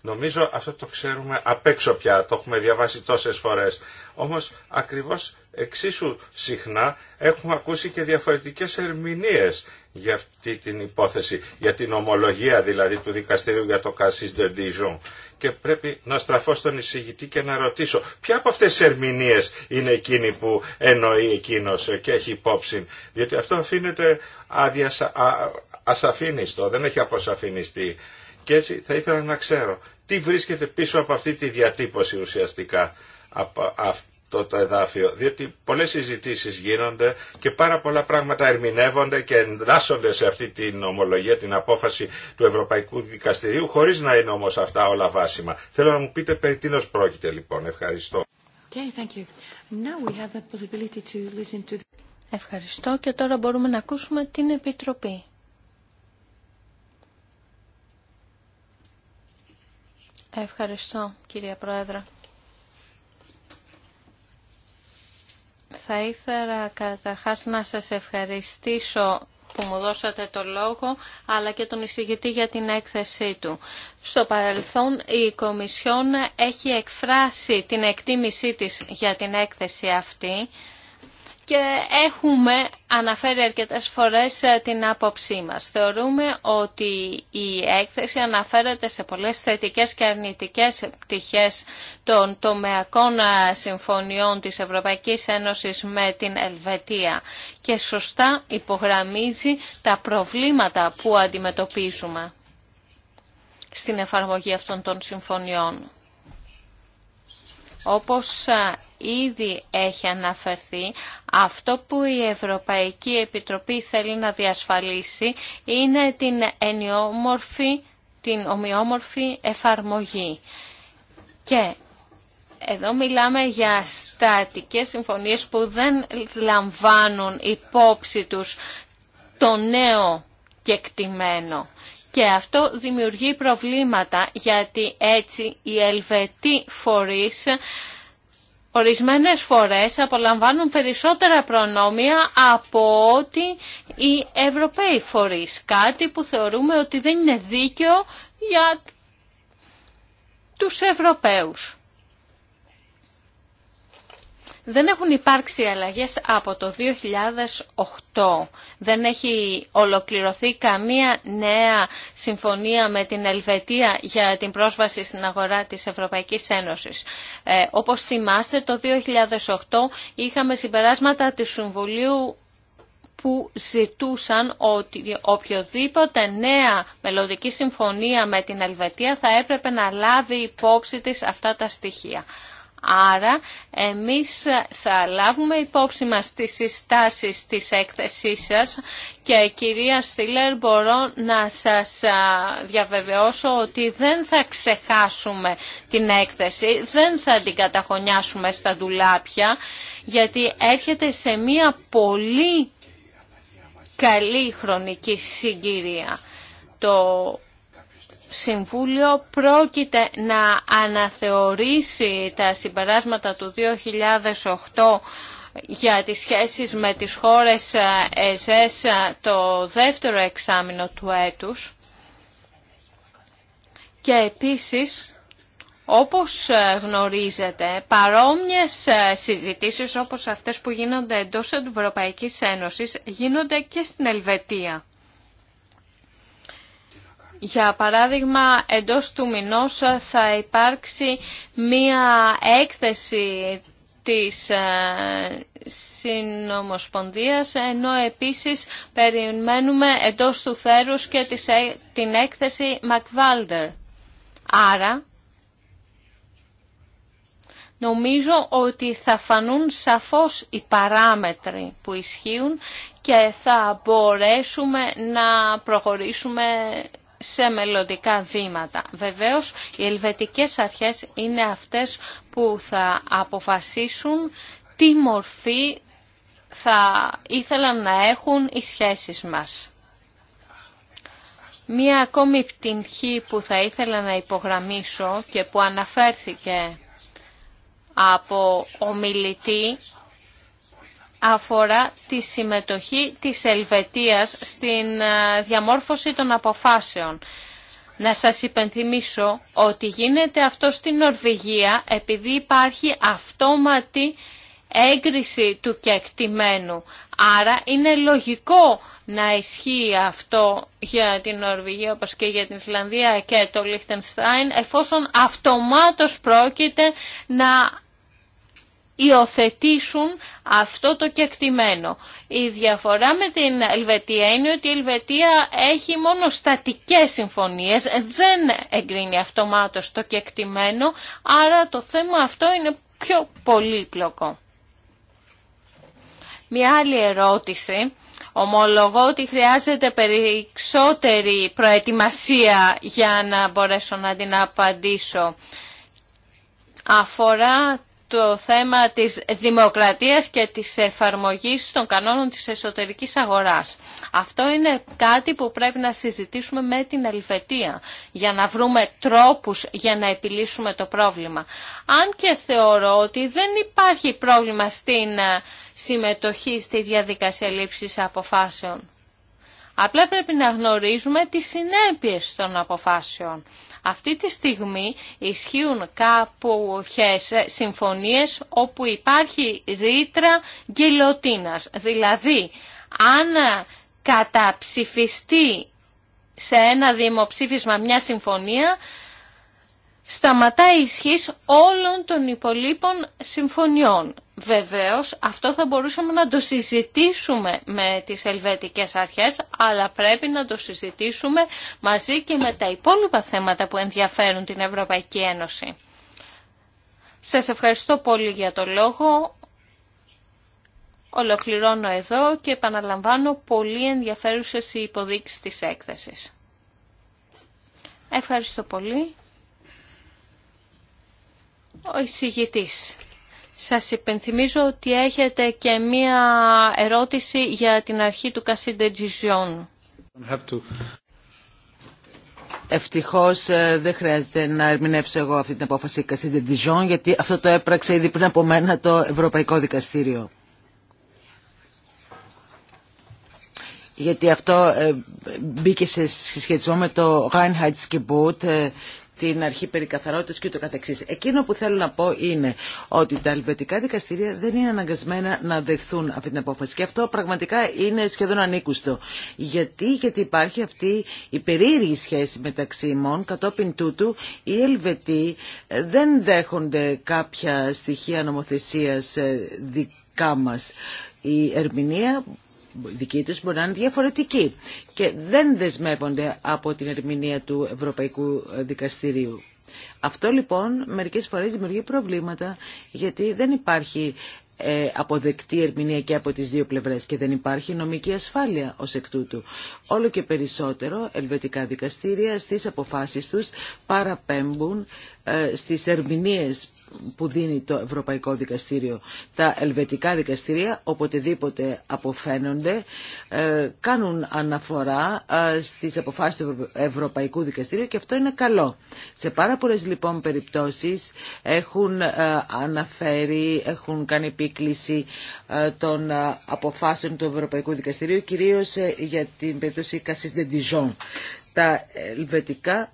Νομίζω αυτό το ξέρουμε απ' έξω πια, το έχουμε διαβάσει τόσες φορές. Όμως ακριβώς εξίσου συχνά έχουμε ακούσει και διαφορετικές ερμηνείες για αυτή την υπόθεση, για την ομολογία δηλαδή του δικαστηρίου για το Cassis de Dijon. Και πρέπει να στραφώ στον εισηγητή και να ρωτήσω ποια από αυτές τις ερμηνείες είναι εκείνη που εννοεί εκείνος και έχει υπόψη. Διότι αυτό αφήνεται ασαφήνιστο, δεν έχει αποσαφινιστεί. Και έτσι θα ήθελα να ξέρω τι βρίσκεται πίσω από αυτή τη διατύπωση ουσιαστικά από αυτό το εδάφιο. Διότι πολλές συζητήσει γίνονται και πάρα πολλά πράγματα ερμηνεύονται και εντάσσονται σε αυτή την ομολογία, την απόφαση του Ευρωπαϊκού Δικαστηρίου, χωρίς να είναι όμως αυτά όλα βάσιμα. Θέλω να μου πείτε περί τίνος πρόκειται λοιπόν. Ευχαριστώ. Okay, Ευχαριστώ και τώρα μπορούμε να ακούσουμε την Επιτροπή. Ευχαριστώ, κυρία Πρόεδρε Θα ήθελα καταρχάς να σας ευχαριστήσω που μου δώσατε το λόγο, αλλά και τον εισηγητή για την έκθεσή του. Στο παρελθόν η Κομισιόν έχει εκφράσει την εκτίμησή της για την έκθεση αυτή και έχουμε αναφέρει αρκετές φορές ε, την άποψή μας. Θεωρούμε ότι η έκθεση αναφέρεται σε πολλές θετικές και αρνητικές πτυχές των τομεακών ε, συμφωνιών της Ευρωπαϊκής Ένωσης με την Ελβετία και σωστά υπογραμμίζει τα προβλήματα που αντιμετωπίζουμε στην εφαρμογή αυτών των συμφωνιών. Όπως ε, ήδη έχει αναφερθεί, αυτό που η Ευρωπαϊκή Επιτροπή θέλει να διασφαλίσει είναι την, ενιόμορφη, την ομοιόμορφη εφαρμογή. Και εδώ μιλάμε για στατικές συμφωνίες που δεν λαμβάνουν υπόψη τους το νέο κεκτημένο. Και αυτό δημιουργεί προβλήματα γιατί έτσι οι Ελβετοί φορείς Ορισμένες φορές απολαμβάνουν περισσότερα προνόμια από ότι οι Ευρωπαίοι φορείς. Κάτι που θεωρούμε ότι δεν είναι δίκαιο για τους Ευρωπαίους. Δεν έχουν υπάρξει αλλαγές από το 2008. Δεν έχει ολοκληρωθεί καμία νέα συμφωνία με την Ελβετία για την πρόσβαση στην αγορά της Ευρωπαϊκής Ένωσης. Ε, όπως θυμάστε, το 2008 είχαμε συμπεράσματα της Συμβουλίου που ζητούσαν ότι οποιοδήποτε νέα μελλοντική συμφωνία με την Ελβετία θα έπρεπε να λάβει υπόψη της αυτά τα στοιχεία. Άρα εμείς θα λάβουμε υπόψη μας τις συστάσεις της έκθεσής σας και κυρία Στήλερ μπορώ να σας διαβεβαιώσω ότι δεν θα ξεχάσουμε την έκθεση, δεν θα την καταχωνιάσουμε στα ντουλάπια γιατί έρχεται σε μία πολύ καλή χρονική συγκυρία. Το Συμβούλιο πρόκειται να αναθεωρήσει τα συμπεράσματα του 2008 για τις σχέσεις με τις χώρες ΕΖΕΣ ε, το δεύτερο εξάμεινο του έτους και επίσης όπως ε, γνωρίζετε, παρόμοιες ε, συζητήσεις όπως αυτές που γίνονται εντός της Ευρωπαϊκής Ένωσης γίνονται και στην Ελβετία. Για παράδειγμα, εντός του μηνός θα υπάρξει μία έκθεση της ε, Συνομοσπονδίας, ενώ επίσης περιμένουμε εντός του θέρους και ε, την έκθεση Μακβάλτερ. Άρα, νομίζω ότι θα φανούν σαφώς οι παράμετροι που ισχύουν και θα μπορέσουμε να προχωρήσουμε σε μελλοντικά βήματα. Βεβαίως, οι ελβετικές αρχές είναι αυτές που θα αποφασίσουν τι μορφή θα ήθελαν να έχουν οι σχέσεις μας. Μία ακόμη πτυχή που θα ήθελα να υπογραμμίσω και που αναφέρθηκε από ομιλητή αφορά τη συμμετοχή της Ελβετίας στην ε, διαμόρφωση των αποφάσεων. Να σας υπενθυμίσω ότι γίνεται αυτό στην Νορβηγία επειδή υπάρχει αυτόματη έγκριση του κεκτημένου. Άρα είναι λογικό να ισχύει αυτό για την Νορβηγία όπως και για την Ισλανδία και το Λίχτενστάιν εφόσον αυτομάτως πρόκειται να υιοθετήσουν αυτό το κεκτημένο. Η διαφορά με την Ελβετία είναι ότι η Ελβετία έχει μόνο στατικές συμφωνίες, δεν εγκρίνει αυτομάτως το κεκτημένο, άρα το θέμα αυτό είναι πιο πολύπλοκο. Μια άλλη ερώτηση. Ομολογώ ότι χρειάζεται περισσότερη προετοιμασία για να μπορέσω να την απαντήσω. Αφορά το θέμα της δημοκρατίας και της εφαρμογής των κανόνων της εσωτερικής αγοράς. Αυτό είναι κάτι που πρέπει να συζητήσουμε με την Ελβετία για να βρούμε τρόπους για να επιλύσουμε το πρόβλημα. Αν και θεωρώ ότι δεν υπάρχει πρόβλημα στην ε, συμμετοχή στη διαδικασία λήψης αποφάσεων. Απλά πρέπει να γνωρίζουμε τις συνέπειες των αποφάσεων. Αυτή τη στιγμή ισχύουν κάπου συμφωνίες όπου υπάρχει ρήτρα γκυλοτίνας. Δηλαδή, αν καταψηφιστεί σε ένα δημοψήφισμα μια συμφωνία, σταματάει η ισχύς όλων των υπολείπων συμφωνιών. Βεβαίως αυτό θα μπορούσαμε να το συζητήσουμε με τις ελβετικές αρχές, αλλά πρέπει να το συζητήσουμε μαζί και με τα υπόλοιπα θέματα που ενδιαφέρουν την Ευρωπαϊκή Ένωση. Σας ευχαριστώ πολύ για το λόγο. Ολοκληρώνω εδώ και επαναλαμβάνω πολύ ενδιαφέρουσες οι υποδείξεις της έκθεσης. Ευχαριστώ πολύ. Ο εισηγητής. Σας υπενθυμίζω ότι έχετε και μία ερώτηση για την αρχή του Κασίντε Τζιζιόν. Ευτυχώς ε, δεν χρειάζεται να ερμηνεύσω εγώ αυτή την απόφαση Κασίντε Τζιζιόν γιατί αυτό το έπραξε ήδη πριν από μένα το Ευρωπαϊκό Δικαστήριο. γιατί αυτό ε, μπήκε σε σχετισμό με το Reinheitsgebot ε, την αρχή περικαθαρότητας και ούτω καθεξής. Εκείνο που θέλω να πω είναι ότι τα ελβετικά δικαστήρια δεν είναι αναγκασμένα να δεχθούν αυτή την απόφαση και αυτό πραγματικά είναι σχεδόν ανήκουστο. Γιατί, γιατί υπάρχει αυτή η περίεργη σχέση μεταξύ ημών κατόπιν τούτου οι Ελβετοί ε, δεν δέχονται κάποια στοιχεία νομοθεσίας ε, δικά μας. Η ερμηνεία δική τους μπορεί να είναι διαφορετική και δεν δεσμεύονται από την ερμηνεία του Ευρωπαϊκού Δικαστηρίου. Αυτό λοιπόν μερικές φορές δημιουργεί προβλήματα γιατί δεν υπάρχει ε, αποδεκτή ερμηνεία και από τις δύο πλευρές και δεν υπάρχει νομική ασφάλεια ως εκ τούτου. Όλο και περισσότερο ελβετικά δικαστήρια στις αποφάσεις τους παραπέμπουν ε, στις ερμηνείες που δίνει το Ευρωπαϊκό Δικαστήριο. Τα ελβετικά δικαστήρια οποτεδήποτε αποφαίνονται ε, κάνουν αναφορά ε, στις αποφάσεις του Ευρωπαϊκού Δικαστήριου και αυτό είναι καλό. Σε πάρα πολλές λοιπόν περιπτώσεις έχουν ε, αναφέρει, έχουν κάνει επίκληση των αποφάσεων του Ευρωπαϊκού Δικαστηρίου κυρίως για την περίπτωση Κασίς de Τα ελβετικά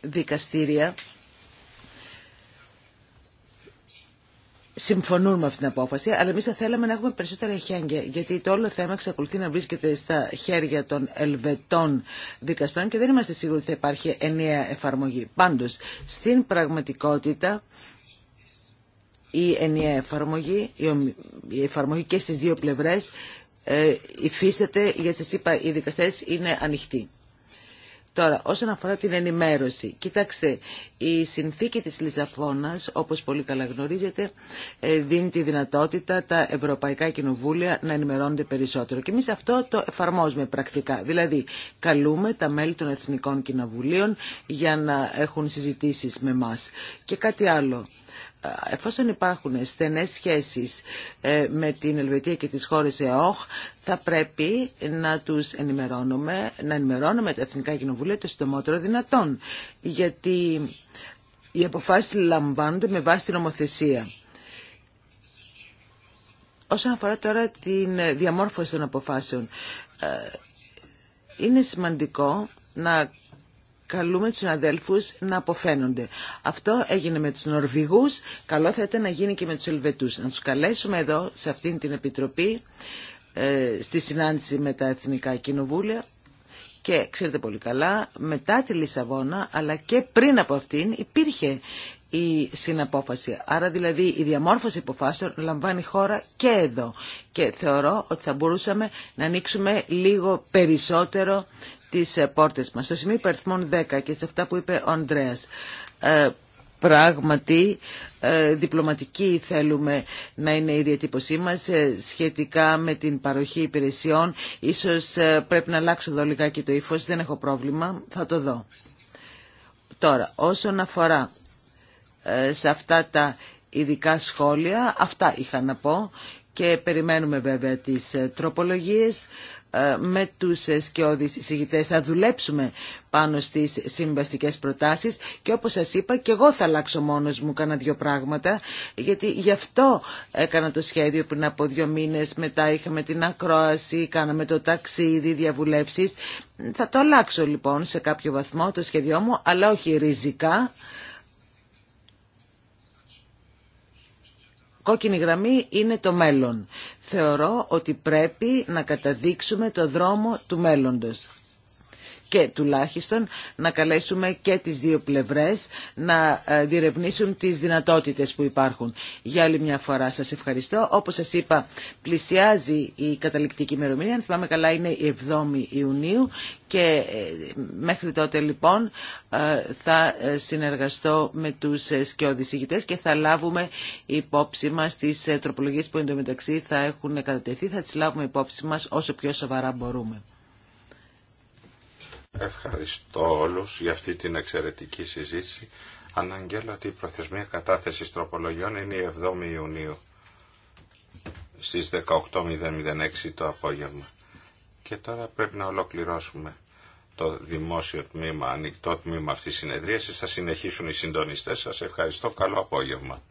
δικαστήρια συμφωνούν με αυτή την απόφαση, αλλά εμεί θα θέλαμε να έχουμε περισσότερα χέρια, γιατί το όλο θέμα εξακολουθεί να βρίσκεται στα χέρια των Ελβετών δικαστών και δεν είμαστε σίγουροι ότι θα υπάρχει ενιαία εφαρμογή. Πάντω, στην πραγματικότητα, η ενιαία εφαρμογή, η εφαρμογή και στις δύο πλευρές, ε, υφίσταται, γιατί σας είπα, οι δικαστές είναι ανοιχτοί. Τώρα, όσον αφορά την ενημέρωση, κοιτάξτε, η συνθήκη της Λιζαφώνας, όπως πολύ καλά γνωρίζετε, ε, δίνει τη δυνατότητα τα Ευρωπαϊκά Κοινοβούλια να ενημερώνονται περισσότερο. Και εμείς αυτό το εφαρμόζουμε πρακτικά. Δηλαδή, καλούμε τα μέλη των Εθνικών Κοινοβουλίων για να έχουν συζητήσεις με μας. Και κάτι άλλο εφόσον υπάρχουν στενές σχέσεις ε, με την Ελβετία και τις χώρες ΕΟΧ, θα πρέπει να τους ενημερώνουμε, να ενημερώνουμε τα Εθνικά Κοινοβούλια το συντομότερο δυνατόν. Γιατί οι αποφάσεις λαμβάνονται με βάση την ομοθεσία. Όσον αφορά τώρα την διαμόρφωση των αποφάσεων, ε, είναι σημαντικό να καλούμε τους αδέλφους να αποφαίνονται. Αυτό έγινε με τους Νορβηγούς, καλό θα ήταν να γίνει και με τους Ελβετούς. Να τους καλέσουμε εδώ, σε αυτήν την Επιτροπή, ε, στη συνάντηση με τα Εθνικά Κοινοβούλια και ξέρετε πολύ καλά, μετά τη Λισαβόνα αλλά και πριν από αυτήν υπήρχε η συναπόφαση. Άρα δηλαδή η διαμόρφωση υποφάσεων λαμβάνει χώρα και εδώ. Και θεωρώ ότι θα μπορούσαμε να ανοίξουμε λίγο περισσότερο τις ε, πόρτες μας. Στο σημείο υπερθμών 10 και σε αυτά που είπε ο Ανδρέας, ε, πράγματι ε, διπλωματική θέλουμε να είναι η διατύπωσή μας σχετικά με την παροχή υπηρεσιών. Ίσως πρέπει να αλλάξω εδώ λιγάκι το ύφος, δεν έχω πρόβλημα, θα το δω. Τώρα, όσον αφορά σε αυτά τα ειδικά σχόλια, αυτά είχα να πω και περιμένουμε βέβαια τις ε, τροπολογίες ε, με τους ε, σκιώδεις συγητές. Θα δουλέψουμε πάνω στις συμβαστικές προτάσεις και όπως σας είπα και εγώ θα αλλάξω μόνος μου κάνα δύο πράγματα γιατί γι' αυτό έκανα το σχέδιο πριν από δύο μήνες μετά είχαμε την ακρόαση, κάναμε το ταξίδι, διαβουλεύσεις θα το αλλάξω λοιπόν σε κάποιο βαθμό το σχέδιό μου αλλά όχι ριζικά κόκκινη γραμμή είναι το μέλλον. Θεωρώ ότι πρέπει να καταδείξουμε το δρόμο του μέλλοντος και τουλάχιστον να καλέσουμε και τις δύο πλευρές να ε, διερευνήσουν τις δυνατότητες που υπάρχουν. Για άλλη μια φορά σας ευχαριστώ. Όπως σας είπα πλησιάζει η καταληκτική ημερομηνία, αν θυμάμαι καλά είναι η 7η Ιουνίου και ε, μέχρι τότε λοιπόν ε, θα συνεργαστώ με τους σκιώδης και θα λάβουμε υπόψη μας τις τροπολογίες που εντωμεταξύ θα έχουν κατατεθεί, θα τις λάβουμε υπόψη μας όσο πιο σοβαρά μπορούμε. Ευχαριστώ όλους για αυτή την εξαιρετική συζήτηση. Αναγγέλλω ότι η προθεσμία κατάθεση τροπολογιών είναι η 7η Ιουνίου στι 18.06 το απόγευμα. Και τώρα πρέπει να ολοκληρώσουμε το δημόσιο τμήμα, ανοιχτό τμήμα αυτής της συνεδρίασης. Θα συνεχίσουν οι συντονιστές σας. Ευχαριστώ. Καλό απόγευμα.